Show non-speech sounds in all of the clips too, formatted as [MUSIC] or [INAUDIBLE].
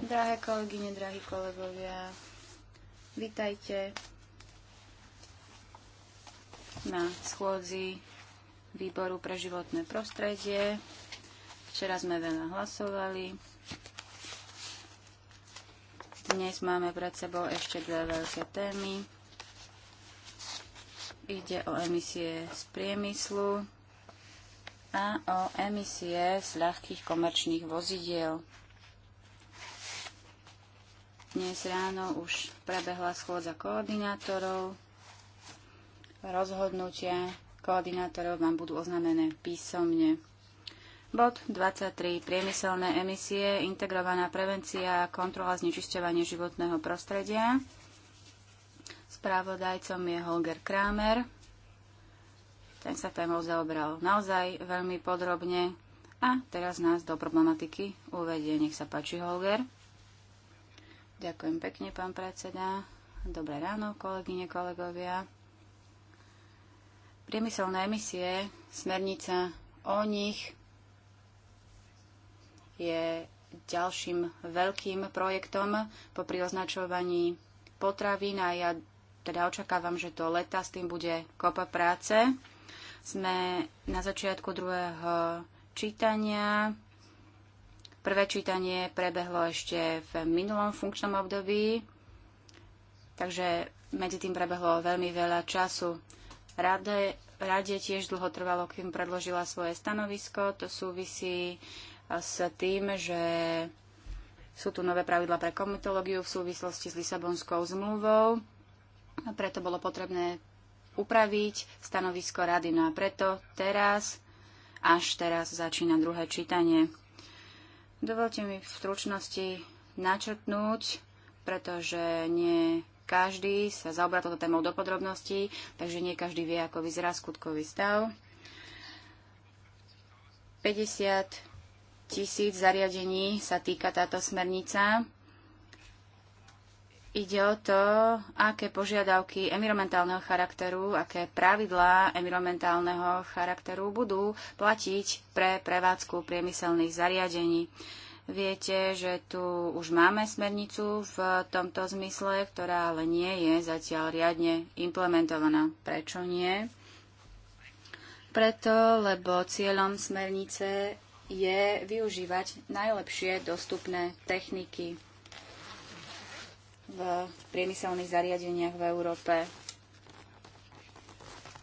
Drahé kolegyne, drahí kolegovia, vítajte na schôdzi výboru pre životné prostredie. Včera sme veľa hlasovali. Dnes máme pred sebou ešte dve veľké témy. Ide o emisie z priemyslu a o emisie z ľahkých komerčných vozidiel. Dnes ráno už prebehla schôdza koordinátorov. Rozhodnutia koordinátorov vám budú oznamené písomne. Bod 23. Priemyselné emisie, integrovaná prevencia a kontrola znečisťovania životného prostredia. Správodajcom je Holger Kramer. Ten sa témou zaobral naozaj veľmi podrobne a teraz nás do problematiky uvedie. Nech sa páči, Holger. Ďakujem pekne, pán predseda. Dobré ráno, kolegyne, kolegovia. Priemyselné emisie, smernica o nich je ďalším veľkým projektom po označovaní potravín no a ja teda očakávam, že to leta s tým bude kopa práce. Sme na začiatku druhého čítania. Prvé čítanie prebehlo ešte v minulom funkčnom období, takže medzi tým prebehlo veľmi veľa času. Rade, rade tiež dlho trvalo, kým predložila svoje stanovisko. To súvisí eh, s tým, že sú tu nové pravidla pre komitológiu v súvislosti s Lisabonskou zmluvou. A preto bolo potrebné upraviť stanovisko rady. No a preto teraz, až teraz začína druhé čítanie. Dovolte mi v stručnosti načrtnúť, pretože nie každý sa zaoberá toto témou do podrobností, takže nie každý vie, ako vyzerá skutkový stav. 50 tisíc zariadení sa týka táto smernica Ide o to, aké požiadavky environmentálneho charakteru, aké pravidlá environmentálneho charakteru budú platiť pre prevádzku priemyselných zariadení. Viete, že tu už máme smernicu v tomto zmysle, ktorá ale nie je zatiaľ riadne implementovaná. Prečo nie? Preto, lebo cieľom smernice je využívať najlepšie dostupné techniky v priemyselných zariadeniach v Európe.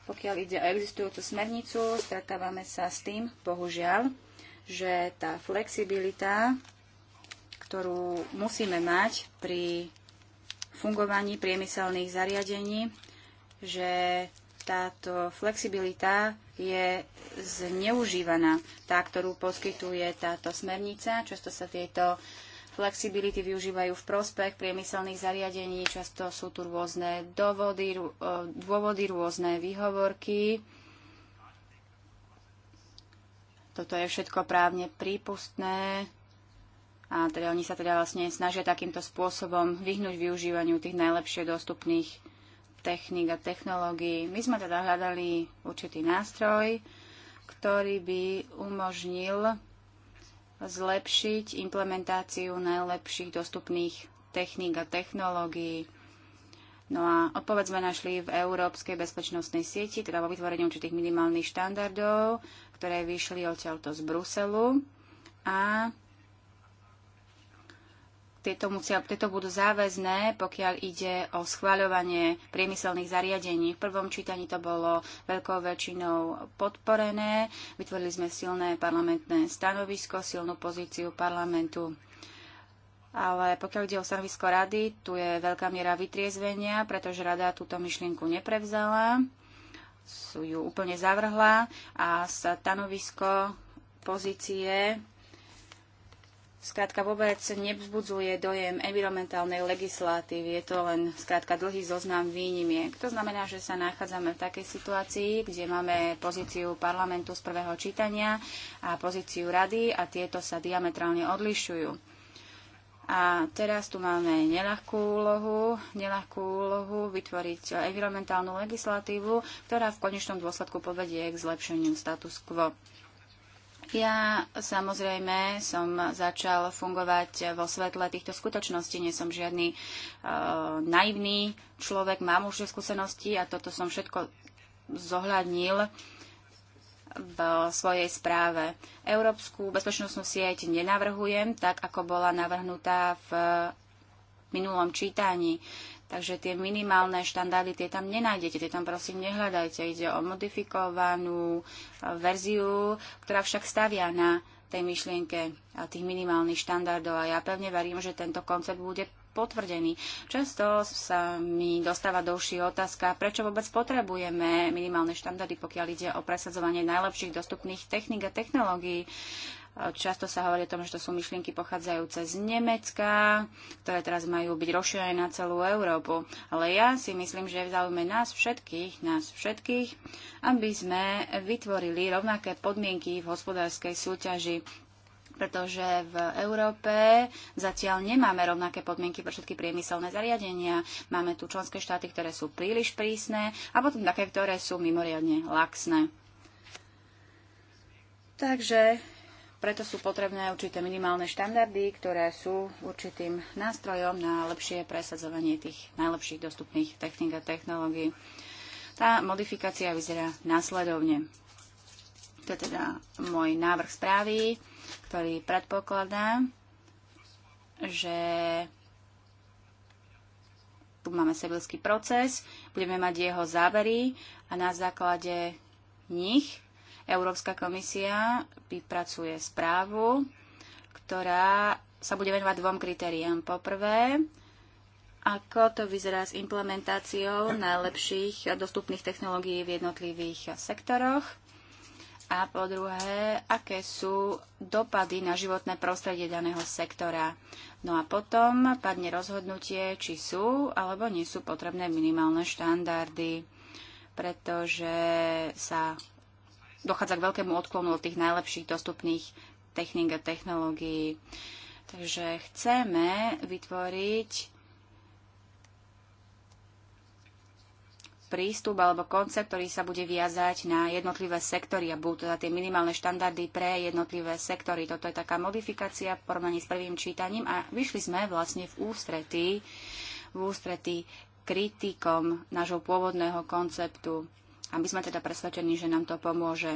Pokiaľ ide o existujúcu smernicu, stretávame sa s tým, bohužiaľ, že tá flexibilita, ktorú musíme mať pri fungovaní priemyselných zariadení, že táto flexibilita je zneužívaná, tá, ktorú poskytuje táto smernica. Často sa tieto flexibility využívajú v prospech priemyselných zariadení. Často sú tu rôzne dôvody, e, dôvody rôzne výhovorky. Toto je všetko právne prípustné. A teda oni sa teda vlastne snažia takýmto spôsobom vyhnúť využívaniu tých najlepšie dostupných techník a technológií. My sme teda hľadali určitý nástroj, ktorý by umožnil zlepšiť implementáciu najlepších dostupných techník a technológií. No a odpoveď sme našli v Európskej bezpečnostnej sieti, teda vo vytvorení určitých minimálnych štandardov, ktoré vyšli odtiaľto z Bruselu. A tieto, musia, tieto budú záväzné, pokiaľ ide o schváľovanie priemyselných zariadení. V prvom čítaní to bolo veľkou väčšinou podporené. Vytvorili sme silné parlamentné stanovisko, silnú pozíciu parlamentu. Ale pokiaľ ide o stanovisko rady, tu je veľká miera vytriezvenia, pretože rada túto myšlienku neprevzala, sú ju úplne zavrhla a stanovisko pozície skrátka vôbec nevzbudzuje dojem environmentálnej legislatívy. Je to len skrátka dlhý zoznam výnimiek. To znamená, že sa nachádzame v takej situácii, kde máme pozíciu parlamentu z prvého čítania a pozíciu rady a tieto sa diametrálne odlišujú. A teraz tu máme nelahkú úlohu, nelahkú úlohu vytvoriť environmentálnu legislatívu, ktorá v konečnom dôsledku povedie k zlepšeniu status quo. Ja samozrejme som začal fungovať vo svetle týchto skutočností. Nie som žiadny e, naivný človek, mám už skúsenosti a toto som všetko zohľadnil v svojej správe. Európsku bezpečnostnú sieť nenavrhujem, tak ako bola navrhnutá v minulom čítaní. Takže tie minimálne štandardy, tie tam nenájdete, tie tam prosím nehľadajte. Ide o modifikovanú eh, verziu, ktorá však stavia na tej myšlienke eh, tých minimálnych štandardov a ja pevne verím, že tento koncept bude potvrdený. Často sa mi dostáva do otázka, prečo vôbec potrebujeme minimálne štandardy, pokiaľ ide o presadzovanie najlepších dostupných techník a technológií. Často sa hovorí o tom, že to sú myšlienky pochádzajúce z Nemecka, ktoré teraz majú byť rozšírené na celú Európu. Ale ja si myslím, že je v záujme nás všetkých, nás všetkých, aby sme vytvorili rovnaké podmienky v hospodárskej súťaži pretože v Európe zatiaľ nemáme rovnaké podmienky pre všetky priemyselné zariadenia. Máme tu členské štáty, ktoré sú príliš prísne a potom také, ktoré sú mimoriadne laxné. Takže preto sú potrebné určité minimálne štandardy, ktoré sú určitým nástrojom na lepšie presadzovanie tých najlepších dostupných technik a technológií. Tá modifikácia vyzerá následovne. To je teda môj návrh správy, ktorý predpokladá, že tu máme Sebilský proces, budeme mať jeho závery a na základe nich Európska komisia vypracuje správu, ktorá sa bude venovať dvom kritériám. Poprvé, ako to vyzerá s implementáciou najlepších dostupných technológií v jednotlivých sektoroch. A po druhé, aké sú dopady na životné prostredie daného sektora. No a potom padne rozhodnutie, či sú alebo nie sú potrebné minimálne štandardy, pretože sa dochádza k veľkému odklonu od tých najlepších dostupných techník a technológií. Takže chceme vytvoriť prístup alebo koncept, ktorý sa bude viazať na jednotlivé sektory a budú teda tie minimálne štandardy pre jednotlivé sektory. Toto je taká modifikácia v porovnaní s prvým čítaním a vyšli sme vlastne v ústretí, v ústretí kritikom nášho pôvodného konceptu. A my sme teda presvedčení, že nám to pomôže.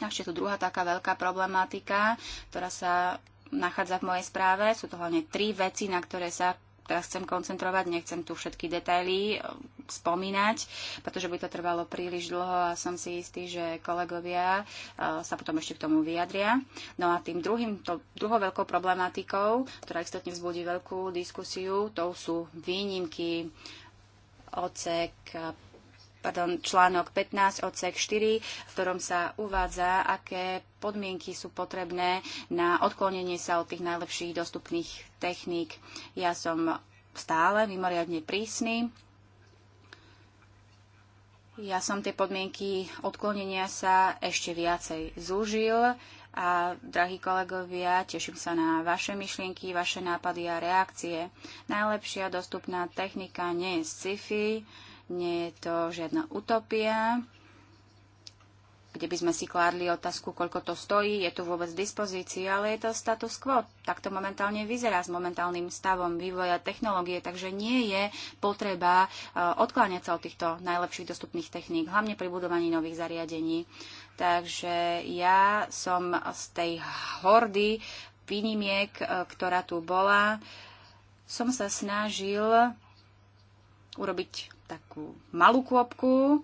A ešte tu druhá taká veľká problematika, ktorá sa nachádza v mojej správe. Sú to hlavne tri veci, na ktoré sa teraz chcem koncentrovať, nechcem tu všetky detaily e, spomínať, pretože by to trvalo príliš dlho a som si istý, že kolegovia e, sa potom ešte k tomu vyjadria. No a tým druhým, to, druhou veľkou problematikou, ktorá istotne vzbudí veľkú diskusiu, to sú výnimky odsek pardon, článok 15 odsek 4, v ktorom sa uvádza, aké podmienky sú potrebné na odklonenie sa od tých najlepších dostupných techník. Ja som stále mimoriadne prísny. Ja som tie podmienky odklonenia sa ešte viacej zúžil a, drahí kolegovia, teším sa na vaše myšlienky, vaše nápady a reakcie. Najlepšia dostupná technika nie je sci-fi, nie je to žiadna utopia, kde by sme si kládli otázku, koľko to stojí, je tu vôbec dispozícii, ale je to status quo. Tak to momentálne vyzerá s momentálnym stavom vývoja technológie, takže nie je potreba e, odkláňať sa od týchto najlepších dostupných techník, hlavne pri budovaní nových zariadení. Takže ja som z tej hordy výnimiek, e, ktorá tu bola, som sa snažil urobiť takú malú kôpku,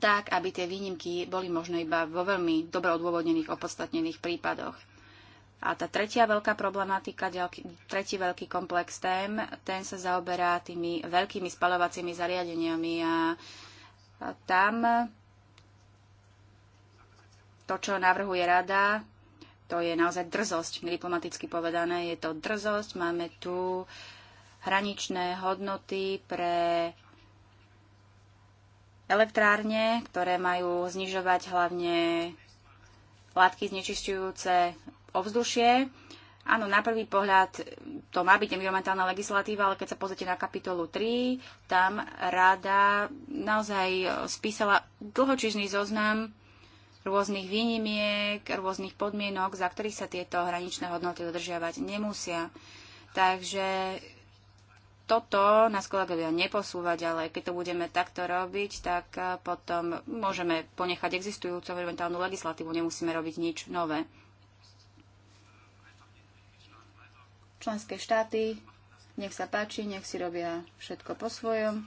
tak aby tie výnimky boli možné iba vo veľmi dobre odôvodnených, opodstatnených prípadoch. A tá tretia veľká problematika, tretí veľký komplex tém, ten sa zaoberá tými veľkými spalovacími zariadeniami a tam to, čo navrhuje rada, to je naozaj drzosť, diplomaticky povedané, je to drzosť. Máme tu uh, hraničné hodnoty pre elektrárne, ktoré majú znižovať hlavne látky znečisťujúce ovzdušie. Áno, na prvý pohľad to má byť environmentálna legislatíva, ale keď sa pozrite na kapitolu 3, tam rada naozaj spísala dlhočižný zoznam rôznych výnimiek, rôznych podmienok, za ktorých sa tieto hraničné hodnoty dodržiavať nemusia. Takže toto nás kolegovia neposúva ďalej. Keď to budeme takto robiť, tak eh, potom môžeme ponechať existujúcu environmentálnu legislatívu, nemusíme robiť nič nové. Členské štáty, nech sa páči, nech si robia všetko po svojom,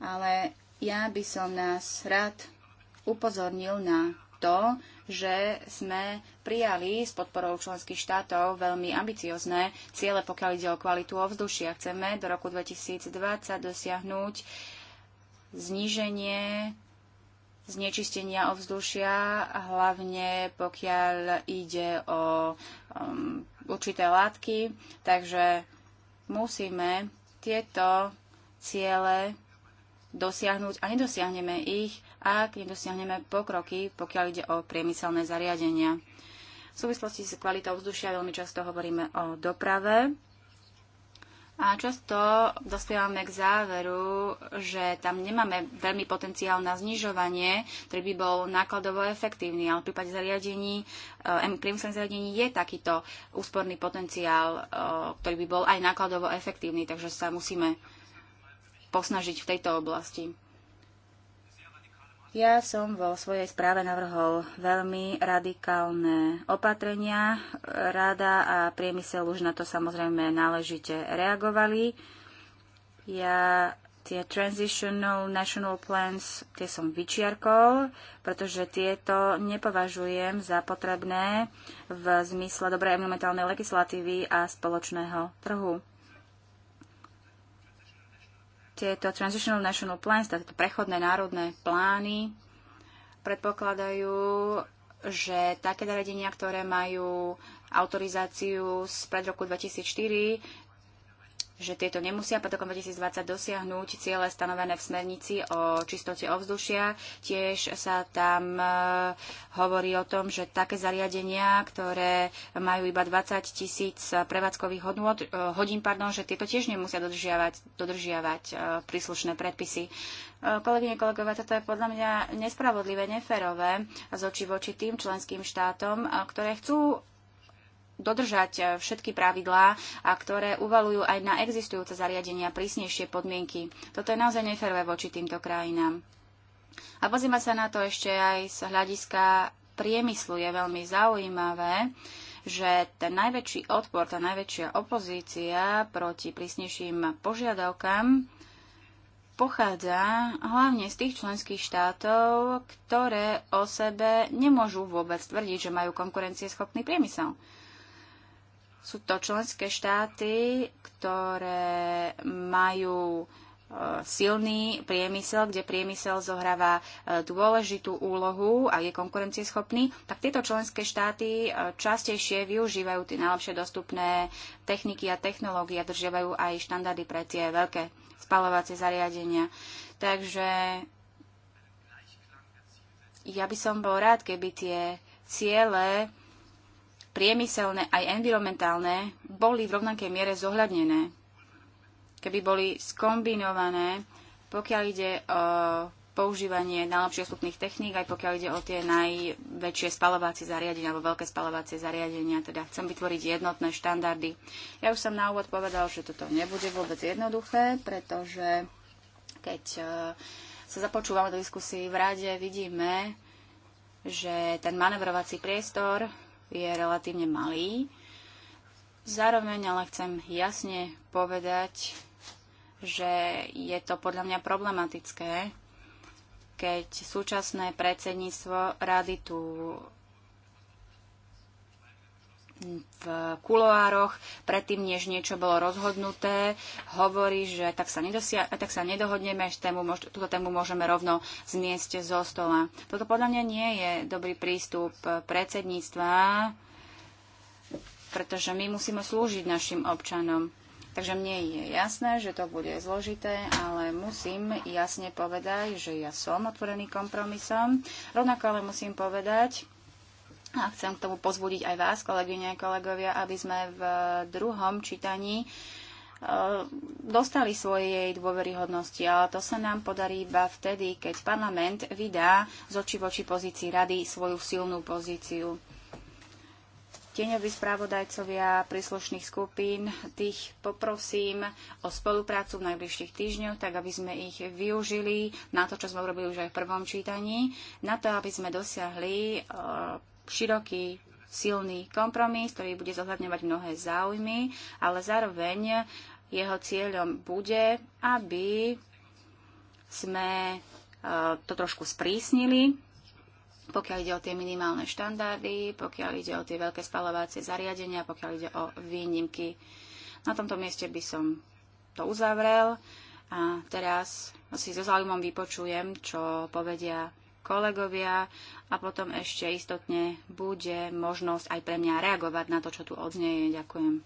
ale ja by som nás rád upozornil na to, že sme prijali s podporou členských štátov veľmi ambiciozne ciele, pokiaľ ide o kvalitu ovzdušia. Chceme do roku 2020 dosiahnuť zníženie znečistenia ovzdušia, hlavne pokiaľ ide o um, určité látky. Takže musíme tieto ciele dosiahnuť a nedosiahneme ich, ak nedosiahneme pokroky, pokiaľ ide o priemyselné zariadenia. V súvislosti s kvalitou vzdušia veľmi často hovoríme o doprave. A často dospievame k záveru, že tam nemáme veľmi potenciál na znižovanie, ktorý by bol nákladovo efektívny, ale v prípade zariadení, eh, priemyselných zariadení je takýto úsporný potenciál, eh, ktorý by bol aj nákladovo efektívny, takže sa musíme posnažiť v tejto oblasti. Ja som vo svojej správe navrhol veľmi radikálne opatrenia. Rada a priemysel už na to samozrejme náležite reagovali. Ja tie transitional national plans, tie som vyčiarkol, pretože tieto nepovažujem za potrebné v zmysle dobrej environmentálnej legislatívy a spoločného trhu. Tieto Transitional National Plans, tieto prechodné národné plány predpokladajú, že také zariadenia, ktoré majú autorizáciu z pred roku 2004, že tieto nemusia pod rokom 2020 dosiahnuť ciele stanovené v smernici o čistote ovzdušia. Tiež sa tam e, hovorí o tom, že také zariadenia, ktoré majú iba 20 tisíc prevádzkových e, hodín, pardon, že tieto tiež nemusia dodržiavať, dodržiavať e, príslušné predpisy. Kolegyne, kolegové, toto je podľa mňa nespravodlivé, neférové z oči voči tým členským štátom, ktoré chcú dodržať e, všetky pravidlá, a ktoré uvalujú aj na existujúce zariadenia prísnejšie podmienky. Toto je naozaj neferové voči týmto krajinám. A pozrieme sa na to ešte aj z hľadiska priemyslu. Je veľmi zaujímavé, že ten najväčší odpor, tá najväčšia opozícia proti prísnejším požiadavkám pochádza hlavne z tých členských štátov, ktoré o sebe nemôžu vôbec tvrdiť, že majú konkurencieschopný priemysel. Sú to členské štáty, ktoré majú e, silný priemysel, kde priemysel zohráva e, dôležitú úlohu a je konkurencieschopný, tak tieto členské štáty e, častejšie využívajú tie najlepšie dostupné techniky a technológie a držiavajú aj štandardy pre tie veľké spalovacie zariadenia. Takže ja by som bol rád, keby tie ciele priemyselné aj environmentálne, boli v rovnakej miere zohľadnené. Keby boli skombinované, pokiaľ ide o používanie najlepšie dostupných techník, aj pokiaľ ide o tie najväčšie spalovacie zariadenia alebo veľké spalovacie zariadenia. Teda chcem vytvoriť jednotné štandardy. Ja už som na úvod povedal, že toto nebude vôbec jednoduché, pretože keď e, sa započúvame do diskusii v rade, vidíme, že ten manevrovací priestor je relatívne malý. Zároveň ale chcem jasne povedať, že je to podľa mňa problematické, keď súčasné predsedníctvo rady tú v kuloároch, predtým, než niečo bolo rozhodnuté, hovorí, že tak sa, nedosia- tak sa nedohodneme, že tému túto tému môžeme rovno zmiesť zo stola. Toto podľa mňa nie je dobrý prístup predsedníctva, pretože my musíme slúžiť našim občanom. Takže mne je jasné, že to bude zložité, ale musím jasne povedať, že ja som otvorený kompromisom. Rovnako ale musím povedať, a chcem k tomu pozbudiť aj vás, kolegyne a kolegovia, aby sme v druhom čítaní e, dostali svojej dôveryhodnosti, ale to sa nám podarí iba vtedy, keď parlament vydá z oči voči pozícii rady svoju silnú pozíciu. Tieňoví správodajcovia príslušných skupín, tých poprosím o spoluprácu v najbližších týždňoch, tak aby sme ich využili na to, čo sme urobili už aj v prvom čítaní, na to, aby sme dosiahli e, široký, silný kompromis, ktorý bude zohľadňovať mnohé záujmy, ale zároveň jeho cieľom bude, aby sme e, to trošku sprísnili, pokiaľ ide o tie minimálne štandardy, pokiaľ ide o tie veľké spalovacie zariadenia, pokiaľ ide o výnimky. Na tomto mieste by som to uzavrel a teraz si so záujmom vypočujem, čo povedia kolegovia a potom ešte istotne bude možnosť aj pre mňa reagovať na to, čo tu odznieje. Ďakujem.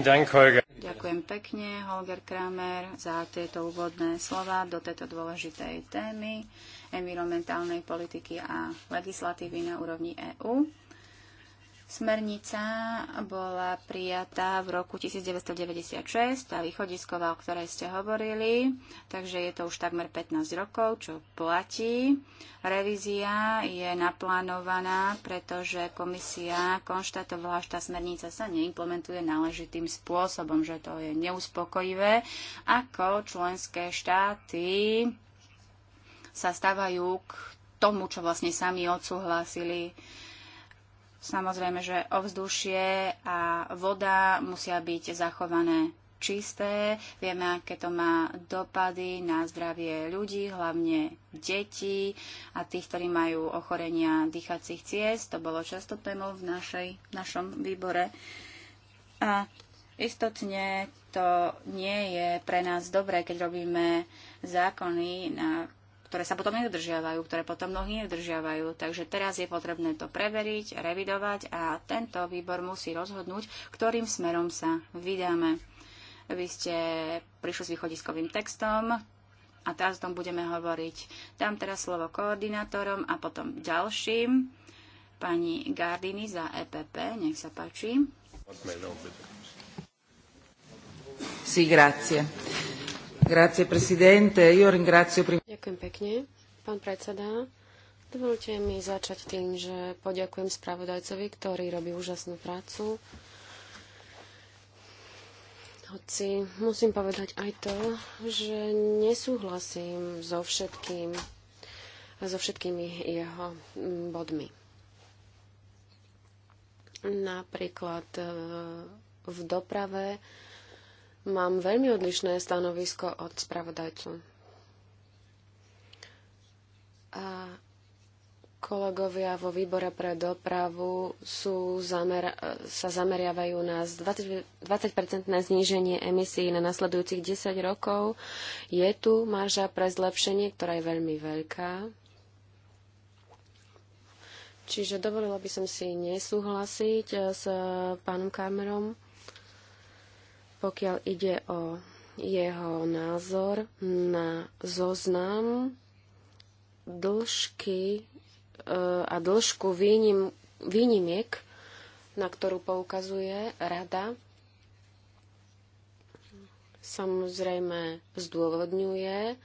Dank, Ďakujem pekne, Holger Kramer, za tieto úvodné slova do tejto dôležitej témy environmentálnej politiky a legislatívy na úrovni EÚ. Smernica bola prijatá v roku 1996, tá východisková, o ktorej ste hovorili, takže je to už takmer 15 rokov, čo platí. Revízia je naplánovaná, pretože komisia konštatovala, že tá smernica sa neimplementuje náležitým spôsobom, že to je neuspokojivé, ako členské štáty sa stávajú k tomu, čo vlastne sami odsúhlasili Samozrejme, že ovzdušie a voda musia byť zachované čisté. Vieme, aké to má dopady na zdravie ľudí, hlavne detí a tých, ktorí majú ochorenia dýchacích ciest. To bolo často témou v našej, našom výbore. A istotne to nie je pre nás dobré, keď robíme zákony, na ktoré sa potom nedodržiavajú, ktoré potom mnohí nedodržiavajú. Takže teraz je potrebné to preveriť, revidovať a tento výbor musí rozhodnúť, ktorým smerom sa vydáme. Vy ste prišli s východiskovým textom, a teraz o tom budeme hovoriť. Dám teraz slovo koordinátorom a potom ďalším. Pani Gardini za EPP, nech sa páči. Sí, grazie. Ďakujem pekne, pán predseda. Dovolte mi začať tým, že poďakujem spravodajcovi, ktorý robí úžasnú prácu. Hoci musím povedať aj to, že nesúhlasím so všetkým, so všetkými jeho mm, bodmi. Napríklad e, v doprave Mám veľmi odlišné stanovisko od spravodajcu. A kolegovia vo výbore pre dopravu sú zamer- sa zameriavajú na 20-percentné zníženie emisí na nasledujúcich 10 rokov. Je tu marža pre zlepšenie, ktorá je veľmi veľká. Čiže dovolila by som si nesúhlasiť eh, s pánom Kamerom pokiaľ ide o jeho názor na zoznam dĺžky eh, a dĺžku výnim, výnimiek, na ktorú poukazuje rada, samozrejme zdôvodňuje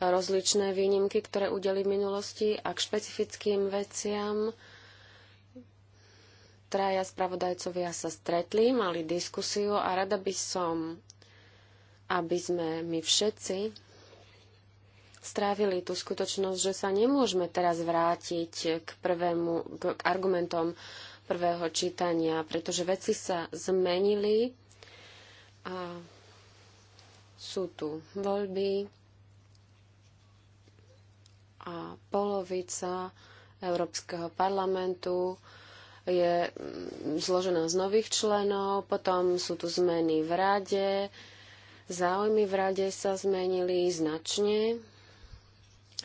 rozličné výnimky, ktoré udeli v minulosti a k špecifickým veciam traja spravodajcovia sa stretli, mali diskusiu a rada by som, aby sme my všetci strávili tú skutočnosť, že sa nemôžeme teraz vrátiť k, prvému, k argumentom prvého čítania, pretože veci sa zmenili a sú tu voľby a polovica Európskeho parlamentu je mm, zložená z nových členov, potom sú tu zmeny v rade, záujmy v rade sa zmenili značne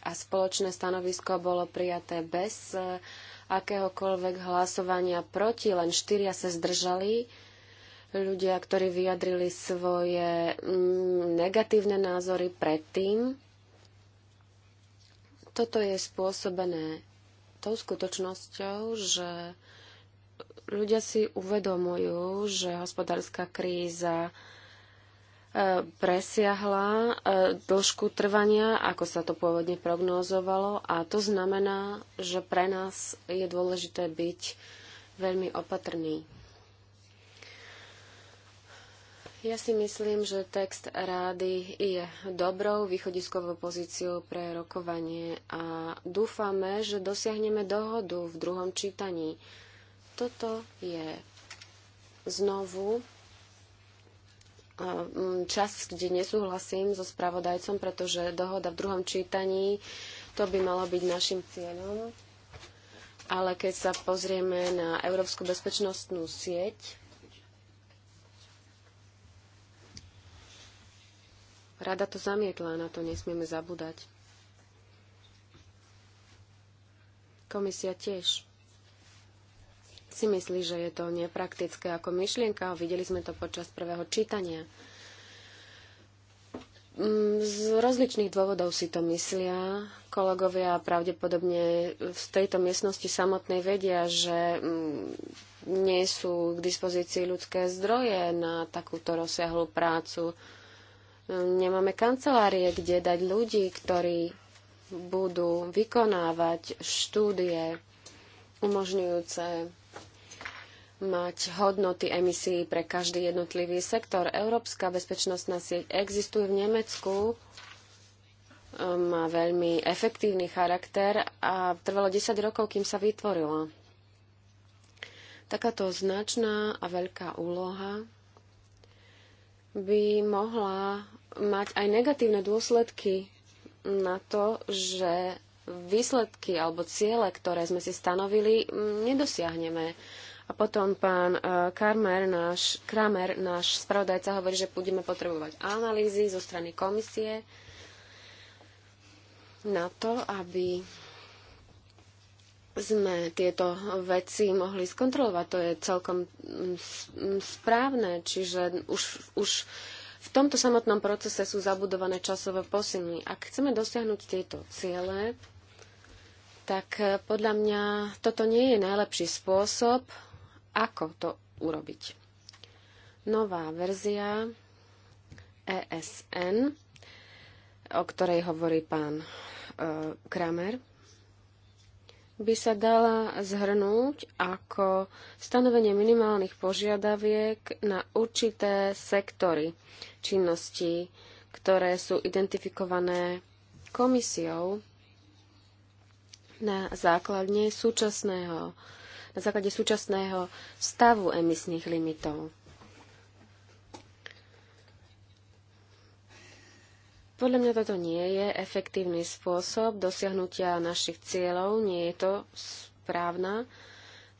a spoločné stanovisko bolo prijaté bez e, akéhokoľvek hlasovania proti, len štyria sa zdržali ľudia, ktorí vyjadrili svoje mm, negatívne názory predtým. Toto je spôsobené tou skutočnosťou, že ľudia si uvedomujú, že hospodárska kríza e, presiahla e, dĺžku trvania, ako sa to pôvodne prognózovalo a to znamená, že pre nás je dôležité byť veľmi opatrný. Ja si myslím, že text rády je dobrou východiskovou pozíciou pre rokovanie a dúfame, že dosiahneme dohodu v druhom čítaní toto je znovu um, časť, kde nesúhlasím so spravodajcom, pretože dohoda v druhom čítaní, to by malo byť našim cieľom. Ale keď sa pozrieme na Európsku bezpečnostnú sieť, rada to zamietla, na to nesmieme zabúdať. Komisia tiež si myslí, že je to nepraktické ako myšlienka. Videli sme to počas prvého čítania. Mm, z rozličných dôvodov si to myslia. Kolegovia pravdepodobne v tejto miestnosti samotnej vedia, že mm, nie sú k dispozícii ľudské zdroje na takúto rozsiahlú prácu. Mm, nemáme kancelárie, kde dať ľudí, ktorí budú vykonávať štúdie umožňujúce mať hodnoty emisí pre každý jednotlivý sektor. Európska bezpečnostná sieť existuje v Nemecku, um, má veľmi efektívny charakter a trvalo 10 rokov, kým sa vytvorila. Takáto značná a veľká úloha by mohla mať aj negatívne dôsledky na to, že výsledky alebo ciele, ktoré sme si stanovili, nedosiahneme. A potom pán e, Kramer, náš, Kramer, náš spravodajca, hovorí, že budeme potrebovať analýzy zo strany komisie na to, aby sme tieto veci mohli skontrolovať. To je celkom správne, čiže už, už v tomto samotnom procese sú zabudované časové posuny. Ak chceme dosiahnuť tieto ciele, tak e, podľa mňa toto nie je najlepší spôsob, ako to urobiť. Nová verzia ESN, o ktorej hovorí pán e, Kramer, by sa dala zhrnúť ako stanovenie minimálnych požiadaviek na určité sektory činnosti, ktoré sú identifikované komisiou na základne súčasného na základe súčasného stavu emisných limitov. Podľa mňa toto nie je efektívny spôsob dosiahnutia našich cieľov, nie je to správna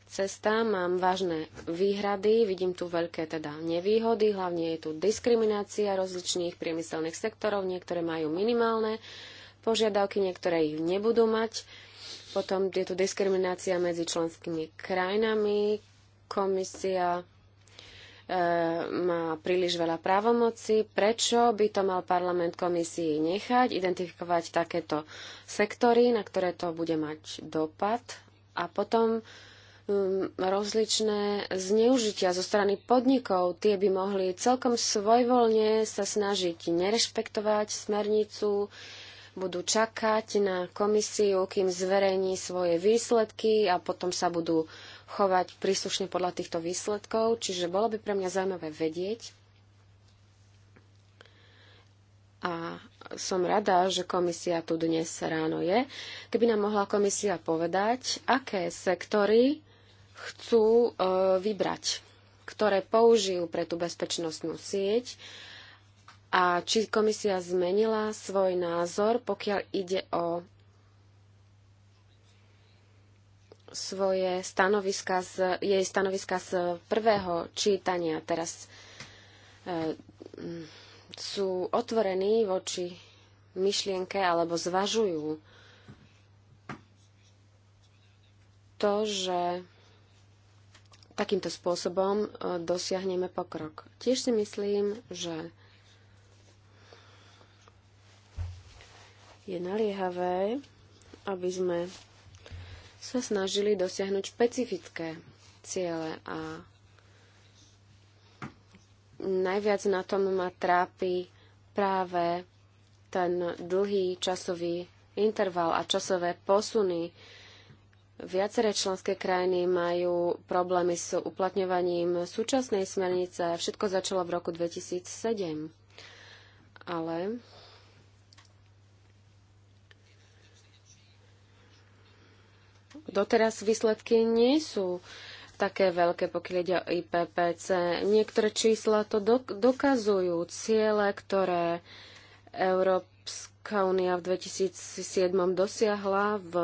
cesta, mám vážne výhrady, vidím tu veľké teda nevýhody, hlavne je tu diskriminácia rozličných priemyselných sektorov, niektoré majú minimálne požiadavky, niektoré ich nebudú mať. Potom je tu diskriminácia medzi členskými krajinami. Komisia e, má príliš veľa právomoci. Prečo by to mal parlament komisii nechať identifikovať takéto sektory, na ktoré to bude mať dopad? A potom mm, rozličné zneužitia zo strany podnikov. Tie by mohli celkom svojvoľne sa snažiť nerešpektovať smernicu, budú čakať na komisiu, kým zverejní svoje výsledky a potom sa budú chovať príslušne podľa týchto výsledkov. Čiže bolo by pre mňa zaujímavé vedieť. A som rada, že komisia tu dnes ráno je. Keby nám mohla komisia povedať, aké sektory chcú e, vybrať, ktoré použijú pre tú bezpečnostnú sieť, a či komisia zmenila svoj názor, pokiaľ ide o svoje stanoviska z, jej stanoviska z prvého čítania. Teraz e, mm, sú otvorení voči myšlienke alebo zvažujú to, že takýmto spôsobom e, dosiahneme pokrok. Tiež si myslím, že Je naliehavé, aby sme sa snažili dosiahnuť špecifické ciele a najviac na tom ma trápi práve ten dlhý časový interval a časové posuny. Viaceré členské krajiny majú problémy s uplatňovaním súčasnej smernice. Všetko začalo v roku 2007. Ale doteraz výsledky nie sú také veľké, pokiaľ ide o IPPC. Niektoré čísla to dokazujú. Ciele, ktoré Európska únia v 2007 dosiahla v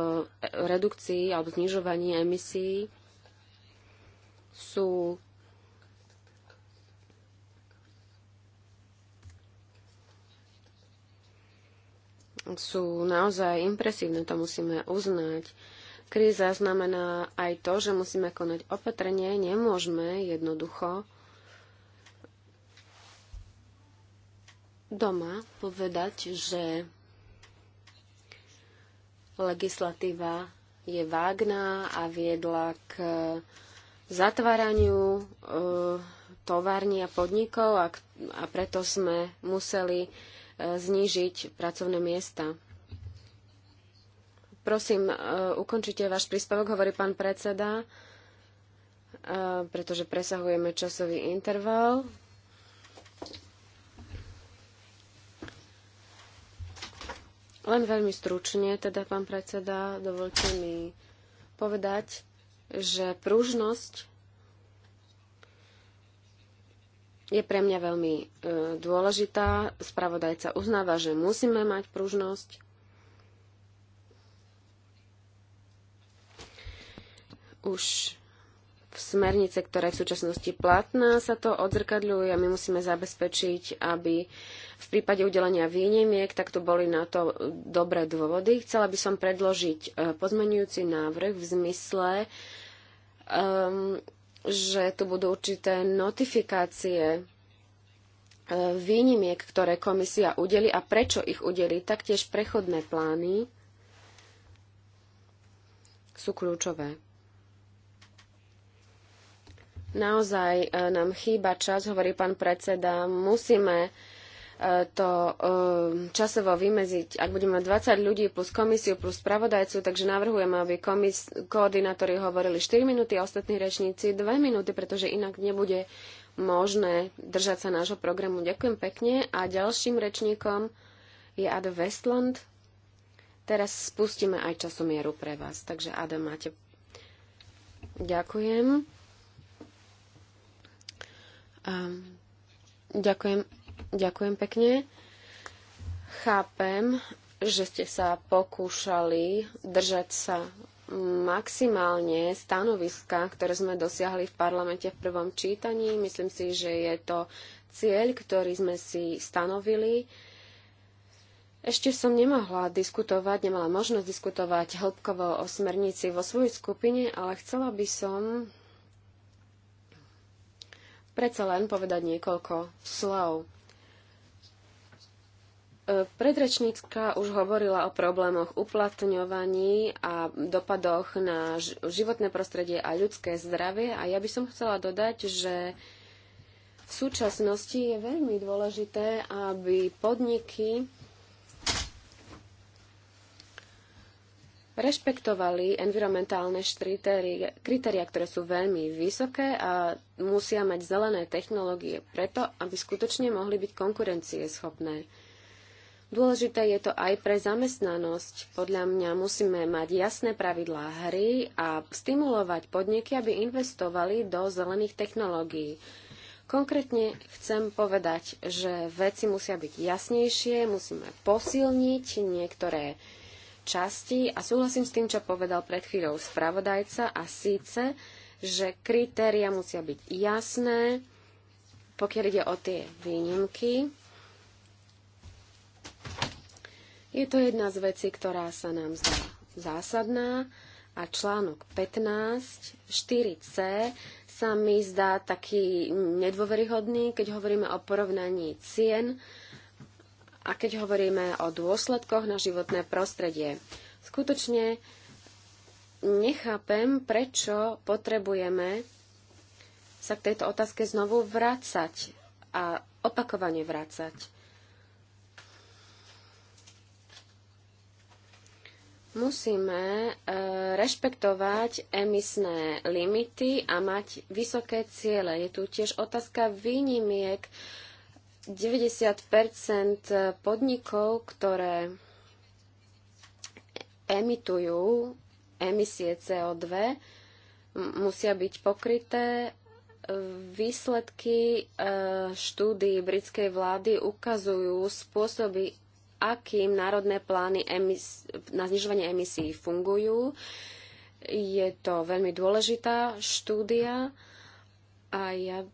redukcii alebo znižovaní emisí, sú sú naozaj impresívne, to musíme uznať. Kríza znamená aj to, že musíme konať opatrenie, nemôžeme jednoducho doma povedať, že legislatíva je vágná a viedla k zatváraniu e, a podnikov a, a preto sme museli e, znížiť pracovné miesta. Prosím, e, ukončite váš príspevok, hovorí pán predseda, e, pretože presahujeme časový interval. Len veľmi stručne, teda pán predseda, dovolte mi povedať, že pružnosť je pre mňa veľmi e, dôležitá. Spravodajca uznáva, že musíme mať pružnosť už v smernice, ktorá je v súčasnosti platná, sa to odzrkadľuje a my musíme zabezpečiť, aby v prípade udelenia výnimiek tak to boli na to dobré dôvody. Chcela by som predložiť e, pozmenujúci návrh v zmysle, um, že tu budú určité notifikácie e, výnimiek, ktoré komisia udeli a prečo ich udeli, taktiež prechodné plány sú kľúčové. Naozaj e, nám chýba čas, hovorí pán predseda. Musíme e, to e, časovo vymeziť. Ak budeme 20 ľudí plus komisiu plus spravodajcu, takže navrhujem, aby komis- koordinátori hovorili 4 minúty a ostatní rečníci 2 minúty, pretože inak nebude možné držať sa nášho programu. Ďakujem pekne a ďalším rečníkom je Ad Westland. Teraz spustíme aj časomieru pre vás. Takže Ada máte... Ďakujem. Ehm, ďakujem, ďakujem pekne. Chápem, že ste sa pokúšali držať sa maximálne stanoviska, ktoré sme dosiahli v parlamente v prvom čítaní. Myslím si, že je to cieľ, ktorý sme si stanovili. Ešte som nemohla diskutovať, nemala možnosť diskutovať hĺbkovo o smernici vo svojej skupine, ale chcela by som predsa len povedať niekoľko slov. E, predrečnícka už hovorila o problémoch uplatňovaní a dopadoch na životné prostredie a ľudské zdravie a ja by som chcela dodať, že v súčasnosti je veľmi dôležité, aby podniky rešpektovali environmentálne kritéria, ktoré sú veľmi vysoké a musia mať zelené technológie preto, aby skutočne mohli byť konkurencieschopné. Dôležité je to aj pre zamestnanosť. Podľa mňa musíme mať jasné pravidlá hry a stimulovať podniky, aby investovali do zelených technológií. Konkrétne chcem povedať, že veci musia byť jasnejšie, musíme posilniť niektoré časti a súhlasím s tým, čo povedal pred chvíľou spravodajca a síce, že kritéria musia byť jasné, pokiaľ ide o tie výnimky. Je to jedna z vecí, ktorá sa nám zdá zásadná a článok 15, 4c sa mi zdá taký nedôveryhodný, keď hovoríme o porovnaní cien a keď hovoríme o dôsledkoch na životné prostredie, skutočne nechápem, prečo potrebujeme sa k tejto otázke znovu vrácať a opakovane vrácať. Musíme e, rešpektovať emisné limity a mať vysoké ciele. Je tu tiež otázka výnimiek, e, 90 podnikov, ktoré emitujú emisie CO2, musia byť pokryté. E, výsledky e, štúdií britskej vlády ukazujú spôsoby, akým národné plány na znižovanie emisí fungujú. Je to veľmi dôležitá štúdia a ja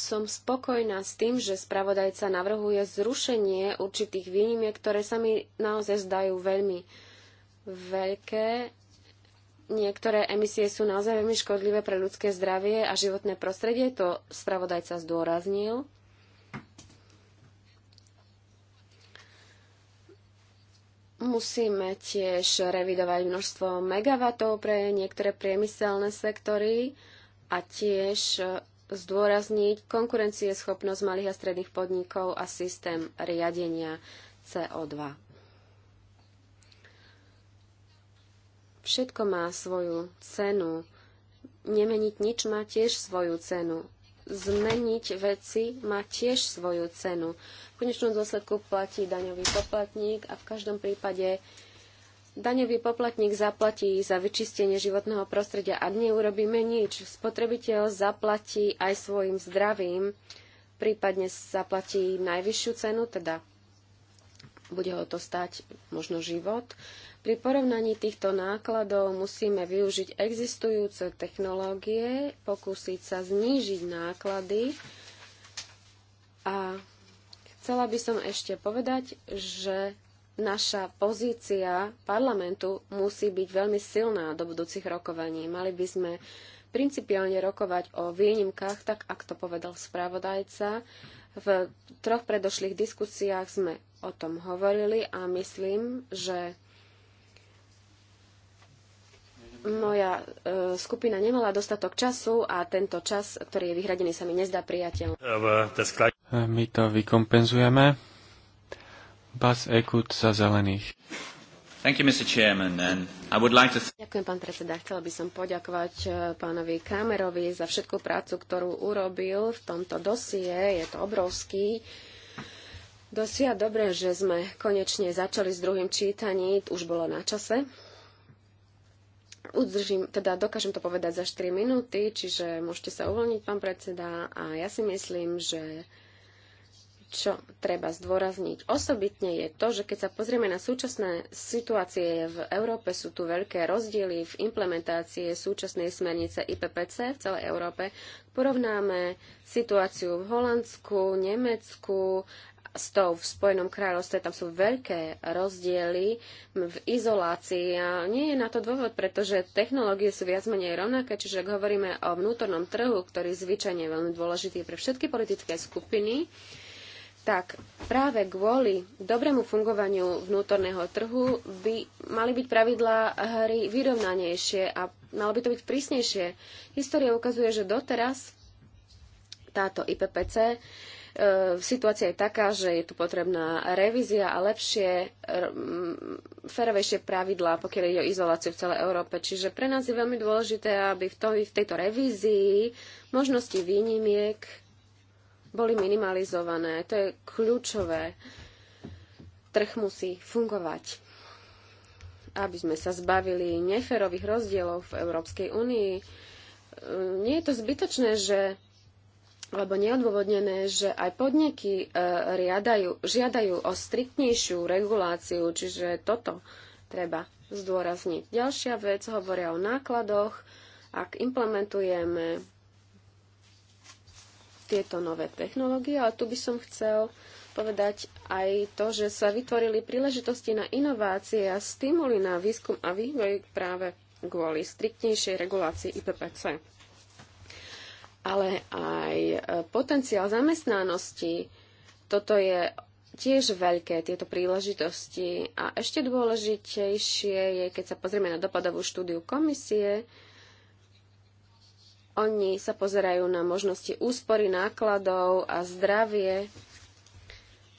som spokojná s tým, že spravodajca navrhuje zrušenie určitých výnimiek, ktoré sa mi naozaj zdajú veľmi veľké. Niektoré emisie sú naozaj veľmi škodlivé pre ľudské zdravie a životné prostredie, to spravodajca zdôraznil. Musíme tiež revidovať množstvo megavatov pre niektoré priemyselné sektory a tiež zdôrazniť konkurencieschopnosť malých a stredných podnikov a systém riadenia CO2. Všetko má svoju cenu. Nemeniť nič má tiež svoju cenu. Zmeniť veci má tiež svoju cenu. V konečnom dôsledku platí daňový poplatník a v každom prípade Daňový poplatník zaplatí za vyčistenie životného prostredia. Ak neurobíme nič, spotrebiteľ zaplatí aj svojim zdravím, prípadne zaplatí najvyššiu cenu, teda bude ho to stať možno život. Pri porovnaní týchto nákladov musíme využiť existujúce technológie, pokúsiť sa znížiť náklady a chcela by som ešte povedať, že naša pozícia parlamentu musí byť veľmi silná do budúcich rokovaní. Mali by sme principiálne rokovať o výnimkách, tak ako to povedal spravodajca. V troch predošlých diskusiách sme o tom hovorili a myslím, že moja e, skupina nemala dostatok času a tento čas, ktorý je vyhradený, sa mi nezdá priateľ. E, e, my to vykompenzujeme Bas Ekut za zelených. You, Chairman, like to... Ďakujem, pán predseda. Chcela by som poďakovať eh, pánovi Kamerovi za všetkú prácu, ktorú urobil v tomto dosie. Je to obrovský. Dosia dobre, že sme konečne začali s druhým čítaním. Už bolo na čase. Udržím, teda dokážem to povedať za 4 minúty, čiže môžete sa uvoľniť, pán predseda. A ja si myslím, že čo treba zdôrazniť osobitne je to, že keď sa pozrieme na súčasné situácie v Európe, sú tu veľké rozdiely v implementácii súčasnej smernice IPPC v celej Európe. Porovnáme situáciu v Holandsku, Nemecku, s tou v Spojenom kráľovstve, tam sú veľké rozdiely v izolácii a nie je na to dôvod, pretože technológie sú viac menej rovnaké, čiže ak hovoríme o vnútornom trhu, ktorý zvyčajne je veľmi dôležitý pre všetky politické skupiny, tak práve kvôli dobrému fungovaniu vnútorného trhu by mali byť pravidlá hry vyrovnanejšie a malo by to byť prísnejšie. História ukazuje, že doteraz táto IPPC e, situácia je taká, že je tu potrebná revízia a lepšie, férovejšie pravidlá, pokiaľ ide o izoláciu v celej Európe. Čiže pre nás je veľmi dôležité, aby v, v tejto revízii možnosti výnimiek boli minimalizované. To je kľúčové. Trh musí fungovať aby sme sa zbavili neférových rozdielov v Európskej únii. Ehm, nie je to zbytočné, že alebo neodôvodnené, že aj podniky ehm, riadajú, žiadajú o striktnejšiu reguláciu, čiže toto treba zdôrazniť. Ďalšia vec hovoria o nákladoch. Ak implementujeme tieto nové technológie, ale tu by som chcel povedať aj to, že sa vytvorili príležitosti na inovácie a stimuli na výskum a vývoj práve kvôli striktnejšej regulácii IPPC. Ale aj e, potenciál zamestnanosti, toto je tiež veľké tieto príležitosti a ešte dôležitejšie je, keď sa pozrieme na dopadovú štúdiu komisie, oni sa pozerajú na možnosti úspory nákladov a zdravie.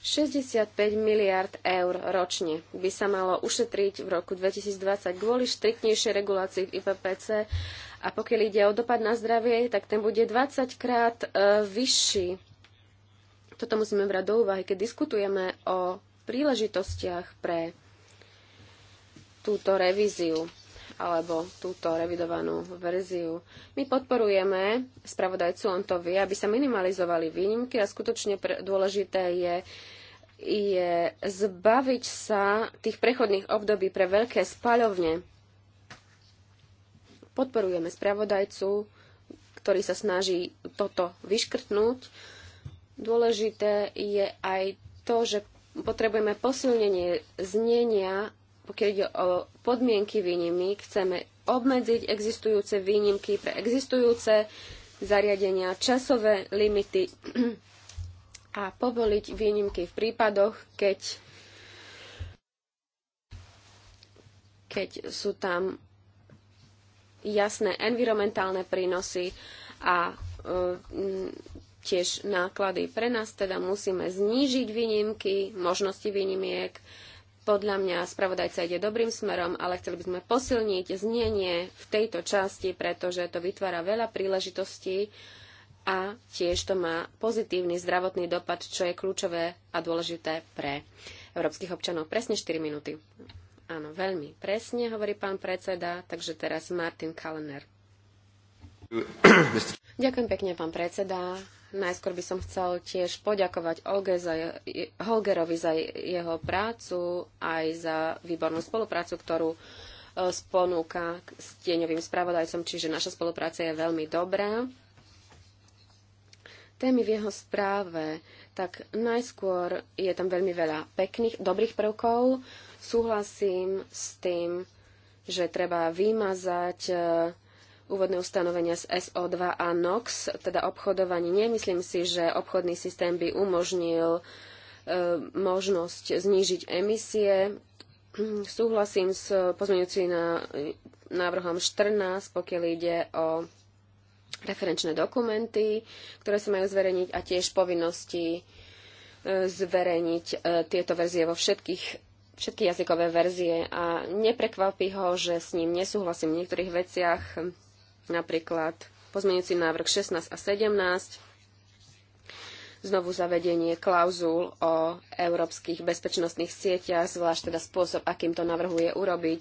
65 miliard eur ročne by sa malo ušetriť v roku 2020 kvôli striktnejšej regulácii v IPPC a pokiaľ ide o dopad na zdravie, tak ten bude 20 krát e, vyšší. Toto musíme brať do úvahy, keď diskutujeme o príležitostiach pre túto revíziu alebo túto revidovanú verziu. My podporujeme spravodajcu vie, aby sa minimalizovali výnimky a skutočne dôležité je, je zbaviť sa tých prechodných období pre veľké spaľovne. Podporujeme spravodajcu, ktorý sa snaží toto vyškrtnúť. Dôležité je aj to, že potrebujeme posilnenie znenia pokiaľ ide o podmienky výnimiek, chceme obmedziť existujúce výnimky pre existujúce zariadenia, časové limity [CLEARS THROAT] a povoliť výnimky v prípadoch, keď, keď sú tam jasné environmentálne prínosy a e, tiež náklady. Pre nás teda musíme znížiť výnimky, možnosti výnimiek, podľa mňa spravodajca ide dobrým smerom, ale chceli by sme posilniť znenie v tejto časti, pretože to vytvára veľa príležitostí a tiež to má pozitívny zdravotný dopad, čo je kľúčové a dôležité pre európskych občanov. Presne 4 minúty. Áno, veľmi presne, hovorí pán predseda, takže teraz Martin Kalner. [COUGHS] Ďakujem pekne, pán predseda. Najskôr by som chcel tiež poďakovať Olge za, Holgerovi za jeho prácu, aj za výbornú spoluprácu, ktorú e, sponúka s tieňovým spravodajcom, čiže naša spolupráca je veľmi dobrá. Témy v jeho správe, tak najskôr je tam veľmi veľa pekných, dobrých prvkov. Súhlasím s tým, že treba vymazať e, úvodné ustanovenia z SO2 a NOx, teda obchodovanie. Nemyslím si, že obchodný systém by umožnil e, možnosť znížiť emisie. Súhlasím s pozmeňujúcim návrhom 14, pokiaľ ide o referenčné dokumenty, ktoré sa majú zverejniť a tiež povinnosti e, zverejniť e, tieto verzie vo všetkých všetky jazykové verzie a neprekvapí ho, že s ním nesúhlasím v niektorých veciach. Napríklad pozmeňujúci návrh 16 a 17 znovu zavedenie klauzul o európskych bezpečnostných sieťach, zvlášť teda spôsob, akým to navrhuje urobiť,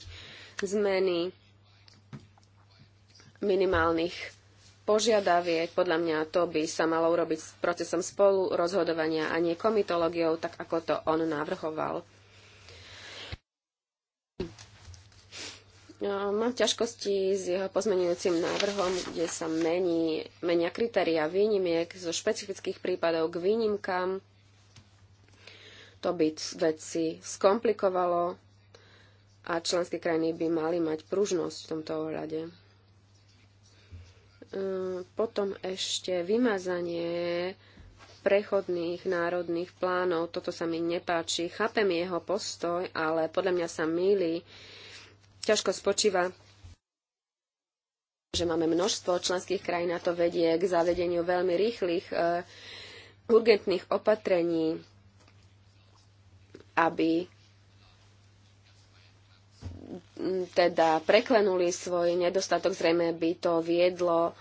zmeny minimálnych požiadaviek. Podľa mňa to by sa malo urobiť s procesom spolu rozhodovania a nie komitológiou, tak ako to on navrhoval. Ehm, mám ťažkosti s jeho pozmenujúcim návrhom, kde sa mení, menia kritéria výnimiek zo špecifických prípadov k výnimkám. To by veci skomplikovalo a členské krajiny by mali mať pružnosť v tomto ohľade. Ehm, potom ešte vymazanie prechodných národných plánov. Toto sa mi nepáči. Chápem jeho postoj, ale podľa mňa sa mýli ťažko spočíva že máme množstvo členských krajín a to vedie k zavedeniu veľmi rýchlych uh, urgentných opatrení, aby teda preklenuli svoj nedostatok. Zrejme by to viedlo e,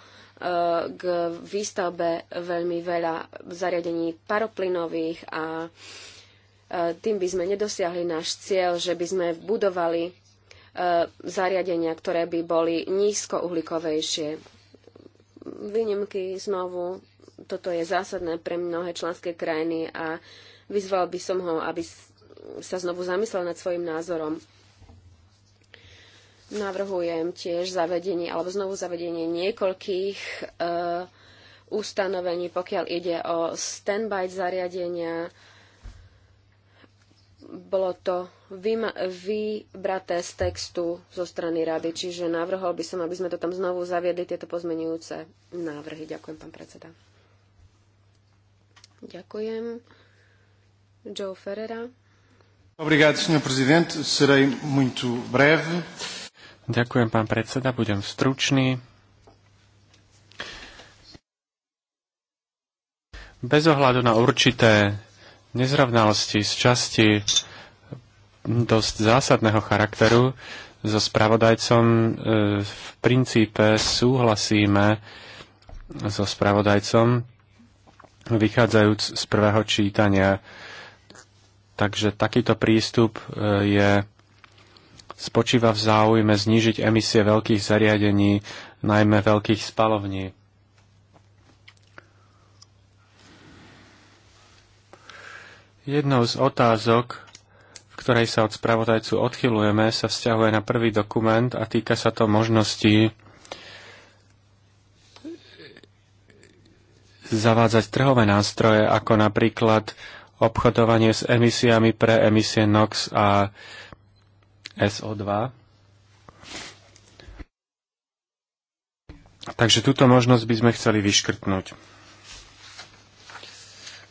k výstavbe veľmi veľa zariadení paroplynových a e, tým by sme nedosiahli náš cieľ, že by sme budovali E, zariadenia, ktoré by boli nízkouhlíkovejšie. Výnimky znovu, toto je zásadné pre mnohé členské krajiny a vyzval by som ho, aby sa znovu zamyslel nad svojim názorom. Navrhujem tiež zavedenie alebo znovu zavedenie niekoľkých e, ustanovení, pokiaľ ide o standby zariadenia, bolo to vybraté z textu zo strany rady, čiže navrhol by som, aby sme to tam znovu zaviedli, tieto pozmenujúce návrhy. Ďakujem, pán predseda. Ďakujem. Joe Ferreira. Obrigado, senhor presidente. Serei muito breve. Ďakujem, pán predseda. Budem stručný. Bez ohľadu na určité nezrovnalosti z časti dosť zásadného charakteru. So spravodajcom e, v princípe súhlasíme so spravodajcom, vychádzajúc z prvého čítania. Takže takýto prístup e, je spočíva v záujme znížiť emisie veľkých zariadení, najmä veľkých spalovní. Jednou z otázok, v ktorej sa od spravodajcu odchylujeme, sa vzťahuje na prvý dokument a týka sa to možnosti zavádzať trhové nástroje, ako napríklad obchodovanie s emisiami pre emisie NOx a SO2. Takže túto možnosť by sme chceli vyškrtnúť.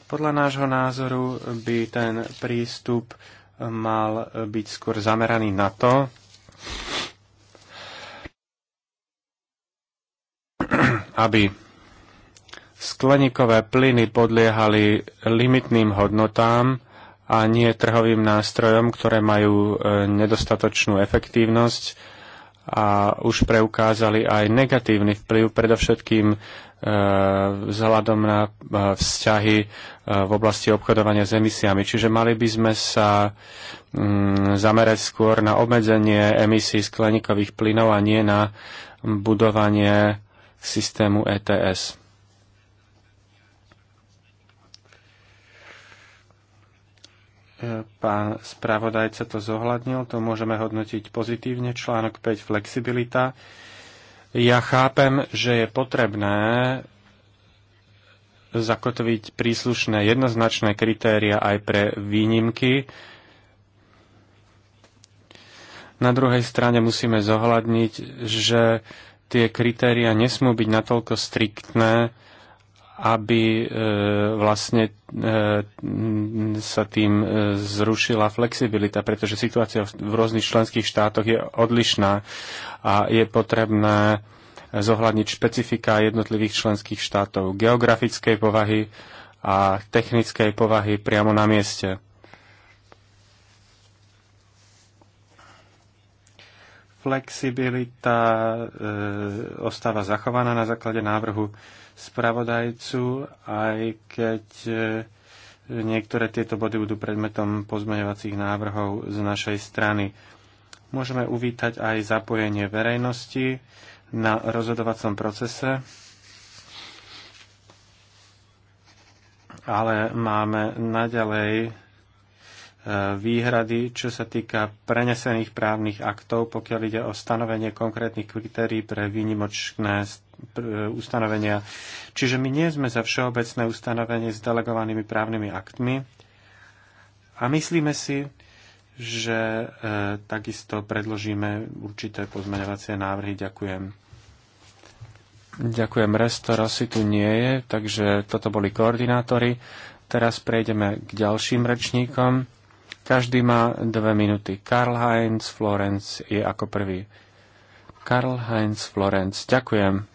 Podľa nášho názoru by ten prístup mal byť skôr zameraný na to, aby skleníkové plyny podliehali limitným hodnotám a nie trhovým nástrojom, ktoré majú e, nedostatočnú efektívnosť a už preukázali aj negatívny vplyv, predovšetkým e, vzhľadom na e, vzťahy e, v oblasti obchodovania s emisiami. Čiže mali by sme sa mm, zamerať skôr na obmedzenie emisí skleníkových plynov a nie na budovanie systému ETS. Pán spravodajca to zohľadnil, to môžeme hodnotiť pozitívne. Článok 5 flexibilita. Ja chápem, že je potrebné zakotviť príslušné jednoznačné kritéria aj pre výnimky. Na druhej strane musíme zohľadniť, že tie kritéria nesmú byť natoľko striktné, aby e, vlastne e, sa tým e, zrušila flexibilita, pretože situácia v rôznych členských štátoch je odlišná a je potrebné zohľadniť špecifika jednotlivých členských štátov, geografickej povahy a technickej povahy priamo na mieste. Flexibilita e, ostáva zachovaná na základe návrhu e, spravodajcu, aj keď e, niektoré tieto body budú predmetom pozmeňovacích návrhov z našej strany. Môžeme uvítať aj zapojenie verejnosti na rozhodovacom procese, ale máme naďalej výhrady, čo sa týka prenesených právnych aktov, pokiaľ ide o stanovenie konkrétnych kritérií pre výnimočné ustanovenia. Čiže my nie sme za všeobecné ustanovenie s delegovanými právnymi aktmi a myslíme si, že e, takisto predložíme určité pozmeňovacie návrhy. Ďakujem. Ďakujem. Restora si tu nie je, takže toto boli koordinátori. Teraz prejdeme k ďalším rečníkom. Každý má dve minuty. Karl Heinz Florence je ako prvý. Karl Heinz Florence ďakujem.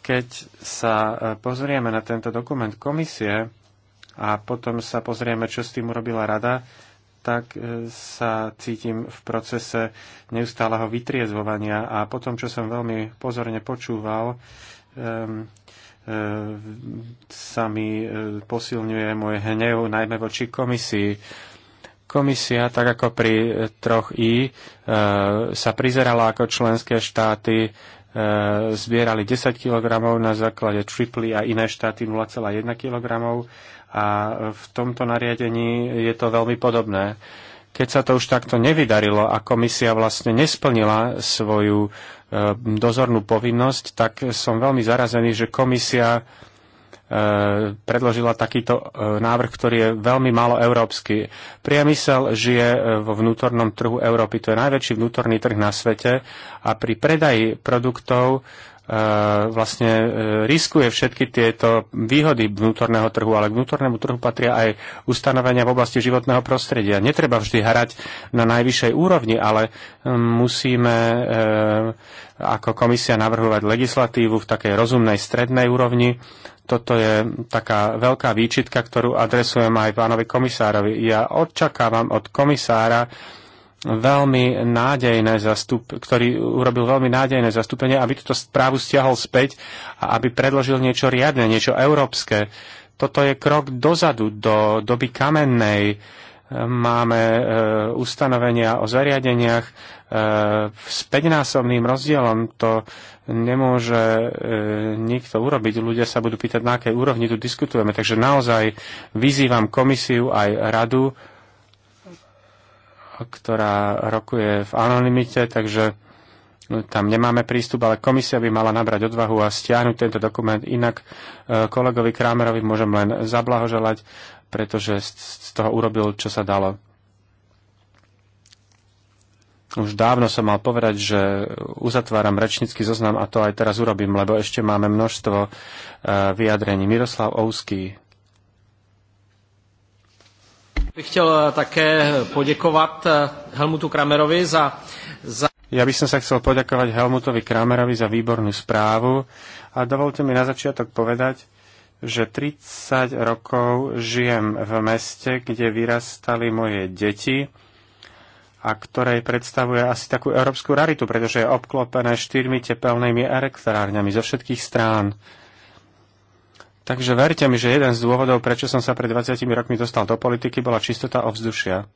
Keď sa e, pozrieme na tento dokument komisie a potom sa pozrieme, čo s tým urobila rada, tak e, sa cítim v procese neustáleho vytriezvovania a potom, čo som veľmi pozorne počúval, ehm, sa mi e, posilňuje môj hnev, najmä voči komisii. Komisia, tak ako pri troch i e, sa prizerala ako členské štáty e, zbierali 10 kg na základe triply a iné štáty 0,1 kg a v tomto nariadení je to veľmi podobné keď sa to už takto nevydarilo a komisia vlastne nesplnila svoju e, dozornú povinnosť, tak som veľmi zarazený, že komisia e, predložila takýto e, návrh, ktorý je veľmi málo európsky. Priemysel žije e, vo vnútornom trhu Európy, to je najväčší vnútorný trh na svete a pri predaji produktov E, vlastne e, riskuje všetky tieto výhody vnútorného trhu, ale k vnútornému trhu patria aj ustanovenia v oblasti životného prostredia. Netreba vždy hrať na najvyššej úrovni, ale musíme e, ako komisia navrhovať legislatívu v takej rozumnej strednej úrovni. Toto je taká veľká výčitka, ktorú adresujem aj pánovi komisárovi. Ja očakávam od komisára, veľmi nádejné zastup, ktorý urobil veľmi nádejné zastúpenie, aby túto správu stiahol späť a aby predložil niečo riadne, niečo európske. Toto je krok dozadu, do doby kamennej. Máme e, ustanovenia o zariadeniach e, s peťnásobným rozdielom. To nemôže e, nikto urobiť. Ľudia sa budú pýtať, na akej úrovni tu diskutujeme. Takže naozaj vyzývam komisiu aj radu, ktorá rokuje v anonimite, takže no, tam nemáme prístup, ale komisia by mala nabrať odvahu a stiahnuť tento dokument. Inak e, kolegovi Krámerovi môžem len zablahoželať, pretože z toho urobil, čo sa dalo. Už dávno som mal povedať, že uzatváram rečnícky zoznam a to aj teraz urobím, lebo ešte máme množstvo e, vyjadrení. Miroslav Ouský. Bych eh, také eh, poděkovat eh, Helmutu Kramerovi za, za... Ja by som sa chcel poďakovať Helmutovi Kramerovi za výbornú správu a dovolte mi na začiatok povedať, že 30 rokov žijem v meste, kde vyrastali moje deti a ktorej predstavuje asi takú európsku raritu, pretože je obklopené štyrmi tepelnými elektrárňami zo všetkých strán. Takže verte mi, že jeden z dôvodov, prečo som sa pred 20 rokmi dostal do politiky, bola čistota ovzdušia.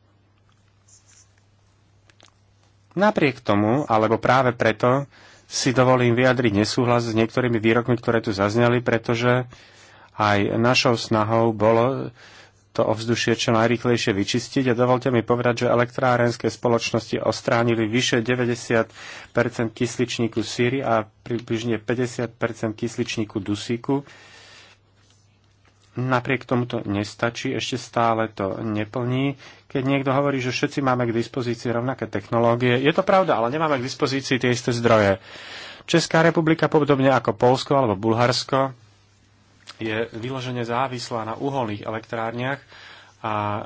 Napriek tomu, alebo práve preto, si dovolím vyjadriť nesúhlas s niektorými výrokmi, ktoré tu zazneli, pretože aj našou snahou bolo to ovzdušie čo najrýchlejšie vyčistiť a dovolte mi povedať, že elektrárenské spoločnosti ostránili vyše 90 kysličníku síry a približne 50 kysličníku dusíku Napriek tomu to nestačí, ešte stále to neplní. Keď niekto hovorí, že všetci máme k dispozícii rovnaké technológie, je to pravda, ale nemáme k dispozícii tie isté zdroje. Česká republika, podobne ako Polsko alebo Bulharsko, je vyložene závislá na uholných elektrárniach a e,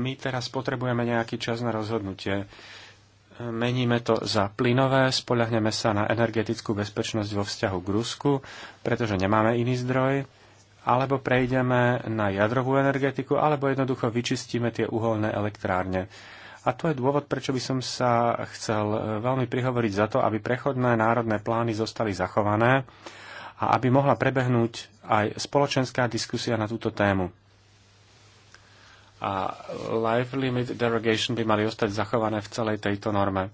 my teraz potrebujeme nejaký čas na rozhodnutie. E, meníme to za plynové, spoľahneme sa na energetickú bezpečnosť vo vzťahu k Rusku, pretože nemáme iný zdroj alebo prejdeme na jadrovú energetiku, alebo jednoducho vyčistíme tie uholné elektrárne. A to je dôvod, prečo by som sa chcel e, veľmi prihovoriť za to, aby prechodné národné plány zostali zachované a aby mohla prebehnúť aj spoločenská diskusia na túto tému. A life limit derogation by mali ostať zachované v celej tejto norme.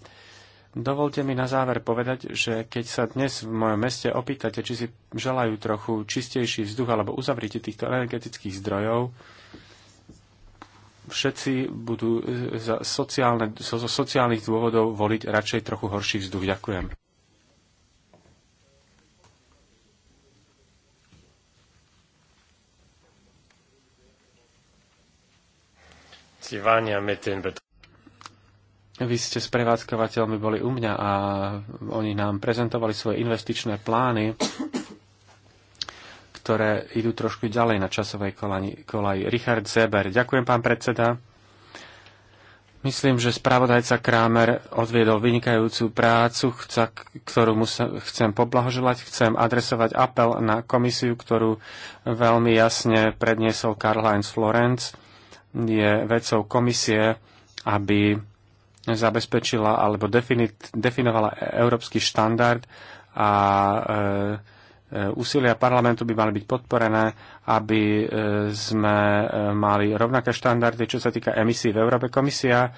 Dovolte mi na záver povedať, že keď sa dnes v mojom meste opýtate, či si želajú trochu čistejší vzduch alebo uzavrite týchto energetických zdrojov, všetci budú za sociálne, zo so, so sociálnych dôvodov voliť radšej trochu horší vzduch. Ďakujem. Sie waren ja mit den vy ste s prevádzkovateľmi boli u mňa a oni nám prezentovali svoje investičné plány, ktoré idú trošku ďalej na časovej kolaji. Richard Zeber. Ďakujem, pán predseda. Myslím, že spravodajca Kramer odviedol vynikajúcu prácu, chca, ktorú mu sa, chcem poblahoželať. Chcem adresovať apel na komisiu, ktorú veľmi jasne predniesol Karl Heinz Florenz. Je vecou komisie, aby zabezpečila alebo definit, definovala európsky štandard a e, e úsilia parlamentu by mali byť podporené, aby e, sme e, mali rovnaké štandardy, čo sa týka emisí v Európe. Komisia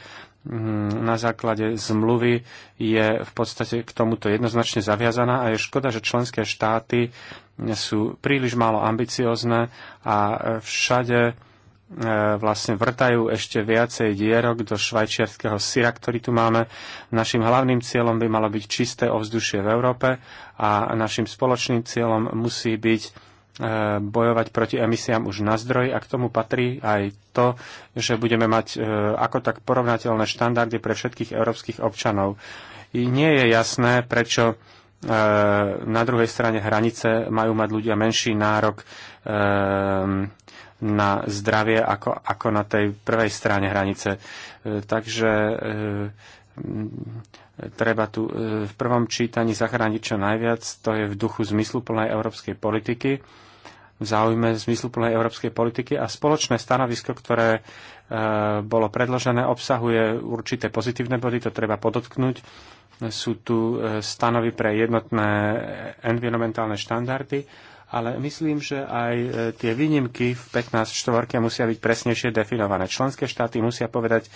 mm, na základe zmluvy je v podstate k tomuto jednoznačne zaviazaná a je škoda, že členské štáty sú príliš málo ambiciozne a všade E, vlastne vrtajú ešte viacej dierok do švajčiarského syra, ktorý tu máme. Našim hlavným cieľom by malo byť čisté ovzdušie v Európe a našim spoločným cieľom musí byť e, bojovať proti emisiám už na zdroj a k tomu patrí aj to, že budeme mať e, ako tak porovnateľné štandardy pre všetkých európskych občanov. I nie je jasné, prečo na druhej strane hranice majú mať ľudia menší nárok na zdravie ako, ako na tej prvej strane hranice. E, takže e, treba tu e, v prvom čítaní zachrániť čo najviac. To je v duchu zmysluplnej európskej politiky v záujme zmysluplnej európskej politiky a spoločné stanovisko, ktoré bolo predložené, obsahuje určité pozitívne body, to treba podotknúť. Sú tu stanovy pre jednotné environmentálne štandardy ale myslím, že aj e, tie výnimky v 15 štvorke musia byť presnejšie definované. Členské štáty musia povedať,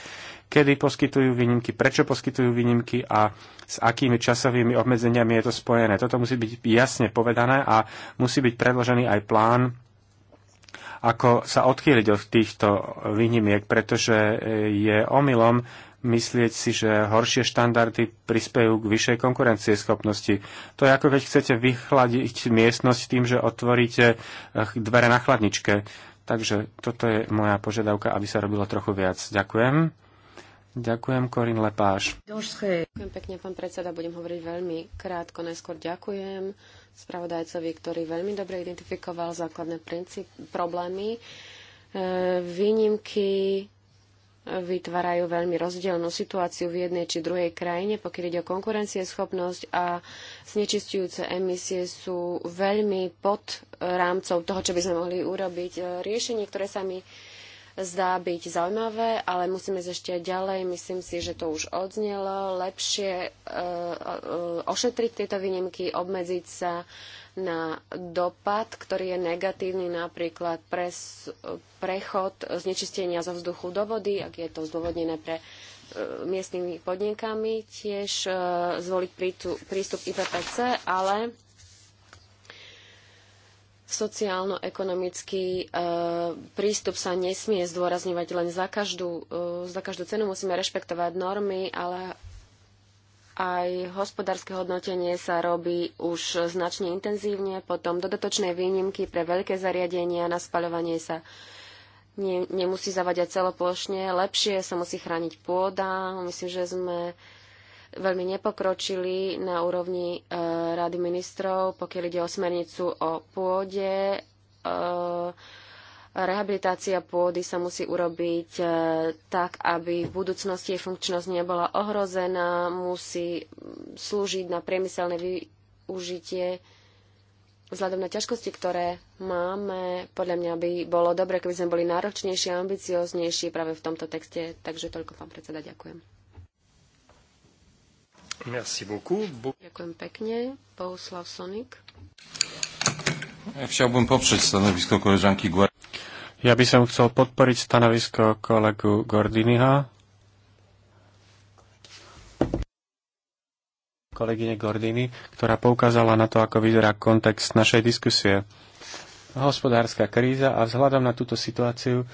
kedy poskytujú výnimky, prečo poskytujú výnimky a s akými časovými obmedzeniami je to spojené. Toto musí byť jasne povedané a musí byť predložený aj plán, ako sa odchýliť od týchto výnimiek, pretože e, je omylom myslieť si, že horšie štandardy prispejú k vyššej konkurencieschopnosti. To je ako keď chcete vychladiť miestnosť tým, že otvoríte eh, dvere na chladničke. Takže toto je moja požiadavka, aby sa robilo trochu viac. Ďakujem. Ďakujem, Korin Lepáš. Ďakujem pekne, pán predseda. Budem hovoriť veľmi krátko. Najskôr ďakujem spravodajcovi, ktorý veľmi dobre identifikoval základné princíp, problémy, e, výnimky, vytvárajú veľmi rozdielnú situáciu v jednej či druhej krajine, pokiaľ ide o konkurencieschopnosť a znečistujúce emisie sú veľmi pod rámcov toho, čo by sme mohli urobiť. E, riešenie, ktoré sa mi zdá byť zaujímavé, ale musíme ísť ešte ďalej. Myslím si, že to už odznelo. Lepšie e, e, ošetriť tieto výnimky, obmedziť sa na dopad, ktorý je negatívny, napríklad pre prechod znečistenia zo vzduchu do vody, ak je to zdôvodnené pre e, miestnymi podnikami, tiež e, zvoliť prístup IPPC, ale sociálno-ekonomický e, prístup sa nesmie zdôrazňovať len za každú, e, za každú cenu. Musíme rešpektovať normy, ale aj hospodárske hodnotenie sa robí už značne intenzívne, potom dodatočné výnimky pre veľké zariadenia na spaľovanie sa nie, nemusí zavadiať celoplošne, lepšie sa musí chrániť pôda. Myslím, že sme veľmi nepokročili na úrovni e, Rady ministrov, pokiaľ ide o smernicu o pôde. E, Rehabilitácia pôdy sa musí urobiť e, tak, aby v budúcnosti jej funkčnosť nebola ohrozená, musí slúžiť na priemyselné využitie. Vzhľadom na ťažkosti, ktoré máme, podľa mňa by bolo dobre, keby sme boli náročnejší a ambicioznejší práve v tomto texte. Takže toľko, pán predseda, ďakujem. Merci beaucoup. Ďakujem pekne. Bohuslav Sonik. Chciałbym poprzeć stanowisko koleżanki Ja by som chcel podporiť stanovisko kolegu Gordiniha. Kolegyne Gordiny, ktorá poukázala na to, ako vyzerá kontext našej diskusie. Hospodárska kríza a vzhľadom na túto situáciu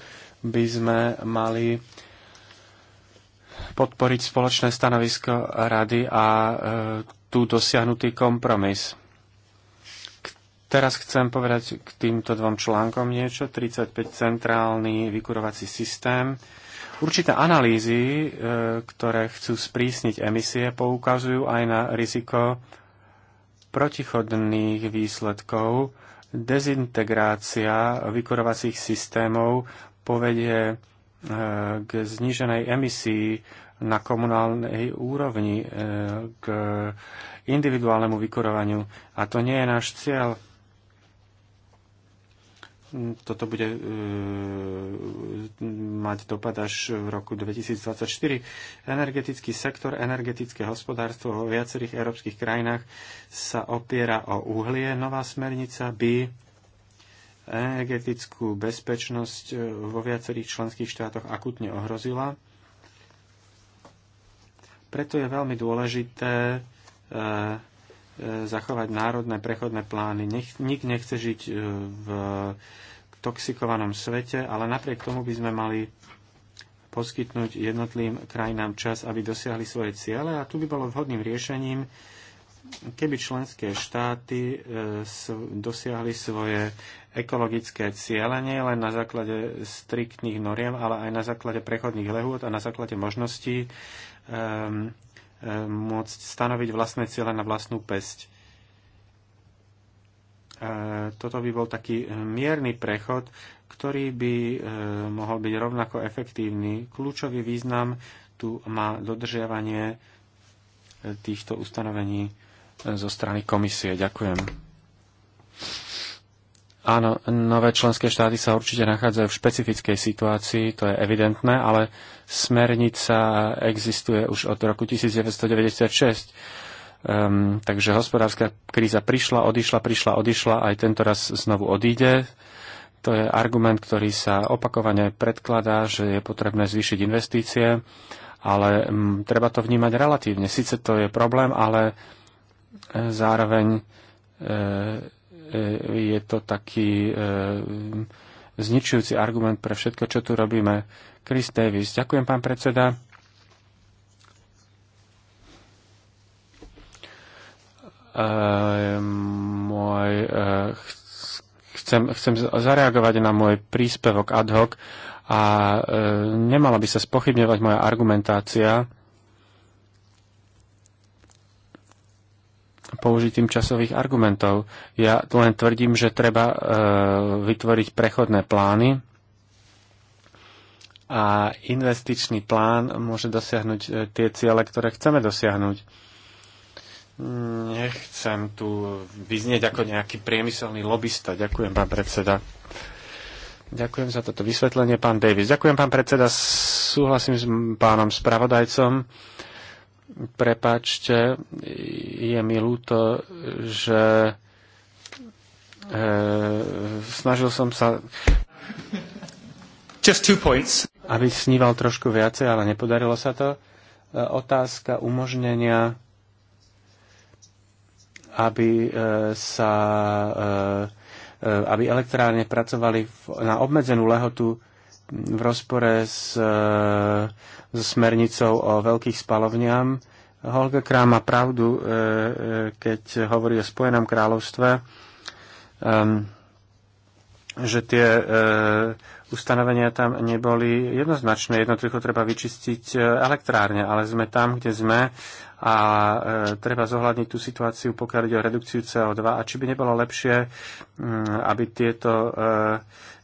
by sme mali podporiť spoločné stanovisko rady a e, tu dosiahnutý kompromis Teraz chcem povedať k týmto dvom článkom niečo. 35 centrálny vykurovací systém. Určité analýzy, e, ktoré chcú sprísniť emisie, poukazujú aj na riziko protichodných výsledkov. Dezintegrácia vykurovacích systémov povedie e, k zníženej emisii na komunálnej úrovni, e, k individuálnemu vykurovaniu. A to nie je náš cieľ toto bude e, mať dopad až v roku 2024. Energetický sektor, energetické hospodárstvo vo viacerých európskych krajinách sa opiera o uhlie. Nová smernica by energetickú bezpečnosť e, vo viacerých členských štátoch akutne ohrozila. Preto je veľmi dôležité e, E, zachovať národné prechodné plány. Nech, nik nechce žiť e, v toxikovanom svete, ale napriek tomu by sme mali poskytnúť jednotlým krajinám čas, aby dosiahli svoje ciele a tu by bolo vhodným riešením, keby členské štáty e, dosiahli svoje ekologické ciele nie len na základe striktných noriem, ale aj na základe prechodných lehôd a na základe možností um, môcť stanoviť vlastné ciele na vlastnú pesť. E, toto by bol taký mierny prechod, ktorý by e, mohol byť rovnako efektívny. Kľúčový význam tu má dodržiavanie e, týchto ustanovení zo strany komisie. Ďakujem. Áno, nové členské štáty sa určite nachádzajú v špecifickej situácii, to je evidentné, ale smernica existuje už od roku 1996. Um, ehm, takže hospodárska kríza prišla, odišla, prišla, odišla, aj tento raz znovu odíde. To je argument, ktorý sa opakovane predkladá, že je potrebné zvýšiť investície, ale um, treba to vnímať relatívne. Sice to je problém, ale e, zároveň e, je to taký eh, zničujúci argument pre všetko, čo tu robíme. Chris Davis. Ďakujem, pán predseda. Eh, môj, eh, chcem, chcem zareagovať na môj príspevok ad hoc a nemala by sa spochybňovať moja argumentácia použitím časových argumentov. Ja len tvrdím, že treba e, vytvoriť prechodné plány a investičný plán môže dosiahnuť e, tie ciele, ktoré chceme dosiahnuť. Nechcem tu vyznieť ako nejaký priemyselný lobista. Ďakujem, pán predseda. Ďakujem za toto vysvetlenie, pán Davis. Ďakujem, pán predseda. Súhlasím s pánom spravodajcom. Prepačte, je mi ľúto, že e, snažil som sa... Just two points. Aby sníval trošku viacej, ale nepodarilo sa to. E, otázka umožnenia, aby e, sa... E, e aby elektrárne pracovali na obmedzenú lehotu v rozpore s, e, s smernicou o veľkých spalovniam. Holger Krám má pravdu, e, e, keď hovorí o Spojenom kráľovstve, ehm, že tie ustanovenia tam neboli jednoznačné. Jednoducho treba vyčistiť elektrárne, ale sme tam, kde sme a treba zohľadniť tú situáciu, pokiaľ ide o redukciu CO2 a či by nebolo lepšie, mm, aby tieto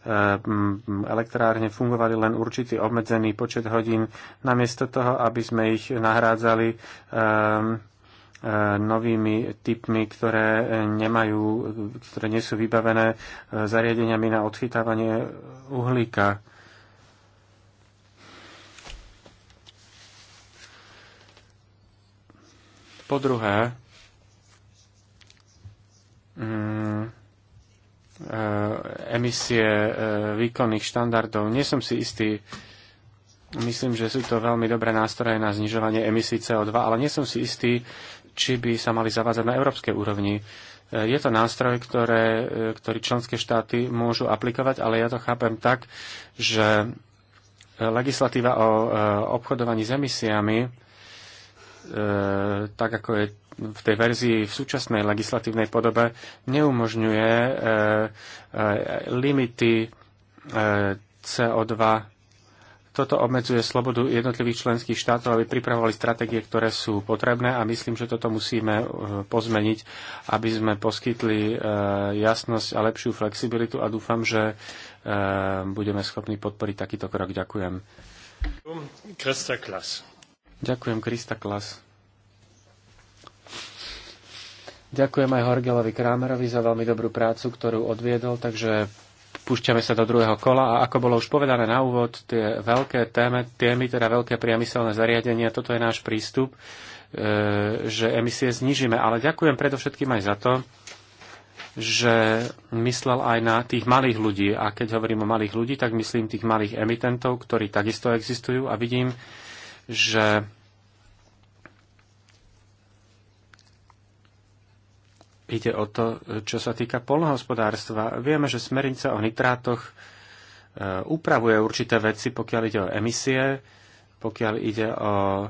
Ehm, elektrárne fungovali len určitý obmedzený počet hodín, namiesto toho, aby sme ich nahrádzali ehm, ehm, novými typmi, ktoré nemajú, ktoré nie sú vybavené e, zariadeniami na odchytávanie uhlíka. Po druhé, mm, Eh, emisie eh, výkonných štandardov. Nie som si istý, myslím, že sú to veľmi dobré nástroje na znižovanie emisí CO2, ale nie som si istý, či by sa mali zavádzať na európskej úrovni. Eh, je to nástroj, ktoré, ktorý členské štáty môžu aplikovať, ale ja to chápem tak, že legislatíva o obchodovaní s emisiami, tak ako je v tej verzii v súčasnej legislatívnej podobe neumožňuje e, e, limity e, CO2. Toto obmedzuje slobodu jednotlivých členských štátov, aby pripravovali stratégie, ktoré sú potrebné a myslím, že toto musíme e, pozmeniť, aby sme poskytli e, jasnosť a lepšiu flexibilitu a dúfam, že e, budeme schopní podporiť takýto krok. Ďakujem. Krista Klas. Ďakujem, Krista Klas. Ďakujem aj Horgelovi Krámerovi za veľmi dobrú prácu, ktorú odviedol, takže púšťame sa do druhého kola a ako bolo už povedané na úvod, tie veľké témy, témy teda veľké priemyselné zariadenia, toto je náš prístup, e, že emisie znižíme. Ale ďakujem predovšetkým aj za to, že myslel aj na tých malých ľudí. A keď hovorím o malých ľudí, tak myslím tých malých emitentov, ktorí takisto existujú a vidím, že Ide o to, čo sa týka polnohospodárstva. Vieme, že smernica o nitrátoch e, upravuje určité veci, pokiaľ ide o emisie, pokiaľ ide o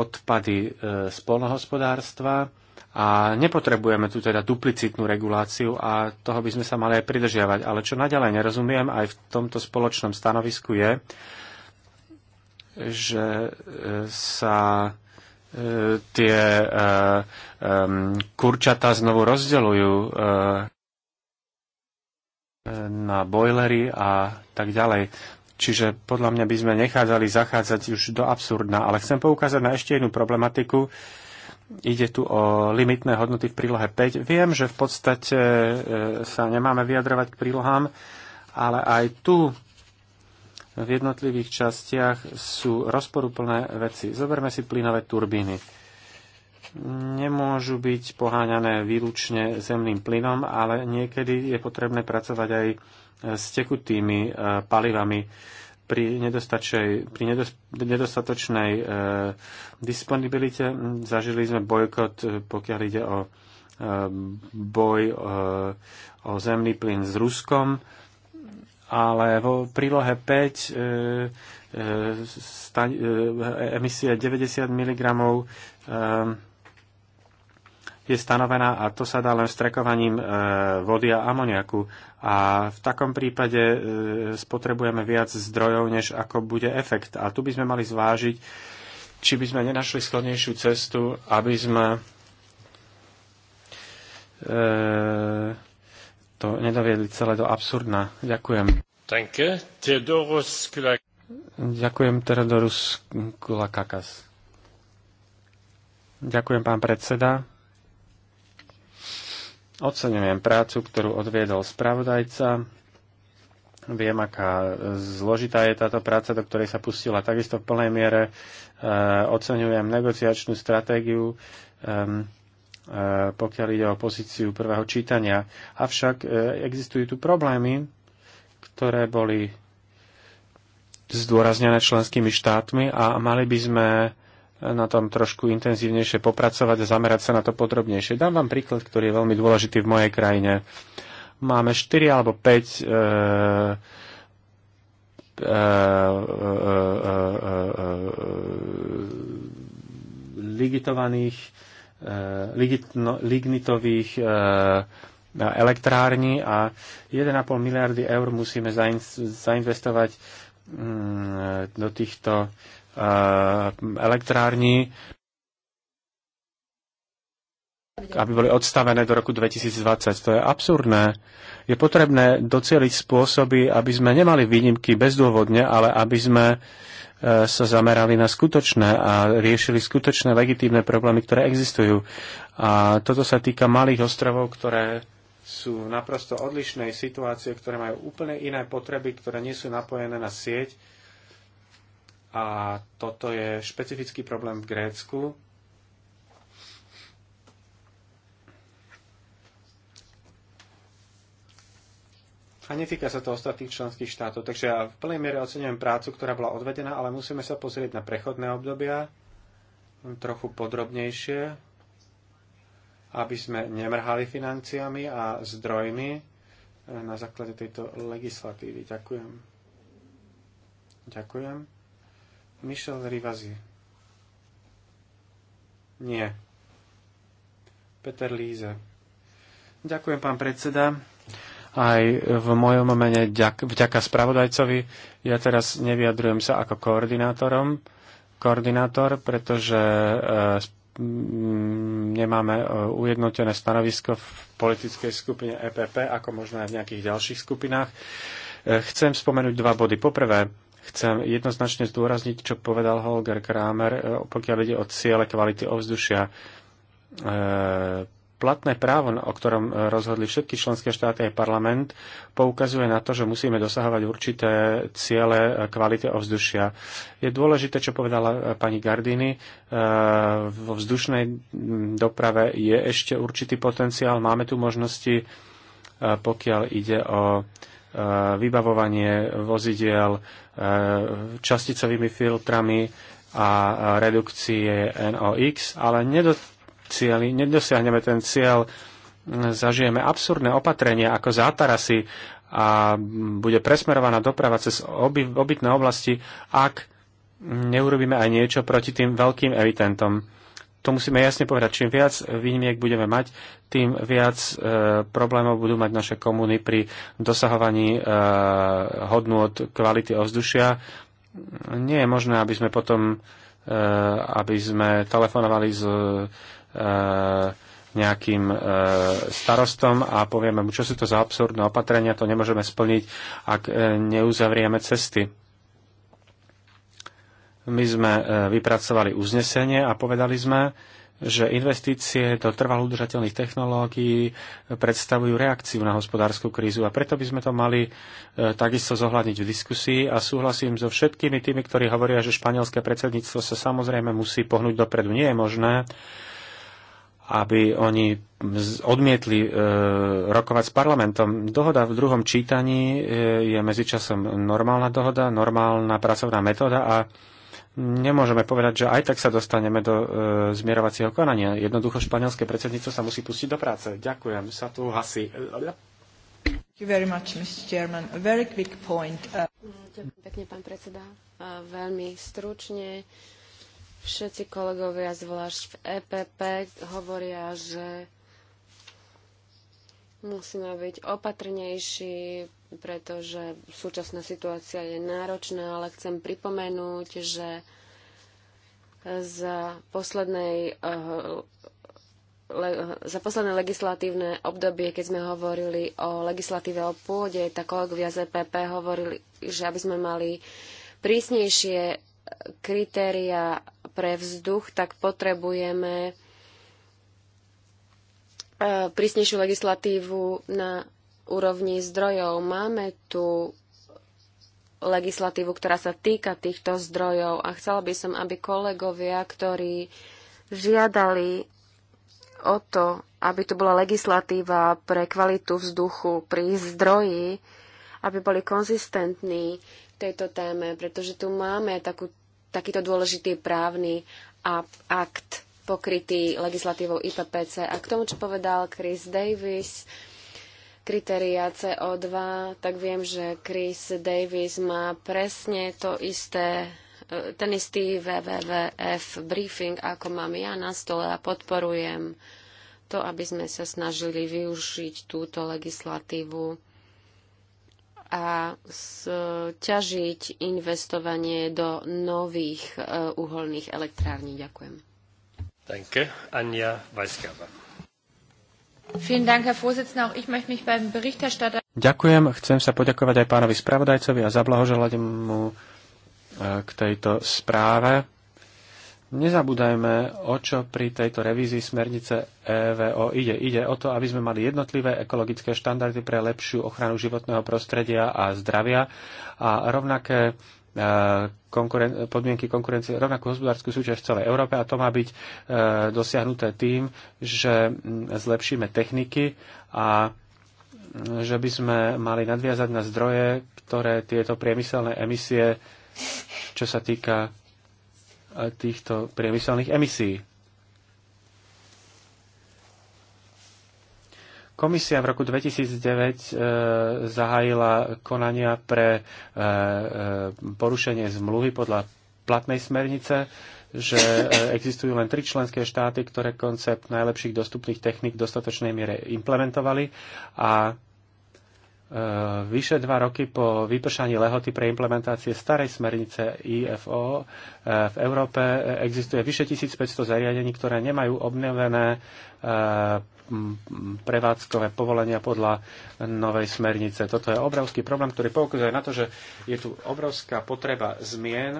odpady e, z polnohospodárstva a nepotrebujeme tu teda duplicitnú reguláciu a toho by sme sa mali aj pridržiavať. Ale čo naďalej nerozumiem aj v tomto spoločnom stanovisku je, že e, sa E, tie e, kurčatá znovu rozdeľujú e, na bojlery a tak ďalej. Čiže podľa mňa by sme nechádzali zachádzať už do absurdna, ale chcem poukázať na ešte jednu problematiku. Ide tu o limitné hodnoty v prílohe 5. Viem, že v podstate sa nemáme vyjadrovať k prílohám, ale aj tu v jednotlivých častiach sú rozporuplné veci. Zoberme si plynové turbíny. Nemôžu byť poháňané výlučne zemným plynom, ale niekedy je potrebné pracovať aj s tekutými e, palivami pri, pri nedostatočnej e, disponibilite. Zažili sme bojkot, e, pokiaľ ide o boj o zemný plyn s Ruskom ale vo prílohe 5 e, e, e emisie 90 mg e, je stanovená a to sa dá len strekovaním e, vody a amoniaku. A v takom prípade e, spotrebujeme viac zdrojov, než ako bude efekt. A tu by sme mali zvážiť, či by sme nenašli schodnejšiu cestu, aby sme e, to nedoviedli celé do absurdna. Ďakujem. Danke. Theodorus Ďakujem, Teodorus Kulakakas. Ďakujem, pán predseda. Oceňujem prácu, ktorú odviedol spravodajca. Viem, aká zložitá je táto práca, do ktorej sa pustila. Takisto v plnej miere e, oceňujem negociačnú stratégiu. E, Eh, pokiaľ ide o pozíciu prvého čítania. Avšak eh, existujú tu problémy, ktoré boli zdôraznené členskými štátmi a mali by sme eh, na tom trošku intenzívnejšie popracovať a zamerať sa na to podrobnejšie. Dám vám príklad, ktorý je veľmi dôležitý v mojej krajine. Máme 4 alebo 5 e, e, e, e, e, e, ligitovaných Eh, lignitových eh, elektrární a 1,5 miliardy eur musíme zainvestovať mm, do týchto eh, elektrární, aby boli odstavené do roku 2020. To je absurdné. Je potrebné docieliť spôsoby, aby sme nemali výnimky bezdôvodne, ale aby sme E, sa zamerali na skutočné a riešili skutočné legitívne problémy, ktoré existujú. A toto sa týka malých ostrovov, ktoré sú v naprosto odlišnej situácie, ktoré majú úplne iné potreby, ktoré nie sú napojené na sieť. A toto je špecifický problém v Grécku, a netýka sa to ostatných členských štátov. Takže ja v plnej miere ocenujem prácu, ktorá bola odvedená, ale musíme sa pozrieť na prechodné obdobia trochu podrobnejšie, aby sme nemrhali financiami a zdrojmi eh, na základe tejto legislatívy. Ďakujem. Ďakujem. Michel Rivazi. Nie. Peter Líze. Ďakujem, pán predseda aj v mojom mene vďaka spravodajcovi. Ja teraz nevyjadrujem sa ako koordinátorom, koordinátor, pretože eh, nemáme eh, ujednotené stanovisko v politickej skupine EPP, ako možno aj v nejakých ďalších skupinách. Eh, chcem spomenúť dva body. Poprvé, chcem jednoznačne zdôrazniť, čo povedal Holger Kramer, pokiaľ ide o ciele kvality ovzdušia platné právo, o ktorom e, rozhodli všetky členské štáty aj parlament, poukazuje na to, že musíme dosahovať určité ciele kvality ovzdušia. Je dôležité, čo povedala e, pani Gardini, e, vo vzdušnej doprave je ešte určitý potenciál, máme tu možnosti, pokiaľ ide o vybavovanie vozidiel časticovými filtrami a redukcie NOx, ale nedot cieli, nedosiahneme ten cieľ, zažijeme absurdné opatrenia ako zátarasy a bude presmerovaná doprava cez oby, obytné oblasti, ak neurobíme aj niečo proti tým veľkým evidentom. To musíme jasne povedať. Čím viac výnimiek budeme mať, tým viac e, problémov budú mať naše komuny pri dosahovaní e, od kvality ovzdušia. Nie je možné, aby sme potom e, aby sme telefonovali z. e, E, nejakým e, starostom a povieme mu, čo sú to za absurdné opatrenia, to nemôžeme splniť, ak e, neuzavrieme cesty. My sme vypracovali uznesenie a povedali sme, že investície do trvalo udržateľných technológií predstavujú reakciu na hospodárskú krízu a preto by sme to mali takisto zohľadniť v diskusii a súhlasím so všetkými tými, ktorí hovoria, že španielské predsedníctvo sa samozrejme musí pohnúť dopredu. Nie je možné, aby oni odmietli e, rokovať s parlamentom. Dohoda v druhom čítaní e, je medzičasom normálna dohoda, normálna pracovná metóda a nemôžeme povedať, že aj tak sa dostaneme do e, zmierovacieho konania. Jednoducho španielské predsedníctvo sa musí pustiť do práce. Ďakujem. Sa tu hasi. Ďakujem pekne, pán predseda. Veľmi stručne. Všetci kolegovia, zvlášť v EPP, hovoria, že musíme byť opatrnejší, pretože súčasná situácia je náročná, ale chcem pripomenúť, že za, poslednej, eh, za posledné legislatívne obdobie, keď sme hovorili o legislatíve o pôde, tak kolegovia z EPP hovorili, že aby sme mali prísnejšie kritéria pre vzduch, tak potrebujeme e, prísnejšiu legislatívu na úrovni zdrojov. Máme tu legislatívu, ktorá sa týka týchto zdrojov a chcela by som, aby kolegovia, ktorí žiadali o to, aby tu bola legislatíva pre kvalitu vzduchu pri zdroji, aby boli konzistentní v tejto téme, pretože tu máme takú takýto dôležitý právny akt pokrytý legislatívou IPPC. A k tomu, čo povedal Chris Davis, kritéria CO2, tak viem, že Chris Davis má presne to isté e, ten istý WWF briefing, ako mám ja na stole a podporujem to, aby sme sa snažili využiť túto legislatívu a ťažiť investovanie do nových e, uholných elektrární. Ďakujem. Danke, Anja Weisgerber. Ďakujem, chcem sa poďakovať aj pánovi spravodajcovi a zablahoželať mu e, k tejto správe. Nezabúdajme, o čo pri tejto revízii smernice EVO ide. Ide o to, aby sme mali jednotlivé ekologické štandardy pre lepšiu ochranu životného prostredia a zdravia a rovnaké e, konkuren- podmienky konkurencie, rovnakú hospodárskú súťaž v celej Európe a to má byť e, dosiahnuté tým, že zlepšíme techniky a že by sme mali nadviazať na zdroje, ktoré tieto priemyselné emisie, čo sa týka týchto priemyselných emisí. Komisia v roku 2009 e, zahájila konania pre e, e, porušenie zmluvy podľa platnej smernice, že e, existujú len tri členské štáty, ktoré koncept najlepších dostupných technik v dostatočnej miere implementovali a E, vyše dva roky po vypršaní lehoty pre implementácie starej smernice IFO e, v Európe existuje vyše 1500 zariadení, ktoré nemajú obnovené e, prevádzkové povolenia podľa novej smernice. Toto je obrovský problém, ktorý poukazuje na to, že je tu obrovská potreba zmien.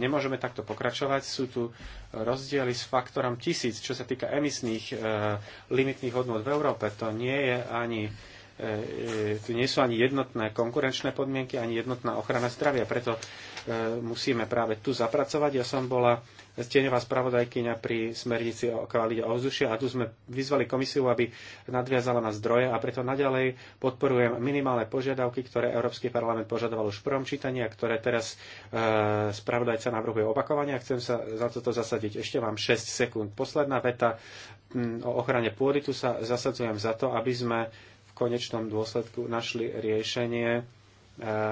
Nemôžeme takto pokračovať. Sú tu rozdiely s faktorom tisíc, čo sa týka emisných limitných hodnot v Európe. To nie je ani E, e, tu nie sú ani jednotné konkurenčné podmienky, ani jednotná ochrana zdravia. Preto e, musíme práve tu zapracovať. Ja som bola stieňová spravodajkyňa pri smernici o kvalite ovzdušia a tu sme vyzvali komisiu, aby nadviazala na zdroje a preto naďalej podporujem minimálne požiadavky, ktoré Európsky parlament požadoval už v prvom čítaní a ktoré teraz e, spravodajca navrhuje opakovane a chcem sa za toto zasadiť. Ešte mám 6 sekúnd. Posledná veta o ochrane pôdy. Tu sa zasadzujem za to, aby sme konečnom dôsledku našli riešenie, e,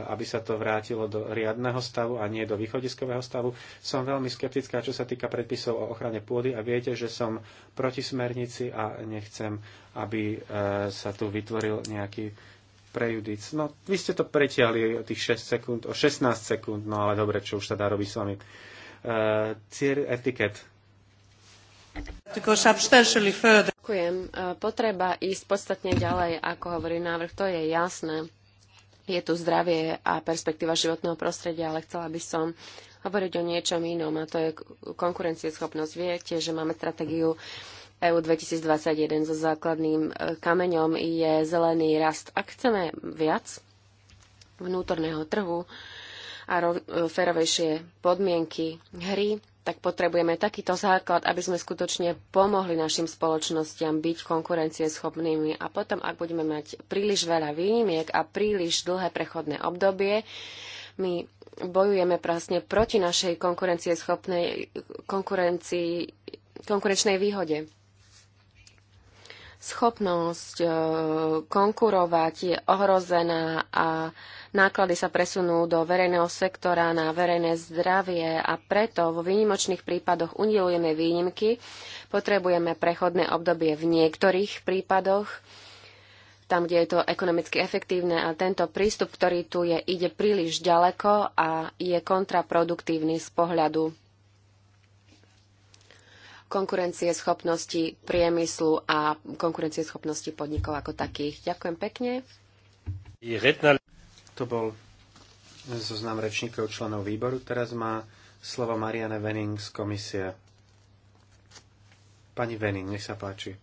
aby sa to vrátilo do riadneho stavu a nie do východiskového stavu. Som veľmi skeptická, čo sa týka predpisov o ochrane pôdy a viete, že som proti smernici a nechcem, aby e, sa tu vytvoril nejaký prejudic. No, vy ste to pretiali o tých 6 sekúnd, o 16 sekúnd, no ale dobre, čo už sa dá robiť s vami. Uh, e, cier etiket. Ďakujem. E, potreba ísť podstatne ďalej, ako hovorí návrh, to je jasné. Je tu zdravie a perspektíva životného prostredia, ale chcela by som hovoriť o niečom inom, a to je konkurencieschopnosť. Viete, že máme stratégiu EU 2021 so základným e, kameňom je zelený rast. Ak chceme viac vnútorného trhu a e, férovejšie podmienky hry, tak potrebujeme takýto základ, aby sme skutočne pomohli našim spoločnostiam byť konkurencieschopnými. A potom, ak budeme mať príliš veľa výnimiek a príliš dlhé prechodné obdobie, my bojujeme prasne proti našej konkurencieschopnej konkurenci konkurenčnej výhode. Schopnosť e, konkurovať je ohrozená a náklady sa presunú do verejného sektora na verejné zdravie a preto vo výnimočných prípadoch udelujeme výnimky, potrebujeme prechodné obdobie v niektorých prípadoch, tam, kde je to ekonomicky efektívne a tento prístup, ktorý tu je, ide príliš ďaleko a je kontraproduktívny z pohľadu konkurencie schopnosti priemyslu a schopnosti podnikov ako takých. Ďakujem pekne. To bol zoznam rečníkov členov výboru. Teraz má slovo Marianne Venning z komisie. Pani Venning, nech sa páči.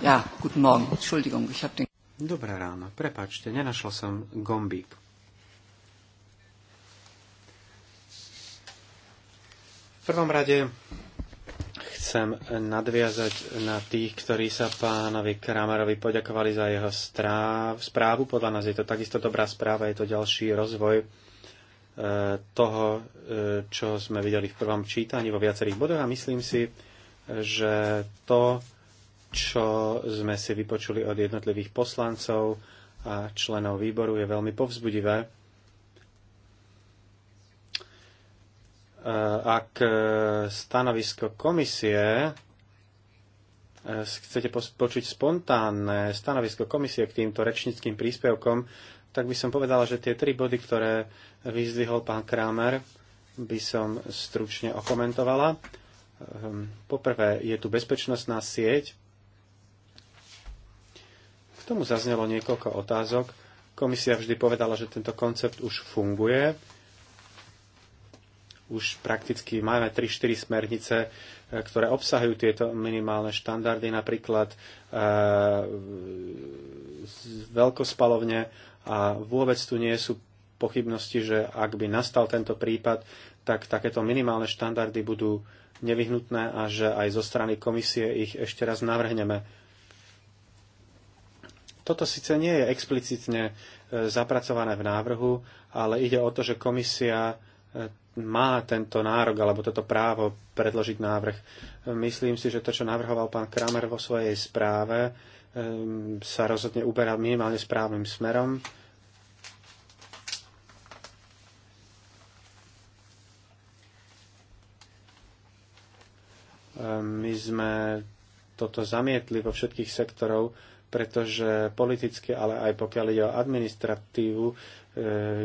Ja, guten Morgen. Entschuldigung, ich habe den... Dobré ráno. Prepačte, nenašla som gombík. V prvom rade Chcem nadviazať na tých, ktorí sa pánovi Kramerovi poďakovali za jeho správu. Podľa nás je to takisto dobrá správa, je to ďalší rozvoj e, toho, e, čo sme videli v prvom čítaní vo viacerých bodoch a myslím si, že to, čo sme si vypočuli od jednotlivých poslancov a členov výboru, je veľmi povzbudivé Eh, ak eh, stanovisko komisie eh, chcete počuť spontánne stanovisko komisie k týmto rečníckým príspevkom, tak by som povedala, že tie tri body, ktoré vyzdvihol pán Kramer, by som stručne okomentovala. Ehm, poprvé je tu bezpečnostná sieť. K tomu zaznelo niekoľko otázok. Komisia vždy povedala, že tento koncept už funguje už prakticky máme 3-4 smernice, e, ktoré obsahujú tieto minimálne štandardy, napríklad e, veľkospalovne a vôbec tu nie sú pochybnosti, že ak by nastal tento prípad, tak takéto minimálne štandardy budú nevyhnutné a že aj zo strany komisie ich ešte raz navrhneme. Toto síce nie je explicitne e, zapracované v návrhu, ale ide o to, že komisia má tento nárok alebo toto právo predložiť návrh. Myslím si, že to, čo navrhoval pán Kramer vo svojej správe, sa rozhodne uberá minimálne správnym smerom. My sme toto zamietli vo všetkých sektorov, pretože politicky, ale aj pokiaľ ide o administratívu, eh,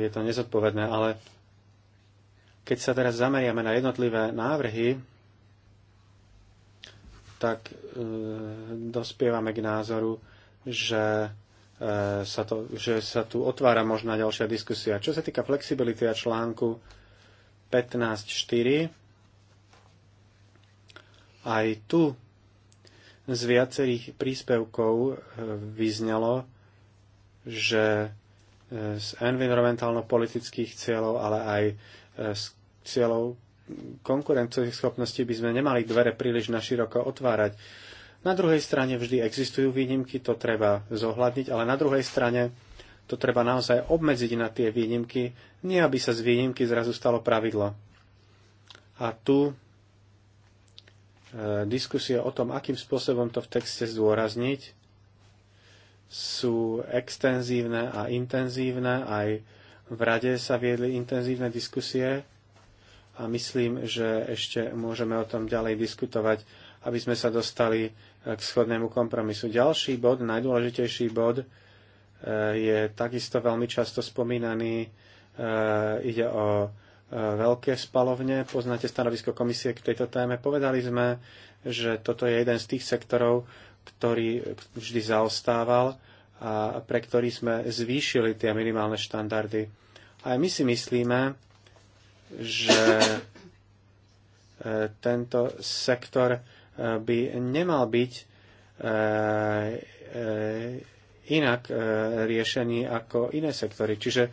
je to nezodpovedné, ale keď sa teraz zameriame na jednotlivé návrhy, tak e, dospievame k názoru, že, e, sa to, že sa tu otvára možná ďalšia diskusia. Čo sa týka flexibility a článku 15.4, aj tu z viacerých príspevkov e, vyznelo, že e, z environmentálno-politických cieľov, ale aj s cieľou konkurencieschopnosti by sme nemali dvere príliš naširoko otvárať. Na druhej strane vždy existujú výnimky, to treba zohľadniť, ale na druhej strane to treba naozaj obmedziť na tie výnimky, nie aby sa z výnimky zrazu stalo pravidlo. A tu e, diskusie o tom, akým spôsobom to v texte zdôrazniť, sú extenzívne a intenzívne, aj v rade sa viedli intenzívne diskusie a myslím, že ešte môžeme o tom ďalej diskutovať, aby sme sa dostali eh, k schodnému kompromisu. Ďalší bod, najdôležitejší bod, eh, je takisto veľmi často spomínaný. Eh, ide o veľké spalovne. Poznáte stanovisko komisie k tejto téme. Povedali sme, že toto je jeden z tých sektorov, ktorý vždy zaostával a pre ktorý sme zvýšili tie minimálne štandardy. A my si myslíme, že e, tento sektor e, by nemal byť e, inak riešený ako iné sektory. Čiže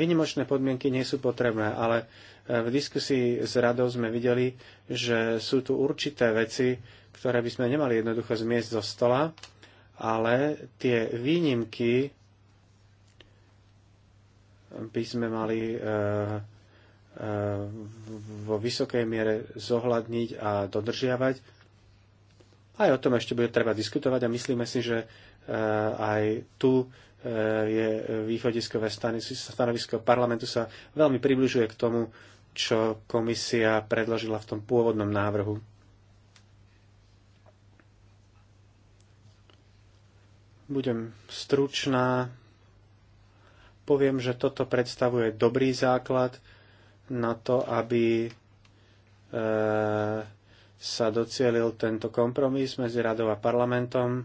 vynimočné podmienky nie sú potrebné, ale v diskusii s radou sme videli, že sú tu určité veci, ktoré by sme nemali jednoducho zmiesť zo stola, ale tie výnimky by sme mali e, e, vo vysokej miere zohľadniť a dodržiavať. Aj o tom ešte bude treba diskutovať a myslíme si, že e, aj tu je východiskové stanovisko parlamentu sa veľmi približuje k tomu, čo komisia predložila v tom pôvodnom návrhu. Budem stručná. Poviem, že toto predstavuje dobrý základ na to, aby e, sa docielil tento kompromis medzi radou a parlamentom. E,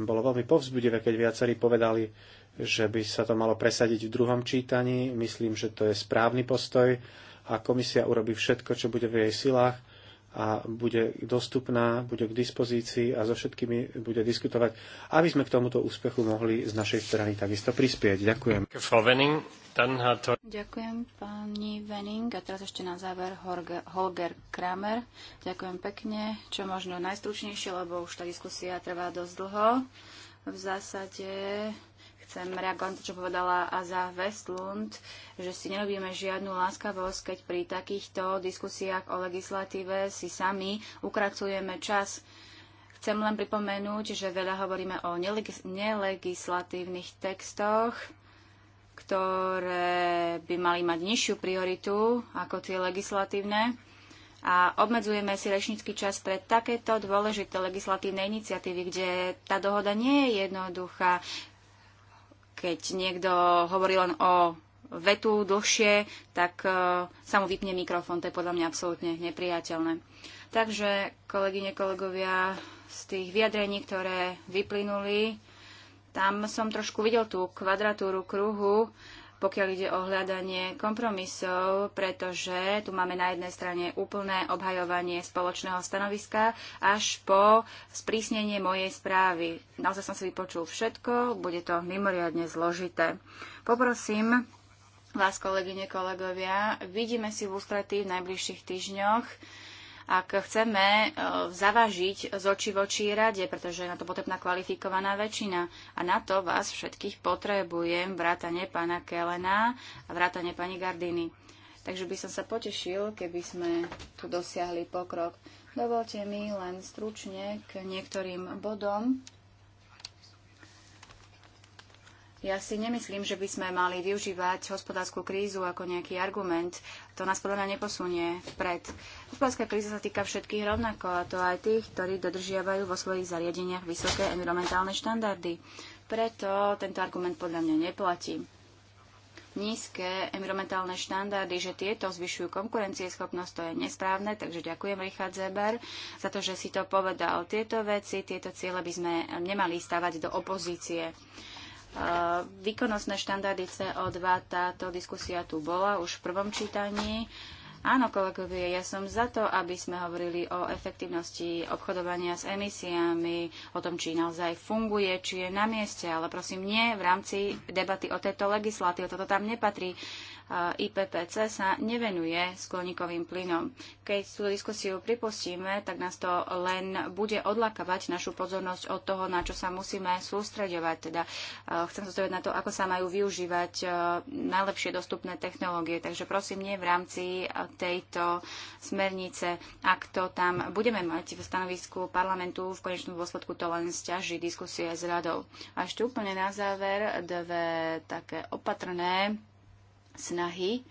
bolo veľmi povzbudivé, keď viacerí povedali, že by sa to malo presadiť v druhom čítaní. Myslím, že to je správny postoj a komisia urobí všetko, čo bude v jej silách, a bude dostupná, bude k dispozícii a so všetkými bude diskutovať, aby sme k tomuto úspechu mohli z našej strany takisto prispieť. Ďakujem. Ďakujem pani Venning a teraz ešte na záver Holger, Holger Kramer. Ďakujem pekne, čo možno najstručnejšie, lebo už tá diskusia trvá dosť dlho. V zásade chcem reagovať na to, čo povedala Aza Westlund, že si nerobíme žiadnu láskavosť, keď pri takýchto diskusiách o legislatíve si sami ukracujeme čas. Chcem len pripomenúť, že veľa hovoríme o nelegislatívnych textoch, ktoré by mali mať nižšiu prioritu ako tie legislatívne a obmedzujeme si rečnícky čas pre takéto dôležité legislatívne iniciatívy, kde tá dohoda nie je jednoduchá, keď niekto hovorí len o vetu dlhšie, tak e, sa mu vypne mikrofón. To je podľa mňa absolútne nepriateľné. Takže, kolegyne, kolegovia, z tých vyjadrení, ktoré vyplynuli, tam som trošku videl tú kvadratúru kruhu, pokiaľ ide o hľadanie kompromisov, pretože tu máme na jednej strane úplné obhajovanie spoločného stanoviska až po sprísnenie mojej správy. Naozaj som si vypočul všetko, bude to mimoriadne zložité. Poprosím vás, kolegyne, kolegovia, vidíme si v ústretí v najbližších týždňoch ak chceme e, zavažiť z očí voči rade, pretože je na to potrebná kvalifikovaná väčšina. A na to vás všetkých potrebujem, vrátane pána Kelena a vrátane pani Gardiny. Takže by som sa potešil, keby sme tu dosiahli pokrok. Dovolte mi len stručne k niektorým bodom, Ja si nemyslím, že by sme mali využívať hospodárskú krízu ako nejaký argument. To nás podľa mňa neposunie vpred. Hospodárska kríza sa týka všetkých rovnako, a to aj tých, ktorí dodržiavajú vo svojich zariadeniach vysoké environmentálne štandardy. Preto tento argument podľa mňa neplatí. Nízke environmentálne štandardy, že tieto zvyšujú konkurencieschopnosť, to je nesprávne, takže ďakujem Richard Zeber za to, že si to povedal. Tieto veci, tieto ciele by sme nemali stavať do opozície. Eh, výkonnostné štandardy CO2, táto diskusia tu bola už v prvom čítaní. Áno, kolegovie, ja som za to, aby sme hovorili o efektívnosti obchodovania s emisiami, o tom, či naozaj funguje, či je na mieste, ale prosím nie v rámci debaty o tejto legislatíve. Toto tam nepatrí. IPPC sa nevenuje skleníkovým plynom. Keď túto diskusiu pripustíme, tak nás to len bude odlakavať našu pozornosť od toho, na čo sa musíme sústreďovať. Teda e, chcem sa na to, ako sa majú využívať e, najlepšie dostupné technológie. Takže prosím, nie v rámci e, tejto smernice. Ak to tam budeme mať v stanovisku parlamentu, v konečnom dôsledku to len stiaží diskusie s radou. A ešte úplne na záver dve také opatrné snahy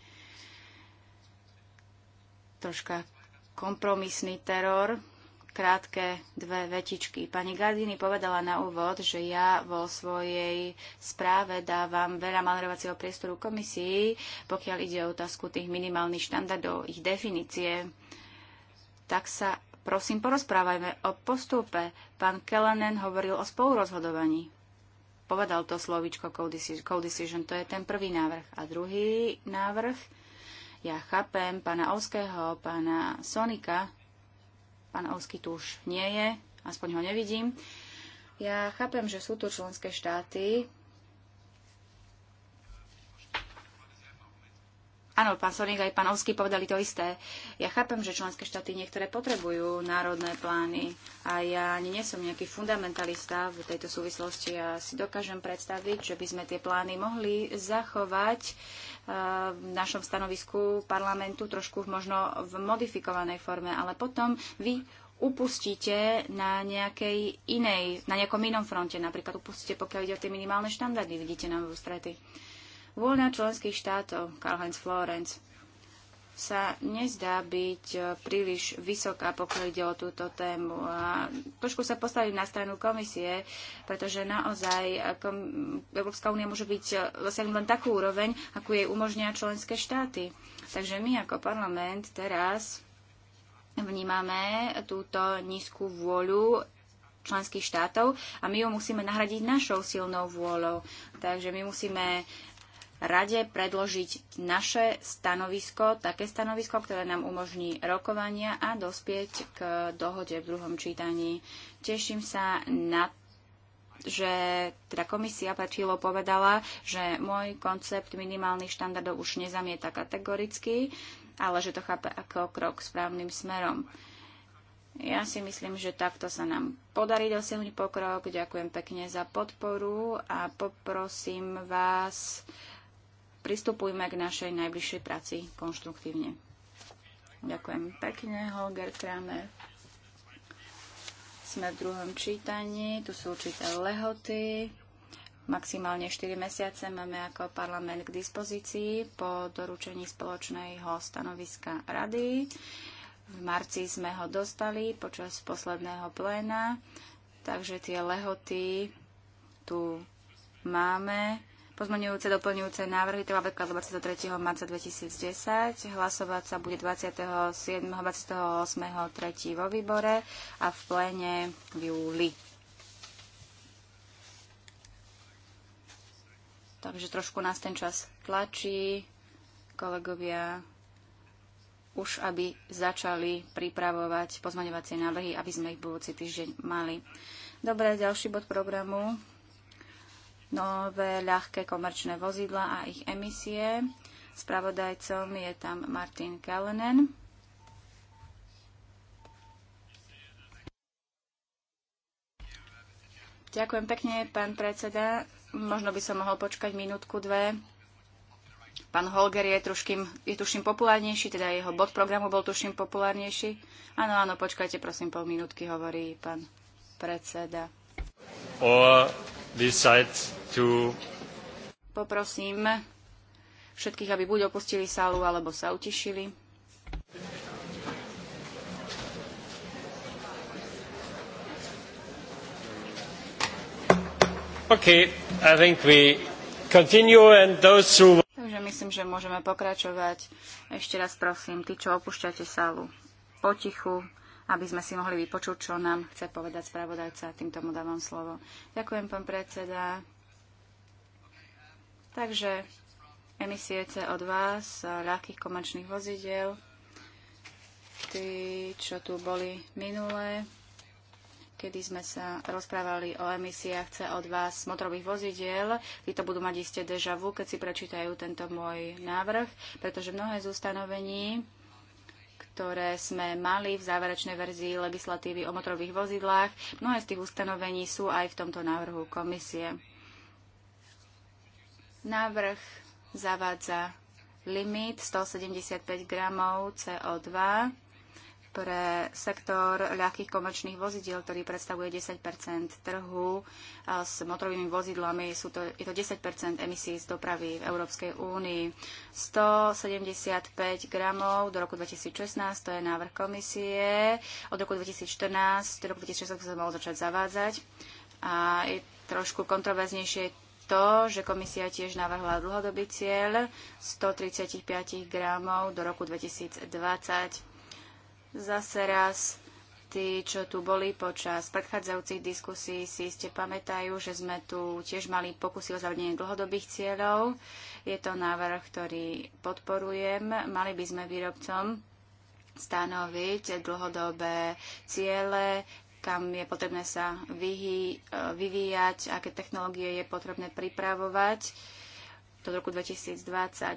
troška kompromisný teror, krátke dve vetičky. Pani Gardini povedala na úvod, že ja vo svojej správe dávam veľa manevrovacieho priestoru komisii, pokiaľ ide o otázku tých minimálnych štandardov, ich definície. Tak sa prosím porozprávajme o postupe. Pán Kelenen hovoril o spolurozhodovaní povedal to slovičko co-decision. To je ten prvý návrh. A druhý návrh, ja chápem pána Ovského, pána Sonika, pán Ovský tu už nie je, aspoň ho nevidím. Ja chápem, že sú tu členské štáty, Áno, pán Soring aj pán Ovský povedali to isté. Ja chápem, že členské štáty niektoré potrebujú národné plány a ja ani nie som nejaký fundamentalista v tejto súvislosti. Ja si dokážem predstaviť, že by sme tie plány mohli zachovať eh, v našom stanovisku parlamentu trošku možno v modifikovanej forme, ale potom vy upustíte na nejakej inej, na nejakom inom fronte. Napríklad upustíte, pokiaľ ide o tie minimálne štandardy, vidíte nám vo strety. Vôľa členských štátov, Karl-Heinz Florence, sa nezdá byť e, príliš vysoká, pokiaľ ide o túto tému. A trošku sa postavím na stranu komisie, pretože naozaj e, Európska únia môže byť e, dosiahnuť len takú úroveň, akú jej umožnia členské štáty. Takže my ako parlament teraz vnímame túto nízku vôľu členských štátov a my ju musíme nahradiť našou silnou vôľou. Takže my musíme rade predložiť naše stanovisko, také stanovisko, ktoré nám umožní rokovania a dospieť k dohode v druhom čítaní. Teším sa na že teda komisia pred chvíľou povedala, že môj koncept minimálnych štandardov už nezamieta kategoricky, ale že to chápe ako krok správnym smerom. Ja si myslím, že takto sa nám podarí dosiahnuť pokrok. Ďakujem pekne za podporu a poprosím vás pristupujme k našej najbližšej práci konštruktívne. Ďakujem pekne, Holger Kramer. Sme v druhom čítaní, tu sú určité lehoty maximálne 4 mesiace máme ako parlament k dispozícii po doručení spoločného stanoviska rady. V marci sme ho dostali počas posledného pléna, takže tie lehoty tu máme. Pozmenujúce doplňujúce návrhy trvá preklad 23. marca 2010. Hlasovať sa bude 27. 28. 3. vo výbore a v pléne v júli. Takže trošku nás ten čas tlačí. Kolegovia už aby začali pripravovať pozmaňovacie návrhy, aby sme ich budúci týždeň mali. Dobre, ďalší bod programu nové ľahké komerčné vozidla a ich emisie. Spravodajcom je tam Martin Kellenen. Ďakujem pekne, pán predseda. Možno by som mohol počkať minútku, dve. Pán Holger je, truškým, je tuším populárnejší, teda jeho bod programu bol tuším populárnejší. Áno, áno, počkajte prosím pol minútky, hovorí pán predseda. O decide to... Poprosím všetkých, aby buď opustili sálu, alebo sa utišili. Okay, I think we continue and those who... Takže myslím, že môžeme pokračovať. Ešte raz prosím, tí, čo opúšťate sálu, potichu, aby sme si mohli vypočuť, čo nám chce povedať spravodajca. Týmto mu dávam slovo. Ďakujem, pán predseda. Takže emisie CO2 z ľahkých komerčných vozidel, tí, čo tu boli minulé, kedy sme sa rozprávali o emisiách CO2 z motorových vozidiel. to budú mať isté deja vu, keď si prečítajú tento môj návrh, pretože mnohé z ustanovení ktoré sme mali v záverečnej verzii legislatívy o motorových vozidlách. Mnohé z tých ustanovení sú aj v tomto návrhu komisie. Návrh zavádza limit 175 gramov CO2 pre sektor ľahkých komerčných vozidiel, ktorý predstavuje 10 trhu s motorovými vozidlami. Sú to, je to 10 emisí z dopravy v Európskej únii. 175 gramov do roku 2016, to je návrh komisie. Od roku 2014 do roku 2016 sa mohol začať zavádzať. A je trošku kontroverznejšie to, že komisia tiež navrhla dlhodobý cieľ 135 gramov do roku 2020 Zase raz tí, čo tu boli počas predchádzajúcich diskusí, si ste pamätajú, že sme tu tiež mali pokusy o zavedenie dlhodobých cieľov. Je to návrh, ktorý podporujem. Mali by sme výrobcom stanoviť dlhodobé ciele, kam je potrebné sa vyvíjať, aké technológie je potrebné pripravovať od roku 2020.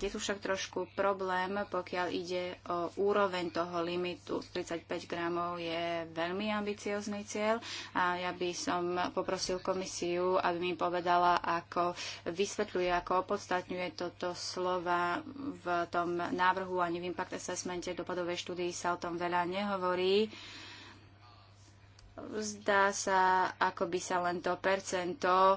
Je tu však trošku problém, pokiaľ ide o úroveň toho limitu. 35 gramov je veľmi ambiciózny cieľ a ja by som poprosil komisiu, aby mi povedala, ako vysvetľuje, ako opodstatňuje toto slova v tom návrhu ani v impact assessmente dopadovej štúdii sa o tom veľa nehovorí zdá sa, ako by sa len to percento eh,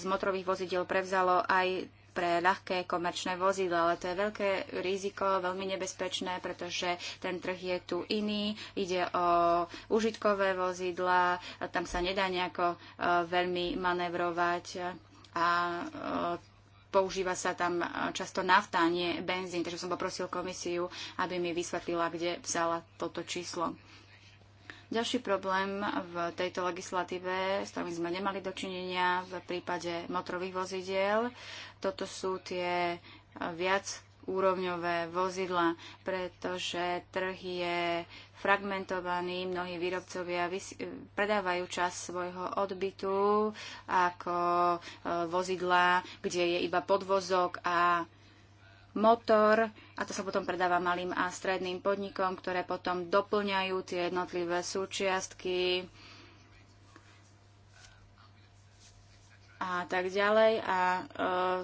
z motorových vozidel prevzalo aj pre ľahké komerčné vozidla, ale to je veľké riziko, veľmi nebezpečné, pretože ten trh je tu iný, ide o užitkové vozidla, tam sa nedá nejako e, veľmi manevrovať a e, používa sa tam e, často nafta, nie benzín, takže som poprosil komisiu, aby mi vysvetlila, kde vzala toto číslo. Ďalší problém v tejto legislatíve, s ktorým sme nemali dočinenia v prípade motorových vozidiel, toto sú tie eh, viac úrovňové vozidla, pretože trh je fragmentovaný, mnohí výrobcovia eh, predávajú čas svojho odbytu ako eh, vozidla, kde je iba podvozok a motor a to sa potom predáva malým a stredným podnikom, ktoré potom doplňajú tie jednotlivé súčiastky a tak ďalej. A e,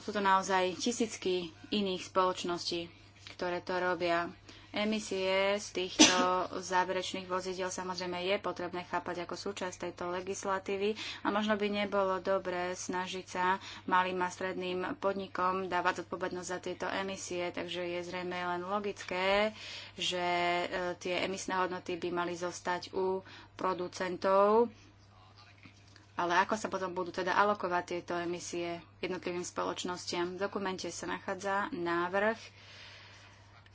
sú to naozaj tisícky iných spoločností, ktoré to robia. Emisie z týchto záverečných vozidel samozrejme je potrebné chápať ako súčasť tejto legislatívy a možno by nebolo dobré snažiť sa malým a stredným podnikom dávať zodpovednosť za tieto emisie, takže je zrejme len logické, že e, tie emisné hodnoty by mali zostať u producentov ale ako sa potom budú teda alokovať tieto emisie jednotlivým spoločnostiam? V dokumente sa nachádza návrh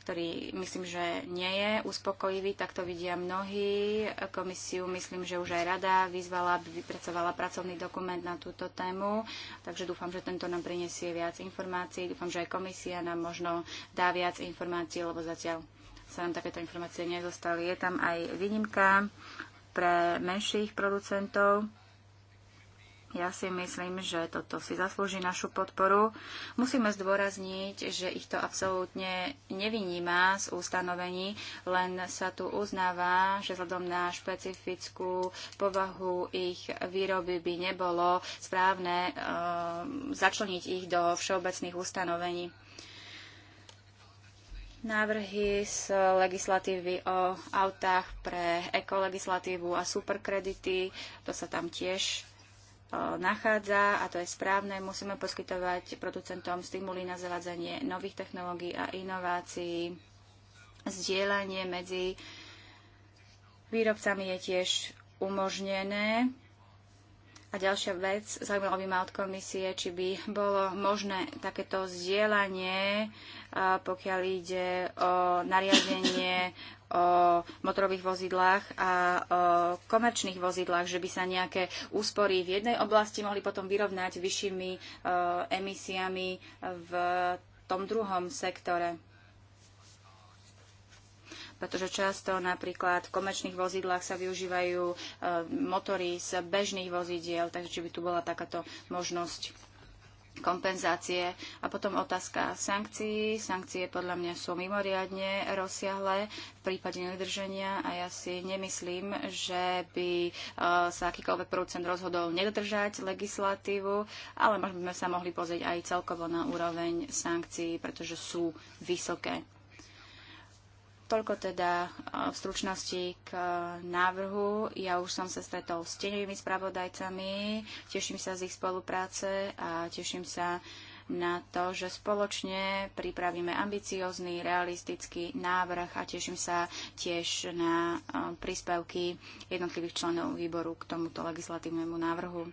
ktorý myslím, že nie je uspokojivý, tak to vidia mnohí. Komisiu myslím, že už aj rada vyzvala, aby vypracovala pracovný dokument na túto tému, takže dúfam, že tento nám prinesie viac informácií. Dúfam, že aj komisia nám možno dá viac informácií, lebo zatiaľ sa nám takéto informácie nezostali. Je tam aj výnimka pre menších producentov ja si myslím, že toto si zaslúži našu podporu. Musíme zdôrazniť, že ich to absolútne nevyníma z ustanovení, len sa tu uznáva, že vzhľadom na špecifickú povahu ich výroby by nebolo správne e, začleniť ich do všeobecných ustanovení. Návrhy z legislatívy o autách pre ekolegislatívu a superkredity, to sa tam tiež nachádza a to je správne. Musíme poskytovať producentom stimuly na zavádzanie nových technológií a inovácií. Zdieľanie medzi výrobcami je tiež umožnené. A ďalšia vec, zaujímavá by ma od komisie, či by bolo možné takéto zdieľanie, pokiaľ ide o nariadenie [COUGHS] o motorových vozidlách a o komerčných vozidlách, že by sa nejaké úspory v jednej oblasti mohli potom vyrovnať vyššími e, emisiami v tom druhom sektore. Pretože často napríklad v komerčných vozidlách sa využívajú e, motory z bežných vozidiel, takže či by tu bola takáto možnosť kompenzácie. A potom otázka sankcií. Sankcie podľa mňa sú mimoriadne rozsiahle v prípade nedodržania a ja si nemyslím, že by e, sa akýkoľvek producent rozhodol nedodržať legislatívu, ale možno by sme sa mohli pozrieť aj celkovo na úroveň sankcií, pretože sú vysoké. Toľko teda e, v stručnosti k e, návrhu. Ja už som sa stretol s tenevými spravodajcami, teším sa z ich spolupráce a teším sa na to, že spoločne pripravíme ambiciózny, realistický návrh a teším sa tiež na e, príspevky jednotlivých členov výboru k tomuto legislatívnemu návrhu.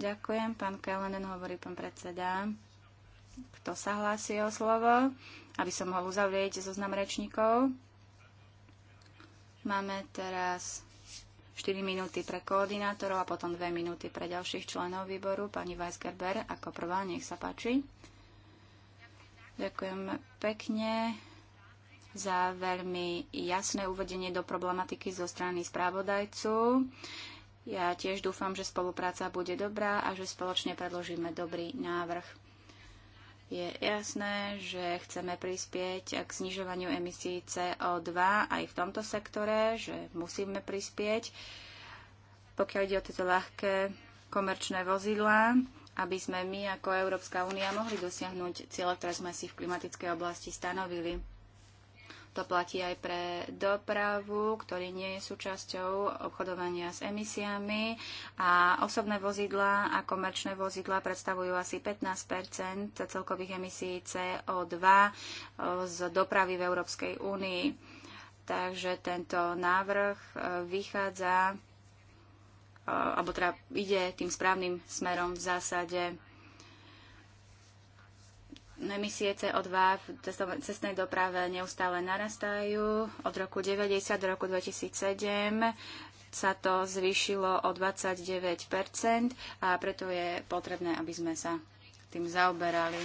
Ďakujem, pán Kelenen, hovorí pán predseda. Kto sa hlási o slovo? Aby som mohol uzavrieť zoznam rečníkov. Máme teraz 4 minúty pre koordinátorov a potom 2 minúty pre ďalších členov výboru. Pani Weisgerber ako prvá, nech sa páči. Ďakujem pekne za veľmi jasné uvedenie do problematiky zo strany správodajcu. Ja tiež dúfam, že spolupráca bude dobrá a že spoločne predložíme dobrý návrh. Je jasné, že chceme prispieť k znižovaniu emisí CO2 aj v tomto sektore, že musíme prispieť, pokiaľ ide o tieto ľahké komerčné vozidlá, aby sme my ako Európska únia mohli dosiahnuť cieľe, ktoré sme si v klimatickej oblasti stanovili. To platí aj pre dopravu, ktorý nie je súčasťou obchodovania s emisiami. A osobné vozidla a komerčné vozidla predstavujú asi 15 celkových emisí CO2 z dopravy v Európskej únii. Takže tento návrh e, vychádza e, alebo teda ide tým správnym smerom v zásade Emisie CO2 v cestnej doprave neustále narastajú. Od roku 90 do roku 2007 sa to zvýšilo o 29 a preto je potrebné, aby sme sa tým zaoberali.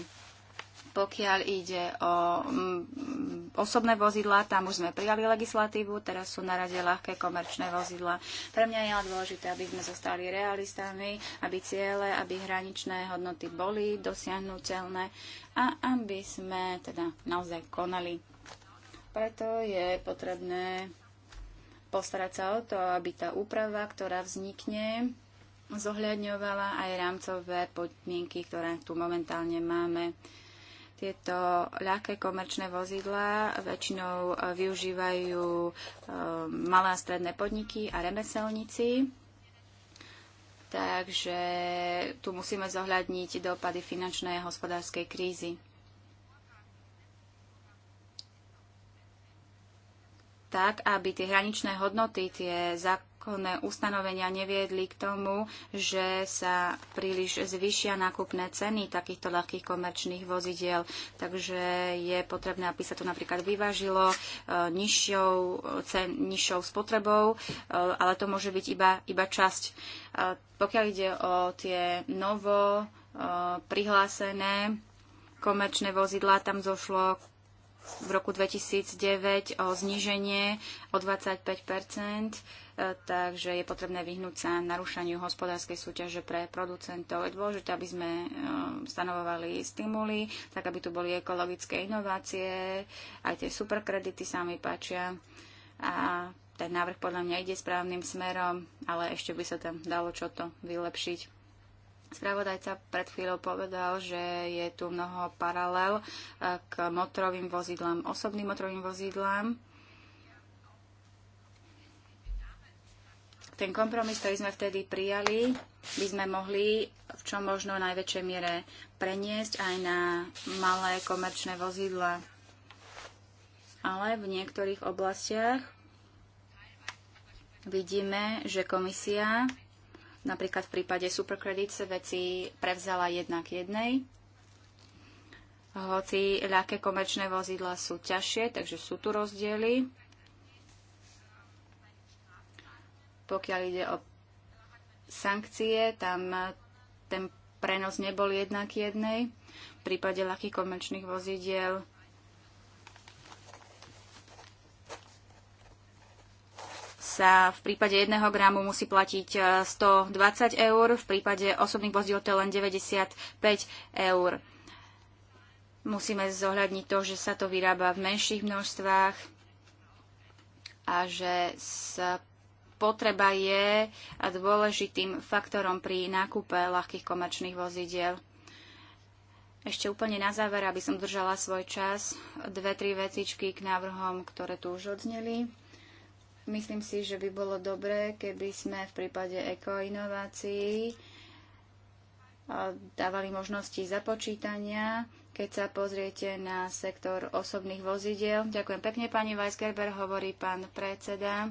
Pokiaľ ide o mm, osobné vozidlá, tam už sme prijali legislatívu, teraz sú na rade ľahké komerčné vozidlá. Pre mňa je ale dôležité, aby sme zostali realistami, aby ciele, aby hraničné hodnoty boli dosiahnutelné a aby sme teda naozaj konali. Preto je potrebné postarať sa o to, aby tá úprava, ktorá vznikne, zohľadňovala aj rámcové podmienky, ktoré tu momentálne máme. Tieto ľahké komerčné vozidlá väčšinou e, využívajú e, malé a stredné podniky a remeselníci. Takže tu musíme zohľadniť dopady finančnej a hospodárskej krízy. tak, aby tie hraničné hodnoty, tie, za, zákonné ustanovenia neviedli k tomu, že sa príliš zvyšia nákupné ceny takýchto ľahkých komerčných vozidiel. Takže je potrebné, aby sa to napríklad vyvážilo e, nižšou, cen, nižšou spotrebou, e, ale to môže byť iba, iba časť. E, pokiaľ ide o tie novo prihlásené komerčné vozidlá, tam zošlo v roku 2009 o zníženie o 25 e, takže je potrebné vyhnúť sa narušaniu hospodárskej súťaže pre producentov. Je dôležité, aby sme e, stanovovali stimuly, tak aby tu boli ekologické inovácie, aj tie superkredity sa mi páčia. A ten návrh podľa mňa ide správnym smerom, ale ešte by sa tam dalo čo to vylepšiť. Spravodajca pred chvíľou povedal, že je tu mnoho paralel eh, k motorovým vozidlám, osobným motorovým vozidlám. Ten kompromis, ktorý sme vtedy prijali, by sme mohli v čo možno najväčšej miere preniesť aj na malé komerčné vozidla. Ale v niektorých oblastiach vidíme, že komisia Napríklad v prípade sa veci prevzala jedna k jednej. Hoci ľahké komerčné vozidla sú ťažšie, takže sú tu rozdiely. Pokiaľ ide o sankcie, tam ten prenos nebol jednak jednej. V prípade ľahkých komerčných vozidiel sa v prípade 1 gramu musí platiť 120 e, eur, v prípade osobných vozidel to je len 95 eur. Musíme zohľadniť to, že sa to vyrába v menších množstvách a že potreba je dôležitým faktorom pri nákupe ľahkých komerčných vozidiel. Ešte úplne na záver, aby som držala svoj čas, dve, tri vecičky k návrhom, ktoré tu už odzneli. Myslím si, že by bolo dobré, keby sme v prípade ekoinovácií eh, dávali možnosti započítania, keď sa pozriete na sektor osobných vozidiel. Ďakujem pekne, pani Weisgerber, hovorí pán predseda.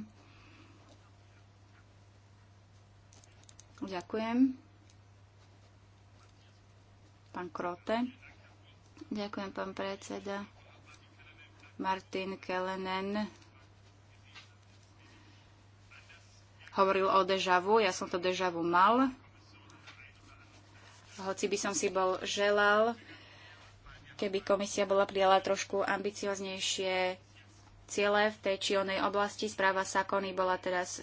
Ďakujem. Pán Krote. Ďakujem, pán predseda. Martin Kelenen hovoril o dežavu. Ja som to dežavu mal. Hoci by som si bol želal, keby komisia bola prijala trošku ambicioznejšie ciele v tej či onej oblasti. Správa Sakony bola teraz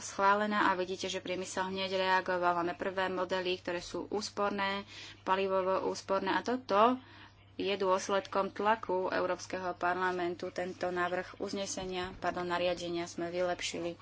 schválená a vidíte, že priemysel hneď reagoval. Máme prvé modely, ktoré sú úsporné, palivovo úsporné a toto je dôsledkom tlaku Európskeho parlamentu. Tento návrh uznesenia, pardon, nariadenia sme vylepšili.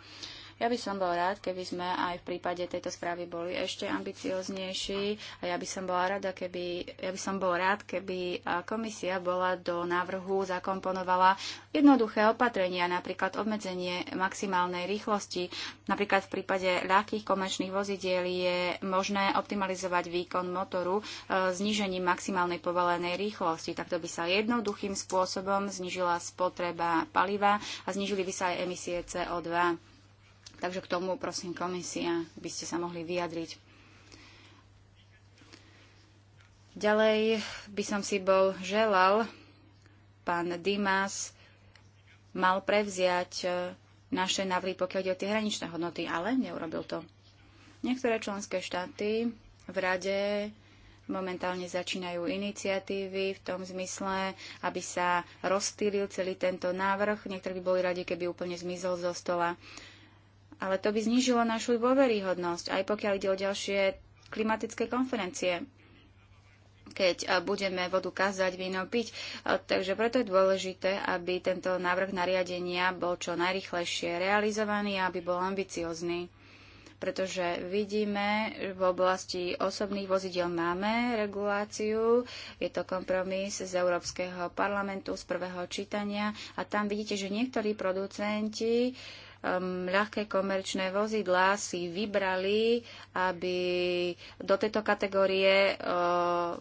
Ja by som bol rád, keby sme aj v prípade tejto správy boli ešte ambicioznejší a ja by som bola rada, keby, ja by som bol rád, keby komisia bola do návrhu zakomponovala jednoduché opatrenia, napríklad obmedzenie maximálnej rýchlosti. Napríklad v prípade ľahkých komerčných vozidiel je možné optimalizovať výkon motoru e, znižením maximálnej povolenej rýchlosti. Takto by sa jednoduchým spôsobom znižila spotreba paliva a znižili by sa aj emisie CO2. Takže k tomu, prosím, komisia, by ste sa mohli vyjadriť. Ďalej by som si bol želal, pán Dimas mal prevziať e, naše návrhy, pokiaľ ide o tie hraničné hodnoty, ale neurobil to. Niektoré členské štáty v rade momentálne začínajú iniciatívy v tom zmysle, aby sa rozstýlil celý tento návrh. Niektorí by boli radi, keby úplne zmizol zo stola ale to by znížilo našu dôveryhodnosť, aj pokiaľ ide o ďalšie klimatické konferencie keď eh, budeme vodu kazať, víno piť. Eh, takže preto je dôležité, aby tento návrh nariadenia bol čo najrychlejšie realizovaný a aby bol ambiciozný. Pretože vidíme, v oblasti osobných vozidel máme reguláciu, je to kompromis z Európskeho parlamentu z prvého čítania a tam vidíte, že niektorí producenti uh, Um, ľahké komerčné vozidlá si vybrali, aby do tejto kategórie uh,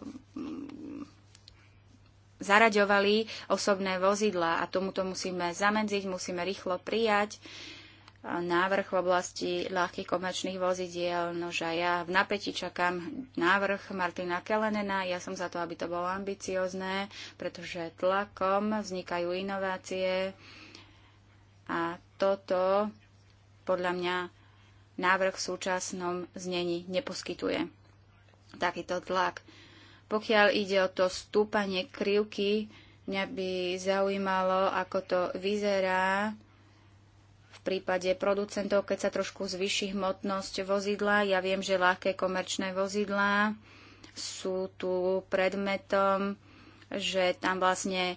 zaraďovali osobné vozidlá a tomuto musíme zamedziť, musíme rýchlo prijať uh, návrh v oblasti ľahkých komerčných vozidiel. Nože ja v napätí čakám návrh Martina Kelenena. Ja som za to, aby to bolo ambiciozne, pretože tlakom vznikajú inovácie a toto podľa mňa návrh v súčasnom znení neposkytuje takýto tlak. Pokiaľ ide o to stúpanie krivky, mňa by zaujímalo, ako to vyzerá v prípade producentov, keď sa trošku zvyší hmotnosť vozidla. Ja viem, že ľahké komerčné vozidlá sú tu predmetom že tam vlastne e,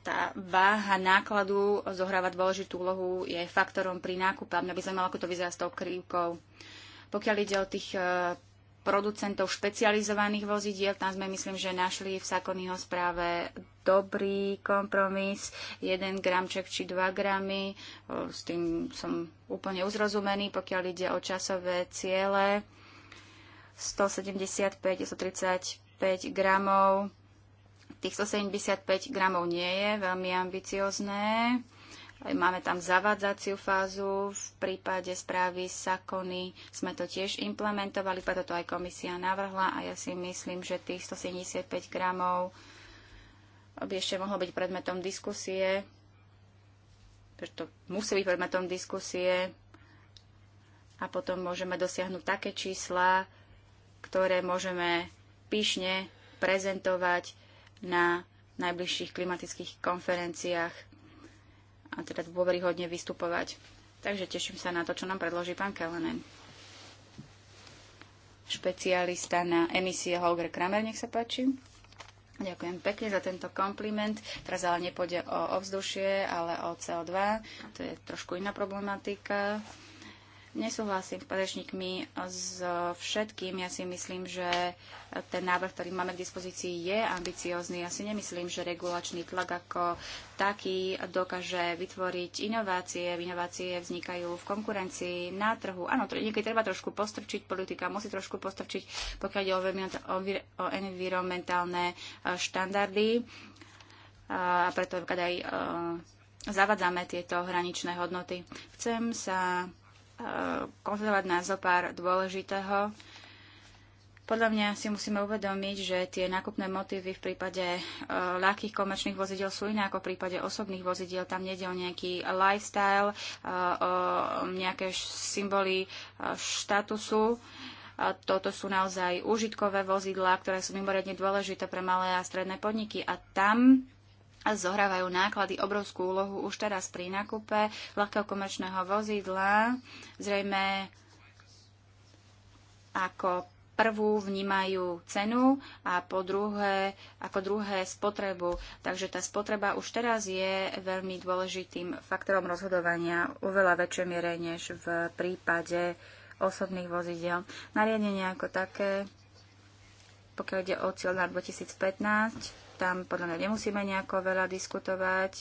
tá váha nákladu zohráva dôležitú úlohu, je faktorom pri nákupe, aby sme mali, ako to vyzerá s tou krivkou. Pokiaľ ide o tých e, producentov špecializovaných vozidiel. Tam sme, myslím, že našli v Sakonyho správe dobrý kompromis, 1 gramček či 2 gramy. S tým som úplne uzrozumený, pokiaľ ide o časové ciele. 175, 135 gramov Tých 175 gramov nie je veľmi ambiciozné. Máme tam zavadzaciu fázu. V prípade správy Sakony sme to tiež implementovali, preto to aj komisia navrhla a ja si myslím, že tých 175 gramov by ešte mohlo byť predmetom diskusie, pretože to musí byť predmetom diskusie a potom môžeme dosiahnuť také čísla, ktoré môžeme píšne prezentovať na najbližších klimatických konferenciách a teda dôveryhodne vystupovať. Takže teším sa na to, čo nám predloží pán Kelenen. Špecialista na emisie Holger Kramer, nech sa páči. Ďakujem pekne za tento kompliment. Teraz ale nepôjde o ovzdušie, ale o CO2. To je trošku iná problematika. Nesúhlasím s predrečníkmi s všetkým. Ja si myslím, že ten návrh, ktorý máme k dispozícii, je ambiciózny. Ja si nemyslím, že regulačný tlak ako taký dokáže vytvoriť inovácie. Inovácie vznikajú v konkurencii na trhu. Áno, niekedy treba trošku postrčiť, politika musí trošku postrčiť, pokiaľ je o environmentálne e, štandardy. E, a preto aj e, zavádzame tieto hraničné hodnoty. Chcem sa konzervovať nás pár dôležitého. Podľa mňa si musíme uvedomiť, že tie nákupné motívy v prípade uh, ľahkých komerčných vozidel sú iné ako v prípade osobných vozidiel. Tam nejde o nejaký lifestyle, uh, o nejaké symboly uh, štatusu. Toto sú naozaj užitkové vozidlá, ktoré sú mimoriadne dôležité pre malé a stredné podniky. A tam zohrávajú náklady obrovskú úlohu už teraz pri nákupe ľahkého komerčného vozidla. Zrejme ako prvú vnímajú cenu a po druhé, ako druhé spotrebu. Takže tá spotreba už teraz je veľmi dôležitým faktorom rozhodovania oveľa väčšej miere než v prípade osobných vozidel. Nariadenie ako také pokiaľ ide o cieľ na 2015, tam podľa mňa nemusíme nejako veľa diskutovať.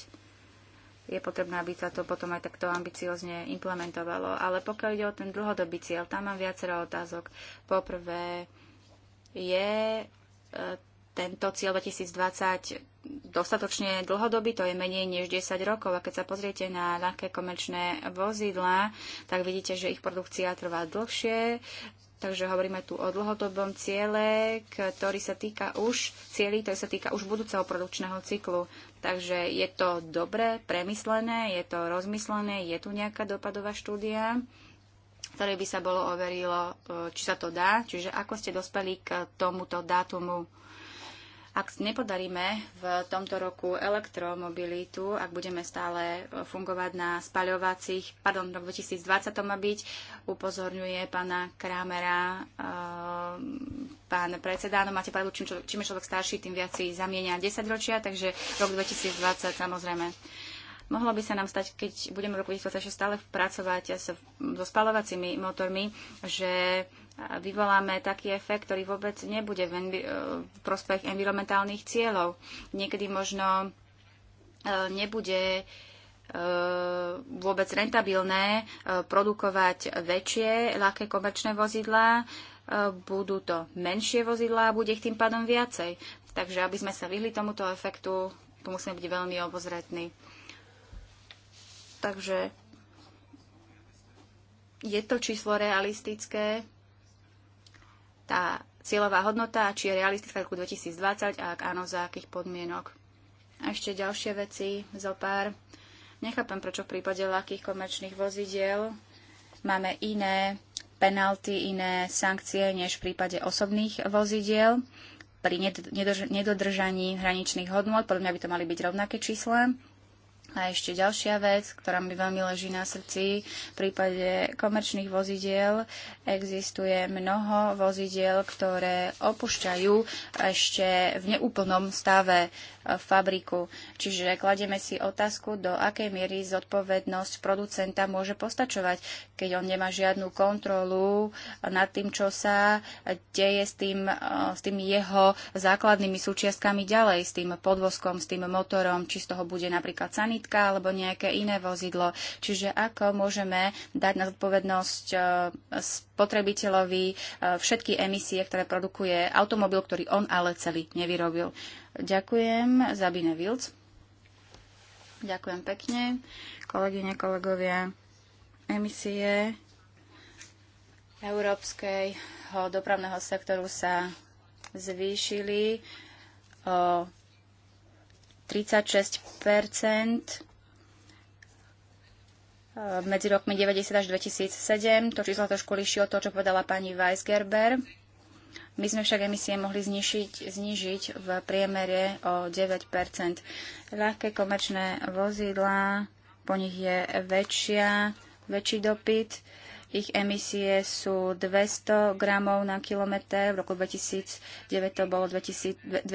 Je potrebné, aby sa to potom aj takto ambiciozne implementovalo. Ale pokiaľ ide o ten dlhodobý cieľ, tam mám viacero otázok. Poprvé, je e, tento cieľ 2020 dostatočne dlhodobý, to je menej než 10 rokov. A keď sa pozriete na ľahké komerčné vozidla, tak vidíte, že ich produkcia trvá dlhšie, Takže hovoríme tu o dlhodobom ciele, ktorý sa týka už cieľi, ktorý sa týka už budúceho produkčného cyklu. Takže je to dobre premyslené, je to rozmyslené, je tu nejaká dopadová štúdia, ktorej by sa bolo overilo, e, či sa to dá, čiže ako ste dospeli k tomuto dátumu ak nepodaríme v tomto roku elektromobilitu, ak budeme stále e, fungovať na spaľovacích, pardon, rok 2020 to má byť, upozorňuje pána Krámera, e, pán predseda, no máte pravdu, čím, čím je človek starší, tým viac si zamienia 10 ročia, takže rok 2020 samozrejme mohlo by sa nám stať, keď budeme v roku 2026 stále pracovať so, so spalovacími motormi, že vyvoláme taký efekt, ktorý vôbec nebude v, envi- e, v prospech environmentálnych cieľov. Niekedy možno e, nebude e, vôbec rentabilné produkovať väčšie ľahké komerčné vozidlá, budú to menšie vozidlá a bude ich tým pádom viacej. Takže aby sme sa vyhli tomuto efektu, tu musíme byť veľmi obozretní. Takže je to číslo realistické, tá cieľová hodnota, či je realistická roku 2020 a ak áno, za akých podmienok. A ešte ďalšie veci, zo pár. Nechápem, prečo v prípade ľahkých komerčných vozidiel máme iné penalty, iné sankcie než v prípade osobných vozidiel pri nedodržaní hraničných hodnôt. Podľa mňa by to mali byť rovnaké čísle. A ešte ďalšia vec, ktorá mi veľmi leží na srdci, v prípade komerčných vozidiel existuje mnoho vozidiel, ktoré opúšťajú ešte v neúplnom stave e, fabriku. Čiže kladieme si otázku, do akej miery zodpovednosť producenta môže postačovať, keď on nemá žiadnu kontrolu nad tým, čo sa deje s tým, e, s tým jeho základnými súčiastkami ďalej, s tým podvozkom, s tým motorom, či z toho bude napríklad sanitárny sanitka alebo nejaké iné vozidlo. Čiže ako môžeme dať na zodpovednosť e, spotrebiteľovi e, všetky emisie, ktoré produkuje automobil, ktorý on ale celý nevyrobil. Ďakujem. Zabine Vilc. Ďakujem pekne. Kolegyne, kolegovia, emisie európskeho dopravného sektoru sa zvýšili o 36 eh, medzi rokmi 90 až 2007. To číslo trošku liší od toho, čo povedala pani Weisgerber. My sme však emisie mohli znižiť, znižiť v priemere o 9 Ľahké komerčné vozidlá, po nich je väčšia, väčší dopyt ich emisie sú 200 gramov na kilometr, v roku 2009 to bolo 203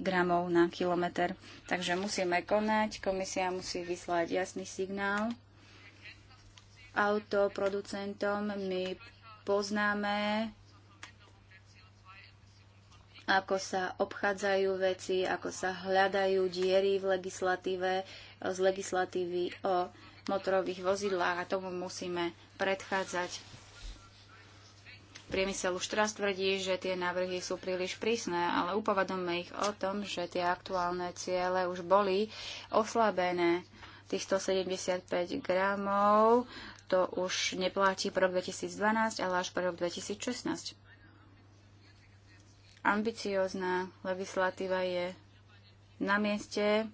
gramov na kilometr. Takže musíme konať, komisia musí vyslať jasný signál autoproducentom. My poznáme, ako sa obchádzajú veci, ako sa hľadajú diery v legislatíve, z legislatívy o motorových vozidlách a tomu musíme predchádzať. Priemysel už teraz tvrdí, že tie návrhy sú príliš prísne, ale upovedomme ich o tom, že tie aktuálne ciele už boli oslabené. Tých 175 gramov to už neplatí pro rok 2012, ale až pre rok 2016. Ambiciózna legislatíva je na mieste,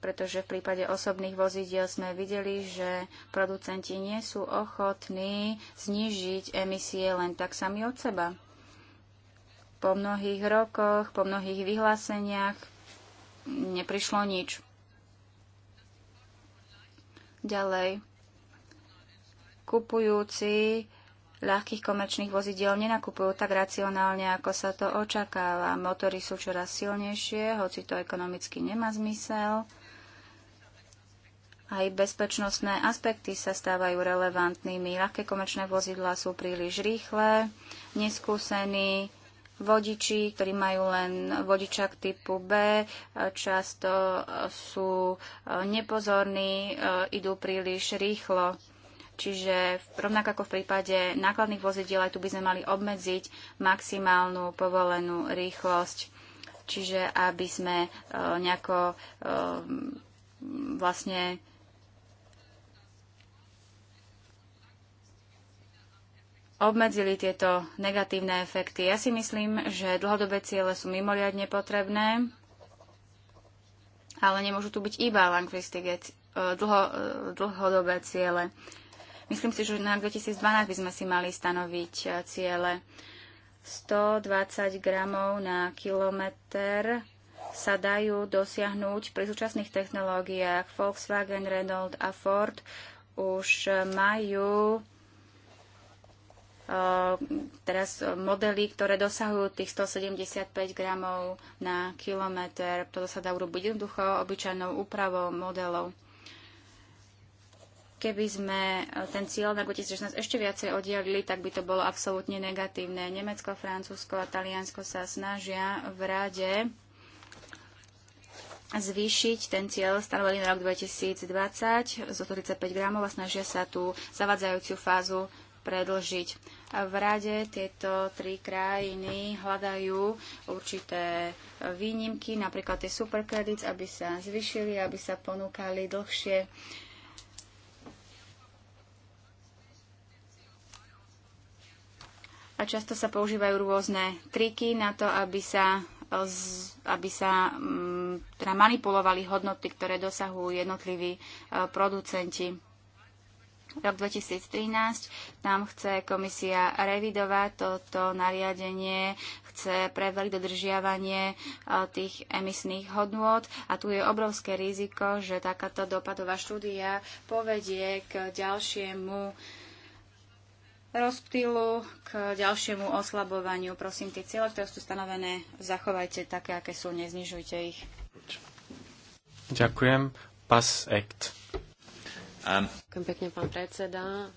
pretože v prípade osobných vozidiel sme videli, že producenti nie sú ochotní znížiť emisie len tak sami od seba. Po mnohých rokoch, po mnohých vyhláseniach neprišlo nič. Ďalej. Kupujúci ľahkých komerčných vozidiel nenakupujú tak racionálne, ako sa to očakáva. Motory sú čoraz silnejšie, hoci to ekonomicky nemá zmysel. Aj bezpečnostné aspekty sa stávajú relevantnými. Ľahké komerčné vozidlá sú príliš rýchle, neskúsení vodiči, ktorí majú len vodičak typu B, často sú e, nepozorní, e, idú príliš rýchlo. Čiže rovnako ako v prípade nákladných vozidiel, aj tu by sme mali obmedziť maximálnu povolenú rýchlosť. Čiže aby sme e, nejako vlastne obmedzili tieto negatívne efekty. Ja si myslím, že dlhodobé ciele sú mimoriadne potrebné, ale nemôžu tu byť iba langfristic e, dlho, e, dlhodobé ciele. Myslím si, že na 2012 by sme si mali stanoviť e, ciele. 120 gramov na kilometr sa dajú dosiahnuť pri súčasných technológiách. Volkswagen, Renault a Ford už majú Eh, teraz modely, ktoré dosahujú tých 175 gramov na kilometr. Toto sa dá urobiť jednoducho obyčajnou úpravou modelov. Keby sme eh, ten cieľ na 2016 ešte viacej oddialili, tak by to bolo absolútne negatívne. Nemecko, Francúzsko a Taliansko sa snažia v rade zvýšiť ten cieľ stanovený na rok 2020 zo 35 gramov a snažia sa tú zavadzajúcu fázu predlžiť v rade tieto tri krajiny hľadajú určité e, výnimky, napríklad tie superkredits, aby sa zvyšili, aby sa ponúkali dlhšie. A často sa používajú rôzne triky na to, aby sa e, aby sa mm, teda manipulovali hodnoty, ktoré dosahujú jednotliví e, producenti rok 2013. Tam chce komisia revidovať toto nariadenie, chce preveriť dodržiavanie e, tých emisných hodnôt a tu je obrovské riziko, že takáto dopadová štúdia povedie k ďalšiemu rozptýlu k ďalšiemu oslabovaniu. Prosím, tie cieľe, ktoré sú stanovené, zachovajte také, aké sú, neznižujte ich. Ďakujem. Pass Act. Ďakujem pekne, pán predseda.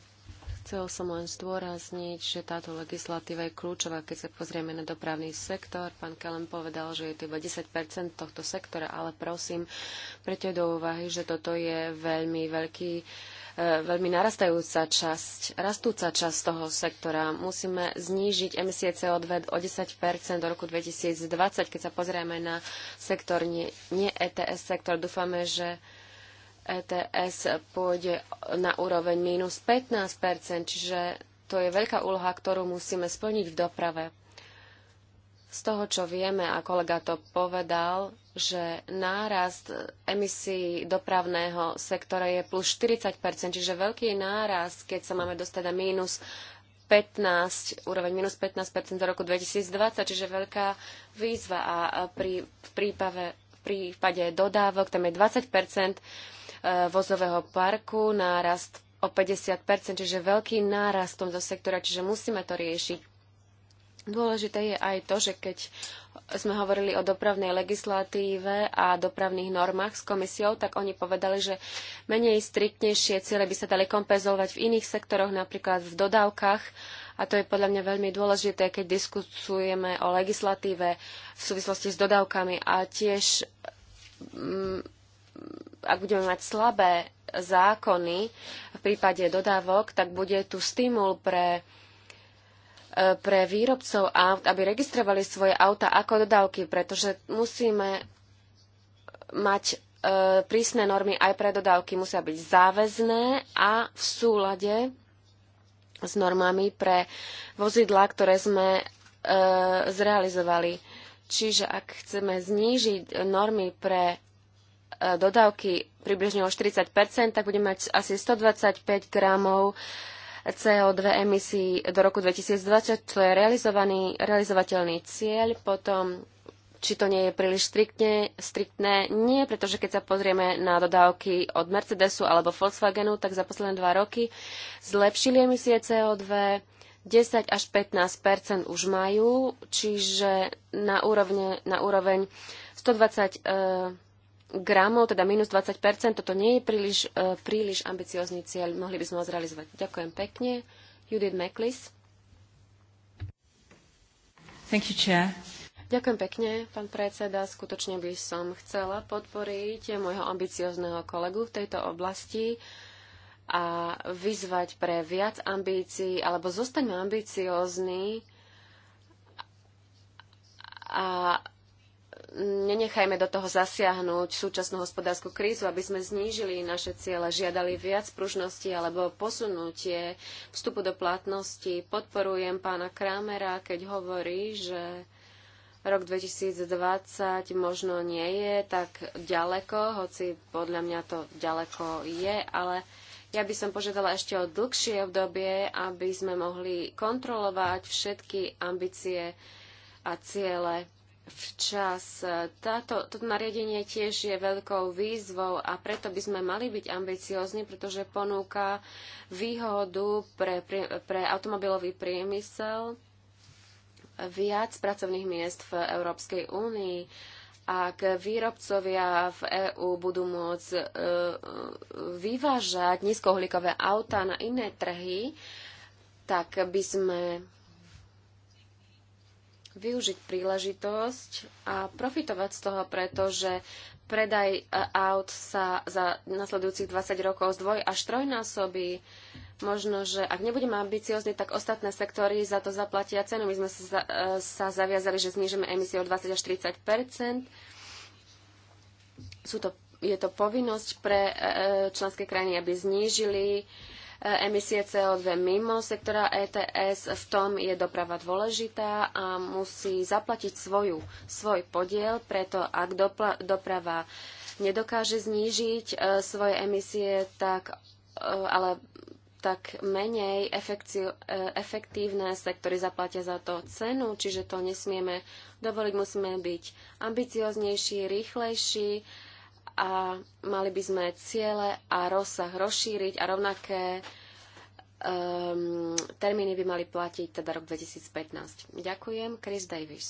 Chcel som len zdôrazniť, že táto legislatíva je kľúčová, keď sa pozrieme na dopravný sektor. Pán Kelem povedal, že je to iba 10 tohto sektora, ale prosím, preto do úvahy, že toto je veľmi veľký e, veľmi narastajúca časť, rastúca časť toho sektora. Musíme znížiť emisie CO2 o 10 do roku 2020, keď sa pozrieme na sektor nie, nie ETS sektor. Dúfame, že ETS pôjde na úroveň mínus 15 čiže to je veľká úloha, ktorú musíme splniť v doprave. Z toho, čo vieme, a kolega to povedal, že nárast emisí dopravného sektora je plus 40 čiže veľký nárast, keď sa máme dostať na mínus 15, úroveň minus 15 do roku 2020, čiže veľká výzva a pri, v, prípave, v prípade dodávok tam je 20 Eh, vozového parku, nárast o 50%, čiže veľký nárast v tomto sektora, čiže musíme to riešiť. Dôležité je aj to, že keď sme hovorili o dopravnej legislatíve a dopravných normách s komisiou, tak oni povedali, že menej striktnejšie ciele by sa dali kompenzovať v iných sektoroch, napríklad v dodávkach. A to je podľa mňa veľmi dôležité, keď diskutujeme o legislatíve v súvislosti s dodávkami a tiež mm, ak budeme mať slabé zákony v prípade dodávok, tak bude tu stimul pre e, pre výrobcov aut, aby registrovali svoje auta ako dodávky, pretože musíme mať e, prísne normy aj pre dodávky musia byť záväzné a v súlade s normami pre vozidlá, ktoré sme e, zrealizovali. Čiže ak chceme znížiť normy pre dodávky približne o 40 tak budeme mať asi 125 gramov CO2 emisí do roku 2020, čo je realizovaný, realizovateľný cieľ. Potom či to nie je príliš striktne, striktné. Nie, pretože keď sa pozrieme na dodávky od Mercedesu alebo Volkswagenu, tak za posledné dva roky zlepšili emisie CO2, 10 až 15 už majú, čiže na, úrovne, na úroveň 120 e, eh, gramov, teda minus 20%, toto nie je príliš, e, príliš ambiciózny cieľ, mohli by sme ho zrealizovať. Ďakujem pekne. Judith Meklis. Thank you, Chair. Ďakujem pekne, pán predseda. Skutočne by som chcela podporiť môjho ambiciozného kolegu v tejto oblasti a vyzvať pre viac ambícií, alebo zostaňme ambiciózni a nenechajme do toho zasiahnuť súčasnú hospodárskú krízu, aby sme znížili naše ciele, žiadali viac pružnosti alebo posunutie vstupu do platnosti. Podporujem pána Kramera, keď hovorí, že rok 2020 možno nie je tak ďaleko, hoci podľa mňa to ďaleko je, ale ja by som požiadala ešte o dlhšie obdobie, aby sme mohli kontrolovať všetky ambície a ciele včas. Táto, toto nariadenie tiež je veľkou výzvou a preto by sme mali byť ambiciózni, pretože ponúka výhodu pre, pre, pre automobilový priemysel viac pracovných miest v Európskej únii. Ak výrobcovia v EÚ budú môcť e, vyvážať nízkouhlíkové autá na iné trhy, tak by sme využiť príležitosť a profitovať z toho, pretože predaj e, aut sa za nasledujúcich 20 rokov zdvoj až trojnásobí. Možno, že ak nebudeme ambiciozni, tak ostatné sektory za to zaplatia cenu. My sme sa, e, sa zaviazali, že znižíme emisie o 20 až 30 Sú to, je to povinnosť pre e, členské krajiny, aby znížili emisie CO2 mimo sektora ETS. V tom je doprava dôležitá a musí zaplatiť svoju, svoj podiel, preto ak doprava nedokáže znížiť e, svoje emisie, tak e, ale tak menej e, efektívne sektory zaplatia za to cenu, čiže to nesmieme dovoliť. Musíme byť ambicioznejší, rýchlejší a mali by sme ciele a rozsah rozšíriť a rovnaké um, termíny by mali platiť teda rok 2015. Ďakujem. Chris Davis.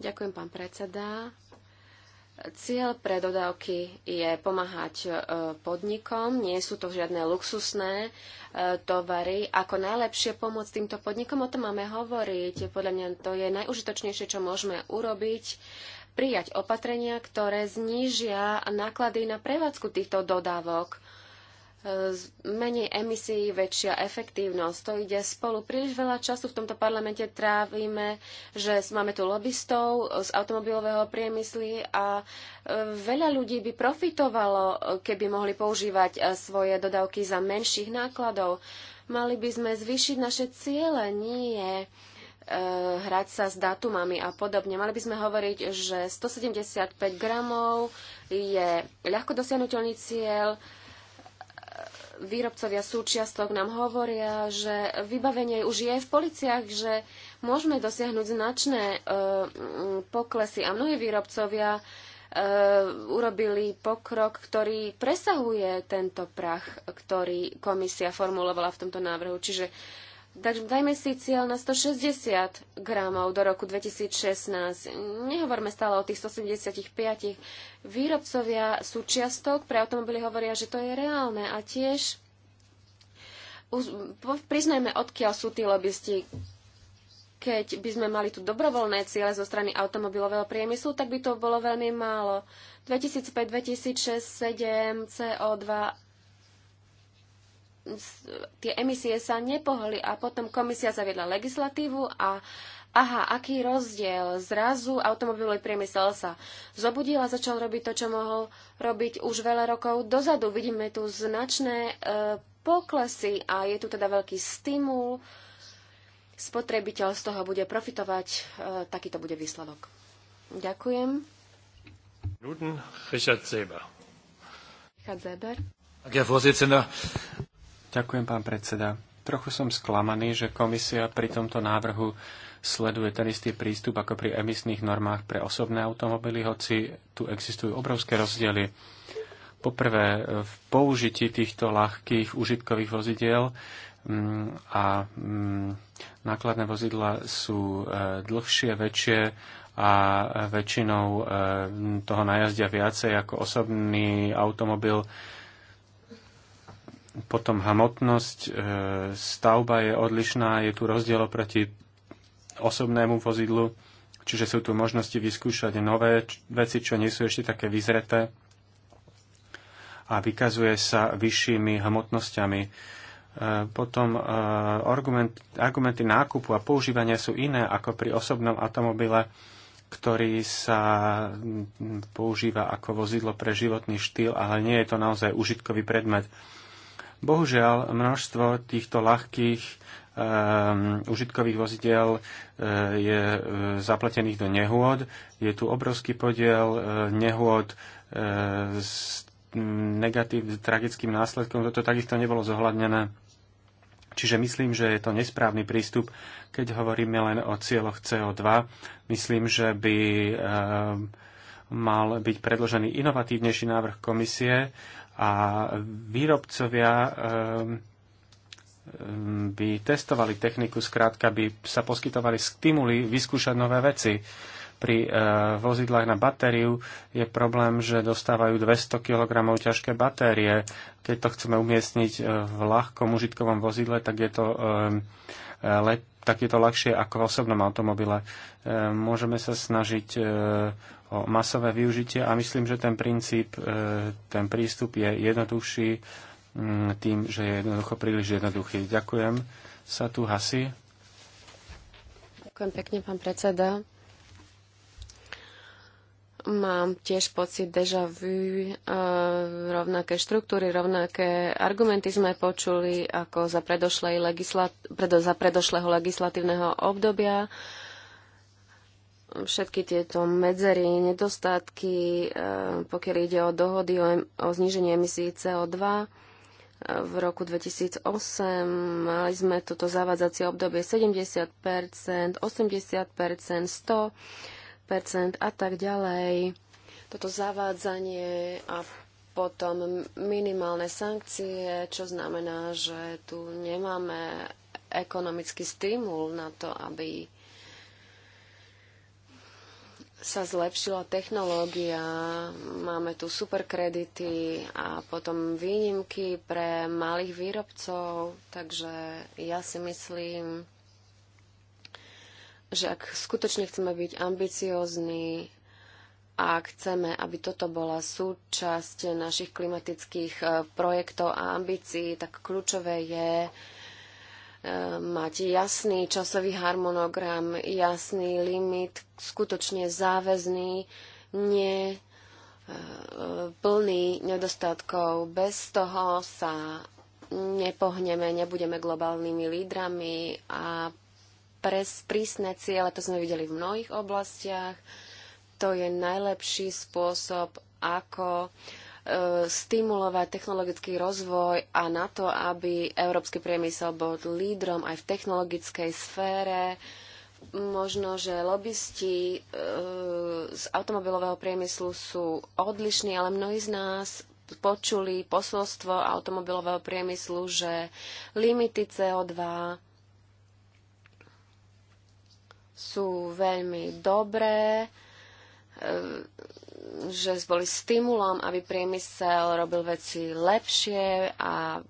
Ďakujem, pán predseda. Cieľ pre dodávky je pomáhať e, podnikom. Nie sú to žiadne luxusné e, tovary. Ako najlepšie pomôcť týmto podnikom, o tom máme hovoriť. Podľa mňa to je najužitočnejšie, čo môžeme urobiť prijať opatrenia, ktoré znížia náklady na prevádzku týchto dodávok. Menej emisí, väčšia efektívnosť. To ide spolu. Príliš veľa času v tomto parlamente trávime, že máme tu lobbystov z automobilového priemyslu a e, veľa ľudí by profitovalo, e, keby mohli používať e, svoje dodávky za menších nákladov. Mali by sme zvýšiť naše ciele, nie Eh, hrať sa s dátumami a podobne. Mali by sme hovoriť, že 175 gramov je ľahko dosiahnutelný cieľ. Výrobcovia súčiastok nám hovoria, že vybavenie už je v policiách, že môžeme dosiahnuť značné eh, poklesy a mnohí výrobcovia eh, urobili pokrok, ktorý presahuje tento prach, ktorý komisia formulovala v tomto návrhu. Čiže Takže dajme si cieľ na 160 gramov do roku 2016. Nehovorme stále o tých 175. Výrobcovia súčiastok pre automobily hovoria, že to je reálne a tiež priznajme, odkiaľ sú tí lobbysti. Keď by sme mali tu dobrovoľné ciele zo strany automobilového priemyslu, tak by to bolo veľmi málo. 2005, 2006, 2007, CO2 tie emisie sa nepohli a potom komisia zaviedla legislatívu a aha, aký rozdiel. Zrazu automobilový priemysel sa zobudil a začal robiť to, čo mohol robiť už veľa rokov dozadu. Vidíme tu značné e, poklesy a je tu teda veľký stimul. Spotrebiteľ z toho bude profitovať. E, takýto bude výsledok. Ďakujem. Richard Seber. Richard Seber. Herr Vorsitzender, Ďakujem, pán predseda. Trochu som sklamaný, že komisia pri tomto návrhu sleduje ten istý prístup ako pri emisných normách pre osobné automobily, hoci tu existujú obrovské rozdiely. Poprvé, v použití týchto ľahkých užitkových vozidiel mm, a mm, nákladné vozidla sú e, dlhšie, väčšie a väčšinou e, toho najazdia viacej ako osobný automobil potom hmotnosť e, stavba je odlišná, je tu rozdiel proti osobnému vozidlu, čiže sú tu možnosti vyskúšať nové veci, čo nie sú ešte také vyzreté a vykazuje sa vyššími hmotnosťami. E, potom e, argument, argumenty nákupu a používania sú iné ako pri osobnom automobile ktorý sa používa ako vozidlo pre životný štýl, ale nie je to naozaj užitkový predmet. Bohužiaľ, množstvo týchto ľahkých um, užitkových vozidiel uh, eh, je uh, zapletených do nehôd. Je tu obrovský podiel uh, nehôd uh, s negatív, tragickým následkom. Toto takisto nebolo zohľadnené. Čiže myslím, že je to nesprávny prístup, keď hovoríme len o cieľoch CO2. Myslím, že by mal byť predložený inovatívnejší návrh komisie, a výrobcovia ehm, ehm, by testovali techniku, skrátka by sa poskytovali stimuly vyskúšať nové veci. Pri eh, vozidlách na batériu je problém, že dostávajú 200 kg ťažké batérie. Keď to chceme umiestniť eh, v ľahkom užitkovom vozidle, tak je to, ehm, eh, tak je to ľahšie ako v osobnom automobile. Môžeme sa snažiť o masové využitie a myslím, že ten princíp, e, ten prístup je jednoduchší mm, tým, že je jednoducho príliš jednoduchý. Ďakujem. Sa tu hasi. Ďakujem pekne, pán predseda. Mám tiež pocit deja vu, e, rovnaké štruktúry, rovnaké argumenty sme počuli ako za, predošlej legislat- predo- za predošlého legislatívneho obdobia všetky tieto medzery, nedostatky, e, pokiaľ ide o dohody o, o znížení emisí CO2. E, v roku 2008 mali sme toto zavádzacie obdobie 70%, 80%, 100% a tak ďalej. Toto zavádzanie a potom minimálne sankcie, čo znamená, že tu nemáme ekonomický stimul na to, aby sa zlepšila technológia, máme tu superkredity a potom výnimky pre malých výrobcov, takže ja si myslím, že ak skutočne chceme byť ambiciozní a ak chceme, aby toto bola súčasť našich klimatických eh, projektov a ambícií, tak kľúčové je, mať jasný časový harmonogram, jasný limit, skutočne záväzný, nie e, plný nedostatkov. Bez toho sa nepohneme, nebudeme globálnymi lídrami a pre prísne ciele, to sme videli v mnohých oblastiach, to je najlepší spôsob, ako uh, stimulovať technologický rozvoj a na to, aby európsky priemysel bol lídrom aj v technologickej sfére. Možno, že lobbysti eh, z automobilového priemyslu sú odlišní, ale mnohí z nás počuli posolstvo automobilového priemyslu, že limity CO2 sú veľmi dobré eh, že boli stimulom, aby priemysel robil veci lepšie a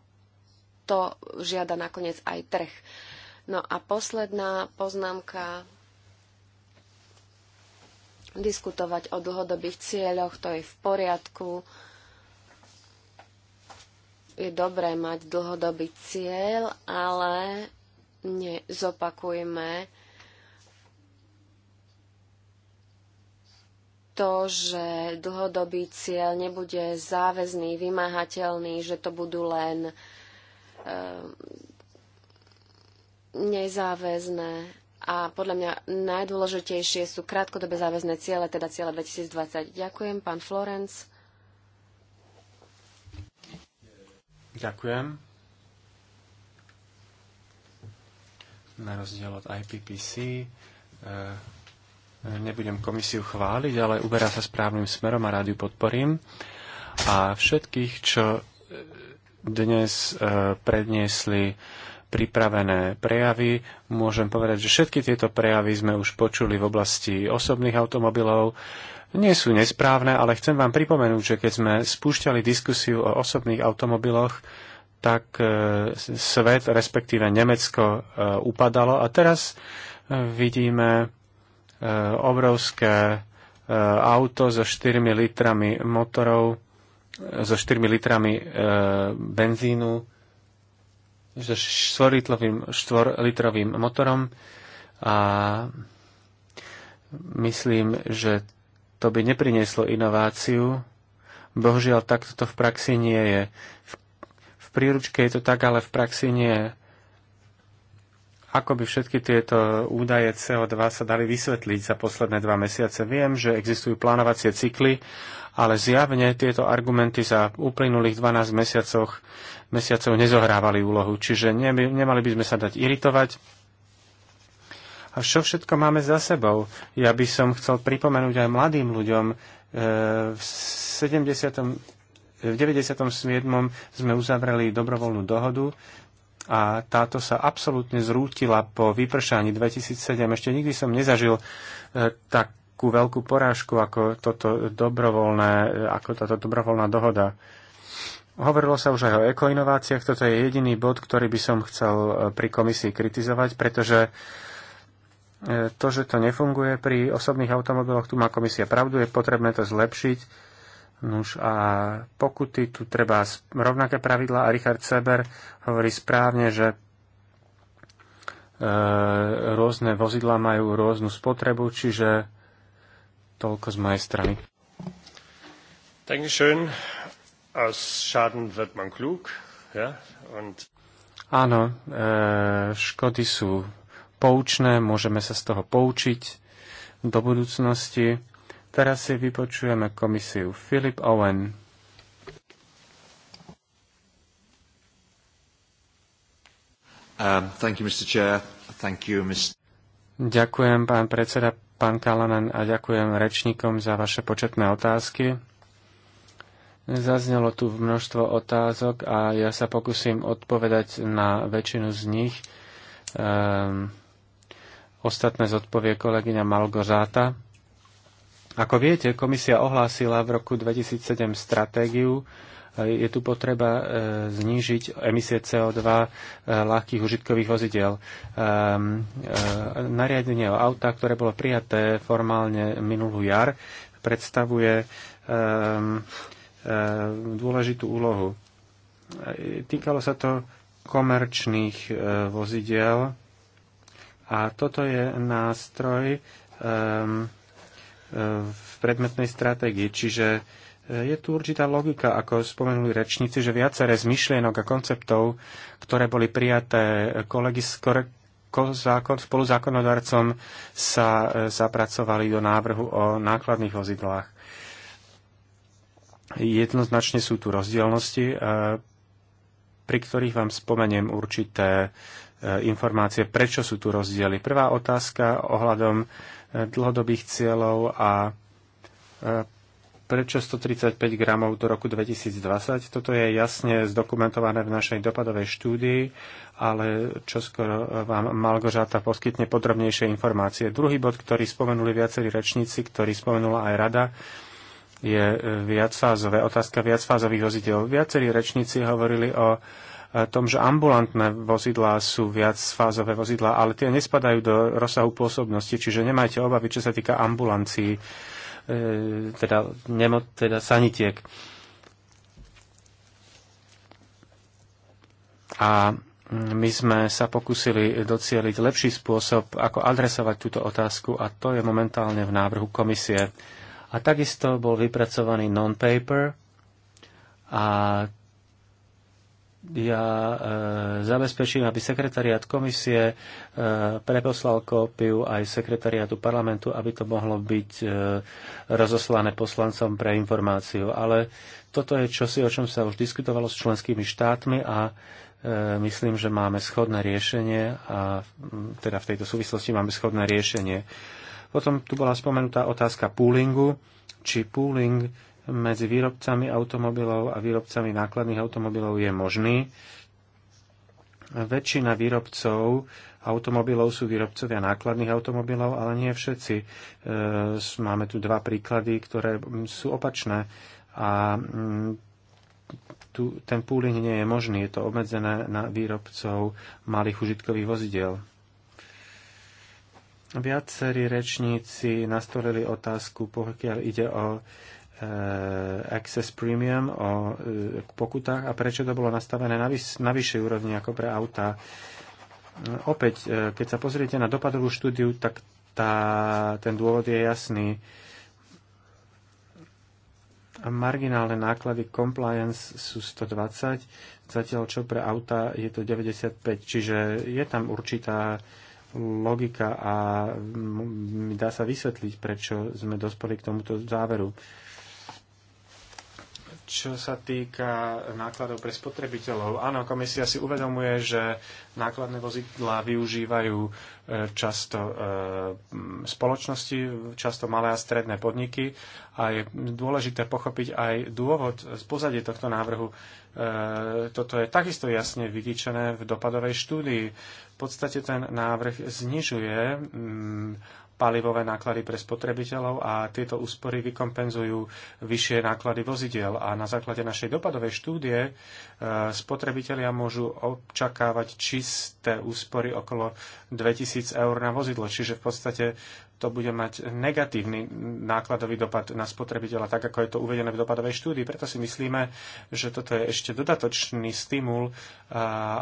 to žiada nakoniec aj trh. No a posledná poznámka. Diskutovať o dlhodobých cieľoch, to je v poriadku. Je dobré mať dlhodobý cieľ, ale nezopakujme to, že dlhodobý cieľ nebude záväzný, vymáhateľný, že to budú len e, nezáväzné. A podľa mňa najdôležitejšie sú krátkodobé záväzné ciele, teda ciele 2020. Ďakujem, pán Florenc. Ďakujem. Na rozdiel od IPPC, e eh, Nebudem komisiu chváliť, ale uberá sa správnym smerom a rádiu podporím. A všetkých, čo e, dnes e, predniesli pripravené prejavy, môžem povedať, že všetky tieto prejavy sme už počuli v oblasti osobných automobilov. Nie sú nesprávne, ale chcem vám pripomenúť, že keď sme spúšťali diskusiu o osobných automobiloch, tak e, svet, respektíve Nemecko, upadalo a teraz vidíme Eh, obrovské eh, auto so 4 litrami motorov, eh, so 4 litrami benzínu, so 4-litrovým, 4-litrovým motorom a myslím, že to by neprinieslo inováciu. Bohužiaľ, takto to v praxi nie je. V príručke je to tak, ale v praxi nie. je. Ako by všetky tieto údaje CO2 sa dali vysvetliť za posledné dva mesiace? Viem, že existujú plánovacie cykly, ale zjavne tieto argumenty za uplynulých 12 mesiacov, mesiacov nezohrávali úlohu, čiže nemali by sme sa dať iritovať. A čo všetko máme za sebou? Ja by som chcel pripomenúť aj mladým ľuďom, e, v 70. V 97. sme uzavreli dobrovoľnú dohodu, a táto sa absolútne zrútila po vypršaní 2007. Ešte nikdy som nezažil e, takú veľkú porážku ako, toto dobrovoľné, e, ako táto dobrovoľná dohoda. Hovorilo sa už aj o ekoinováciách. Toto je jediný bod, ktorý by som chcel e, pri komisii kritizovať, pretože to, že to nefunguje pri osobných automobiloch, tu má komisia pravdu, je potrebné to zlepšiť Nuž a pokuty, tu treba rovnaké pravidla a Richard Seber hovorí správne, že e, rôzne vozidla majú rôznu spotrebu, čiže toľko z mojej strany. Dankeschön. Aus Schaden wird man klug. Ja? Und... Áno, e, škody sú poučné, môžeme sa z toho poučiť do budúcnosti Teraz si vypočujeme komisiu Philip Owen. Um, you, you, ďakujem, pán predseda, pán Kalanan, a ďakujem rečníkom za vaše početné otázky. Zaznelo tu množstvo otázok a ja sa pokúsim odpovedať na väčšinu z nich. Um, ostatné zodpovie kolegyňa Malgozáta. Ako viete, komisia ohlásila v roku 2007 stratégiu, e, je tu potreba e, znížiť emisie CO2 e, ľahkých užitkových vozidel. Nariadenie o auta, ktoré bolo prijaté formálne minulú jar, predstavuje dôležitú úlohu. Týkalo sa to komerčných vozidel a toto je nástroj, v predmetnej stratégii. Čiže e, je tu určitá logika, ako spomenuli rečníci, že viaceré z myšlienok a konceptov, ktoré boli prijaté kolegy skore, zákon, spoluzákonodarcom, sa e, zapracovali do návrhu o nákladných vozidlách. Jednoznačne sú tu rozdielnosti, e, pri ktorých vám spomeniem určité Eh, informácie, prečo sú tu rozdiely. Prvá otázka ohľadom eh, dlhodobých cieľov a eh, prečo 135 gramov do roku 2020. Toto je jasne zdokumentované v našej dopadovej štúdii, ale čoskoro vám Malgožáta poskytne podrobnejšie informácie. Druhý bod, ktorý spomenuli viacerí rečníci, ktorý spomenula aj rada, je viacfázové, otázka viacfázových vozidel. Viacerí rečníci hovorili o tom, že ambulantné vozidlá sú viac fázové vozidlá, ale tie nespadajú do rozsahu pôsobnosti, čiže nemajte obavy, čo sa týka ambulancií, e, teda, nemo, teda sanitiek. A my sme sa pokúsili docieliť lepší spôsob, ako adresovať túto otázku a to je momentálne v návrhu komisie. A takisto bol vypracovaný non-paper a ja e, zabezpečím, aby sekretariat komisie e, preposlal kópiu aj sekretariatu parlamentu, aby to mohlo byť e, rozoslané poslancom pre informáciu. Ale toto je čosi, o čom sa už diskutovalo s členskými štátmi a e, myslím, že máme schodné riešenie a teda v tejto súvislosti máme schodné riešenie. Potom tu bola spomenutá otázka poolingu, či pooling medzi výrobcami automobilov a výrobcami nákladných automobilov je možný. Väčšina výrobcov automobilov sú výrobcovia nákladných automobilov, ale nie všetci. E, máme tu dva príklady, ktoré sú opačné a mm, tu, ten pooling nie je možný. Je to obmedzené na výrobcov malých užitkových vozidiel. Viacerí rečníci nastolili otázku, pokiaľ ide o Eh, access premium o eh, pokutách a prečo to bolo nastavené na, vys- na vyššej úrovni ako pre auta. Eh, opäť, keď sa pozriete na dopadovú štúdiu, tak tá, ten dôvod je jasný. Marginálne náklady compliance sú 120, zatiaľ čo pre auta je to 95, čiže je tam určitá logika a dá sa vysvetliť, prečo sme dospeli k tomuto záveru čo sa týka nákladov pre spotrebiteľov, áno, komisia si uvedomuje, že nákladné vozidlá využívajú e, často e, spoločnosti, často malé a stredné podniky a je dôležité pochopiť aj dôvod z pozadie tohto návrhu. E, toto je takisto jasne vytýčené v dopadovej štúdii. V podstate ten návrh znižuje palivové náklady pre spotrebiteľov a tieto úspory vykompenzujú vyššie náklady vozidiel. A na základe našej dopadovej štúdie e, spotrebitelia môžu očakávať čisté úspory okolo 2000 eur na vozidlo. Čiže v podstate to bude mať negatívny nákladový dopad na spotrebiteľa, tak ako je to uvedené v dopadovej štúdii. Preto si myslíme, že toto je ešte dodatočný stimul,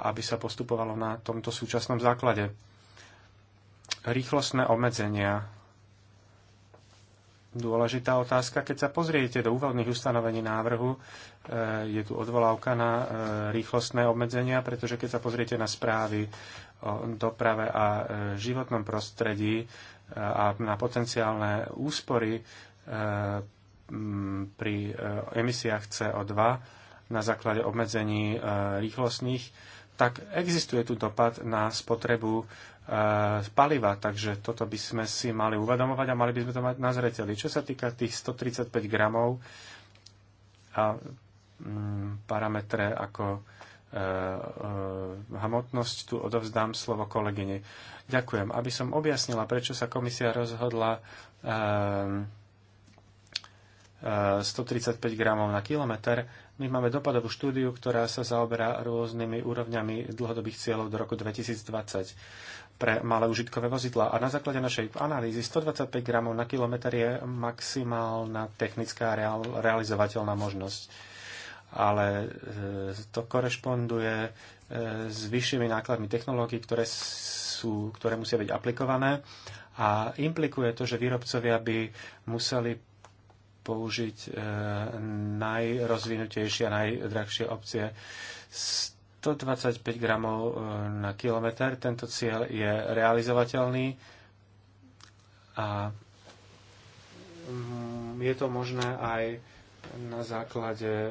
aby sa postupovalo na tomto súčasnom základe. Rýchlostné obmedzenia. Dôležitá otázka, keď sa pozriete do úvodných ustanovení návrhu, e, je tu odvolávka na e, rýchlostné obmedzenia, pretože keď sa pozriete na správy o doprave a e, životnom prostredí a na potenciálne úspory pri emisiách CO2 na základe obmedzení rýchlostných, tak existuje tu dopad na spotrebu E, paliva, takže toto by sme si mali uvedomovať a mali by sme to mať na zreteli. Čo sa týka tých 135 gramov a mm, parametre ako e, e, hmotnosť, tu odovzdám slovo kolegyne. Ďakujem. Aby som objasnila, prečo sa komisia rozhodla e, 135 e, gramov na kilometr, my máme dopadovú štúdiu, ktorá sa zaoberá rôznymi úrovňami dlhodobých cieľov do roku 2020 pre malé užitkové vozidla. A na základe našej analýzy 125 gramov na kilometr je maximálna technická real, realizovateľná možnosť. Ale e, to korešponduje e, s vyššími nákladmi technológií, ktoré, sú, ktoré musia byť aplikované a implikuje to, že výrobcovia by museli použiť e, najrozvinutejšie a najdrahšie opcie. Z 125 gramov e, na kilometr. Tento cieľ je realizovateľný a mm, je to možné aj na základe e,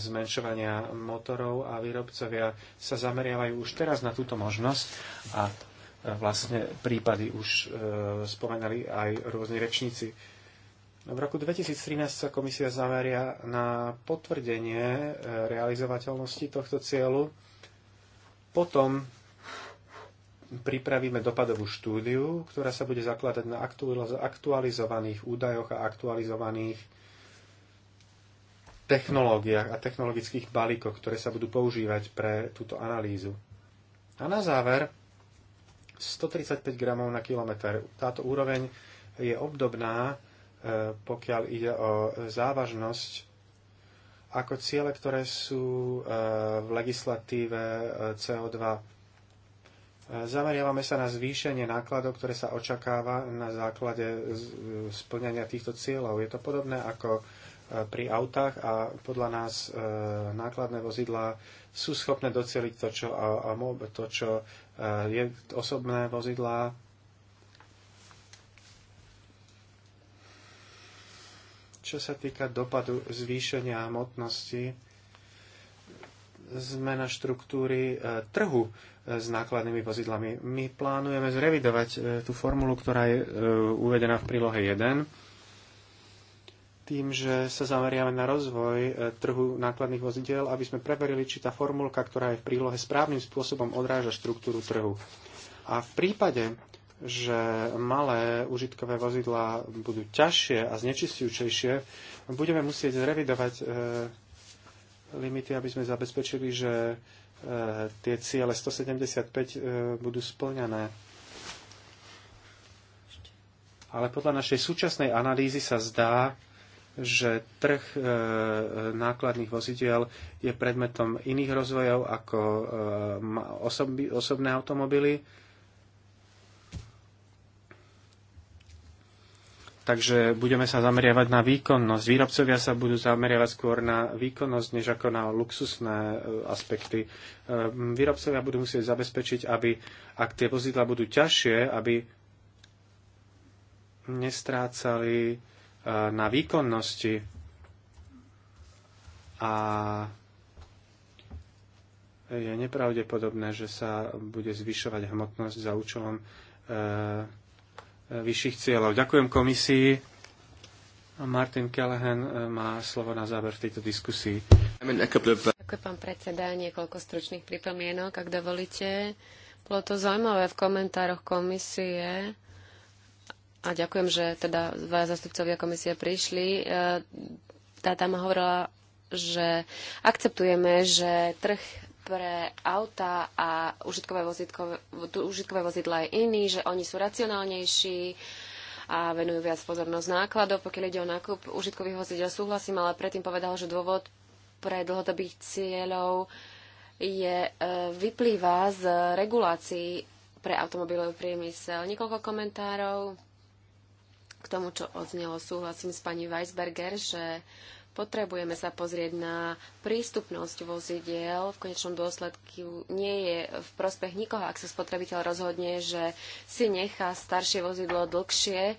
zmenšovania motorov a výrobcovia sa zameriavajú už teraz na túto možnosť a e, vlastne prípady už spomenali aj rôzni rečníci. V roku 2013 sa komisia zameria na potvrdenie realizovateľnosti tohto cieľu potom pripravíme dopadovú štúdiu, ktorá sa bude zakladať na aktualizovaných údajoch a aktualizovaných technológiách a technologických balíkoch, ktoré sa budú používať pre túto analýzu. A na záver 135 gramov na kilometr. Táto úroveň je obdobná, e, pokiaľ ide o závažnosť ako ciele, ktoré sú e, v legislatíve e, CO2. E, zameriavame sa na zvýšenie nákladov, ktoré sa očakáva na základe splňania týchto cieľov. Je to podobné ako pri autách a podľa nás nákladné vozidlá sú schopné doceliť to, čo, to, čo je osobné vozidlá Čo sa týka dopadu zvýšenia hmotnosti, zmena štruktúry e, trhu e, s nákladnými vozidlami. My plánujeme zrevidovať e, tú formulu, ktorá je uvedená v prílohe 1, tým, že sa zameriame na rozvoj trhu nákladných vozidiel, aby sme preverili, či tá formulka, ktorá je v prílohe, správnym spôsobom odráža štruktúru trhu. A v prípade, že malé užitkové vozidlá budú ťažšie a znečistujúčejšie, budeme musieť zrevidovať e, limity, aby sme zabezpečili, že e, tie ciele 175 e, budú splňané. Ale podľa našej súčasnej analýzy sa zdá, že trh e, nákladných vozidiel je predmetom iných rozvojov ako e, osoby, osobné automobily Takže budeme sa zameriavať na výkonnosť. Výrobcovia sa budú zameriavať skôr na výkonnosť, než ako na luxusné e, aspekty. E, výrobcovia budú musieť zabezpečiť, aby ak tie vozidla budú ťažšie, aby nestrácali e, na výkonnosti a je nepravdepodobné, že sa bude zvyšovať hmotnosť za účelom vyšších cieľov. Ďakujem komisii. Martin Kelehen eh, má slovo na záver v tejto diskusii. Ďakujem, pán predseda. Niekoľko stručných pripomienok, ak dovolíte. Bolo to zaujímavé v komentároch komisie. A ďakujem, že teda dva zastupcovia komisie prišli. Eh, tá tam hovorila, že akceptujeme, že trh pre auta a užitkové, vozidko, užitkové vozidla je iný, že oni sú racionálnejší a venujú viac pozornosť nákladov. Pokiaľ ide o nákup užitkových vozidel, súhlasím, ale predtým povedal, že dôvod pre dlhodobých cieľov je, e, vyplýva z regulácií pre automobilový priemysel. Niekoľko komentárov k tomu, čo odznelo. Súhlasím s pani Weisberger, že Potrebujeme sa pozrieť na prístupnosť vozidiel. V konečnom dôsledku nie je v prospech nikoho, ak sa spotrebiteľ rozhodne, že si nechá staršie vozidlo dlhšie e,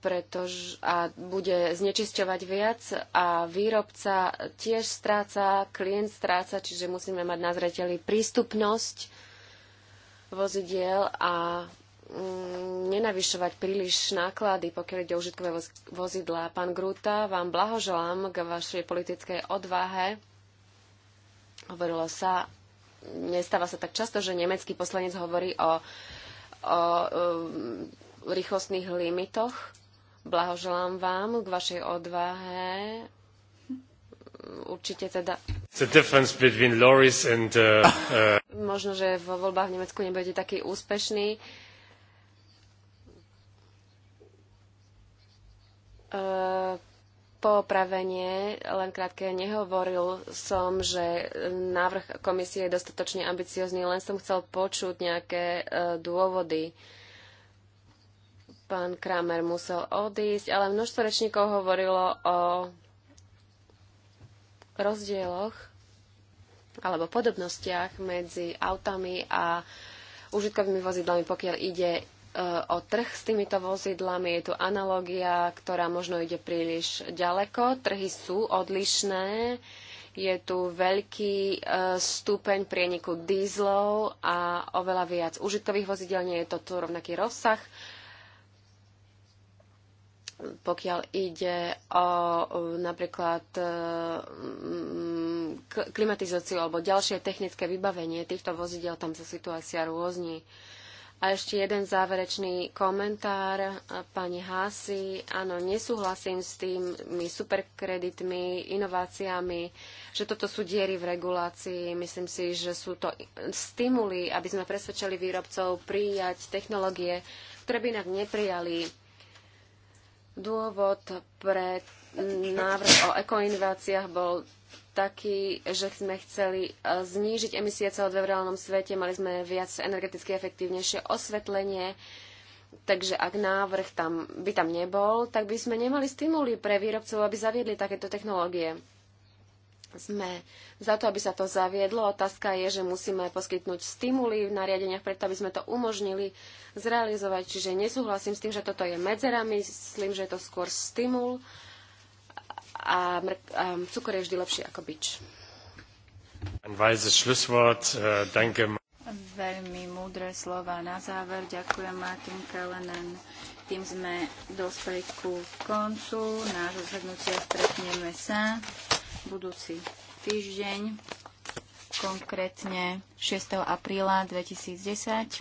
pretože a bude znečisťovať viac a výrobca tiež stráca, klient stráca, čiže musíme mať na zreteli prístupnosť vozidiel a Mm, nenavyšovať príliš náklady, pokiaľ ide o užitkové vozidlá. Pán Grúta, vám blahoželám k vašej politickej odvahe. Hovorilo sa, nestáva sa tak často, že nemecký poslanec hovorí o, o, o um, rýchlostných limitoch. Blahoželám vám k vašej odvahe. Určite teda... And, uh, uh... Možno, že vo voľbách v Nemecku nebudete taký úspešný. Uh, popravenie, len krátke nehovoril som, že návrh komisie je dostatočne ambiciozný, len som chcel počuť nejaké e, dôvody. Pán Kramer musel odísť, ale množstvo rečníkov hovorilo o rozdieloch alebo podobnostiach medzi autami a užitkovými vozidlami, pokiaľ ide Eh, o trh s týmito vozidlami. Je tu analogia, ktorá možno ide príliš ďaleko. Trhy sú odlišné. Je tu veľký eh, stupeň prieniku dízlov a oveľa viac užitových vozidel. Nie je to tu rovnaký rozsah pokiaľ ide o napríklad eh, klimatizáciu alebo ďalšie technické vybavenie týchto vozidel, tam sa situácia rôzni. A ešte jeden záverečný komentár pani Hasi. Áno, nesúhlasím s tými superkreditmi, inováciami, že toto sú diery v regulácii. Myslím si, že sú to stimuly, aby sme presvedčili výrobcov prijať technológie, ktoré by inak neprijali. Dôvod pre návrh o ekoinováciách bol taký, že sme chceli e, znížiť emisie CO2 v reálnom svete, mali sme viac energeticky efektívnejšie osvetlenie, takže ak návrh tam, by tam nebol, tak by sme nemali stimuly pre výrobcov, aby zaviedli takéto technológie. Sme za to, aby sa to zaviedlo. Otázka je, že musíme poskytnúť stimuly v nariadeniach, preto aby sme to umožnili zrealizovať. Čiže nesúhlasím s tým, že toto je medzera, myslím, že je to skôr stimul. Uh, a, a cukor je vždy lepší ako bič. Ein weises Schlusswort. Äh, danke. Veľmi múdre slova na záver. Ďakujem Martin Kalenen. Tým sme dospeli ku koncu nášho zhrnutia. Stretneme sa budúci týždeň, konkrétne 6. apríla 2010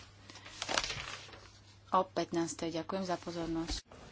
o 15. Ďakujem za pozornosť.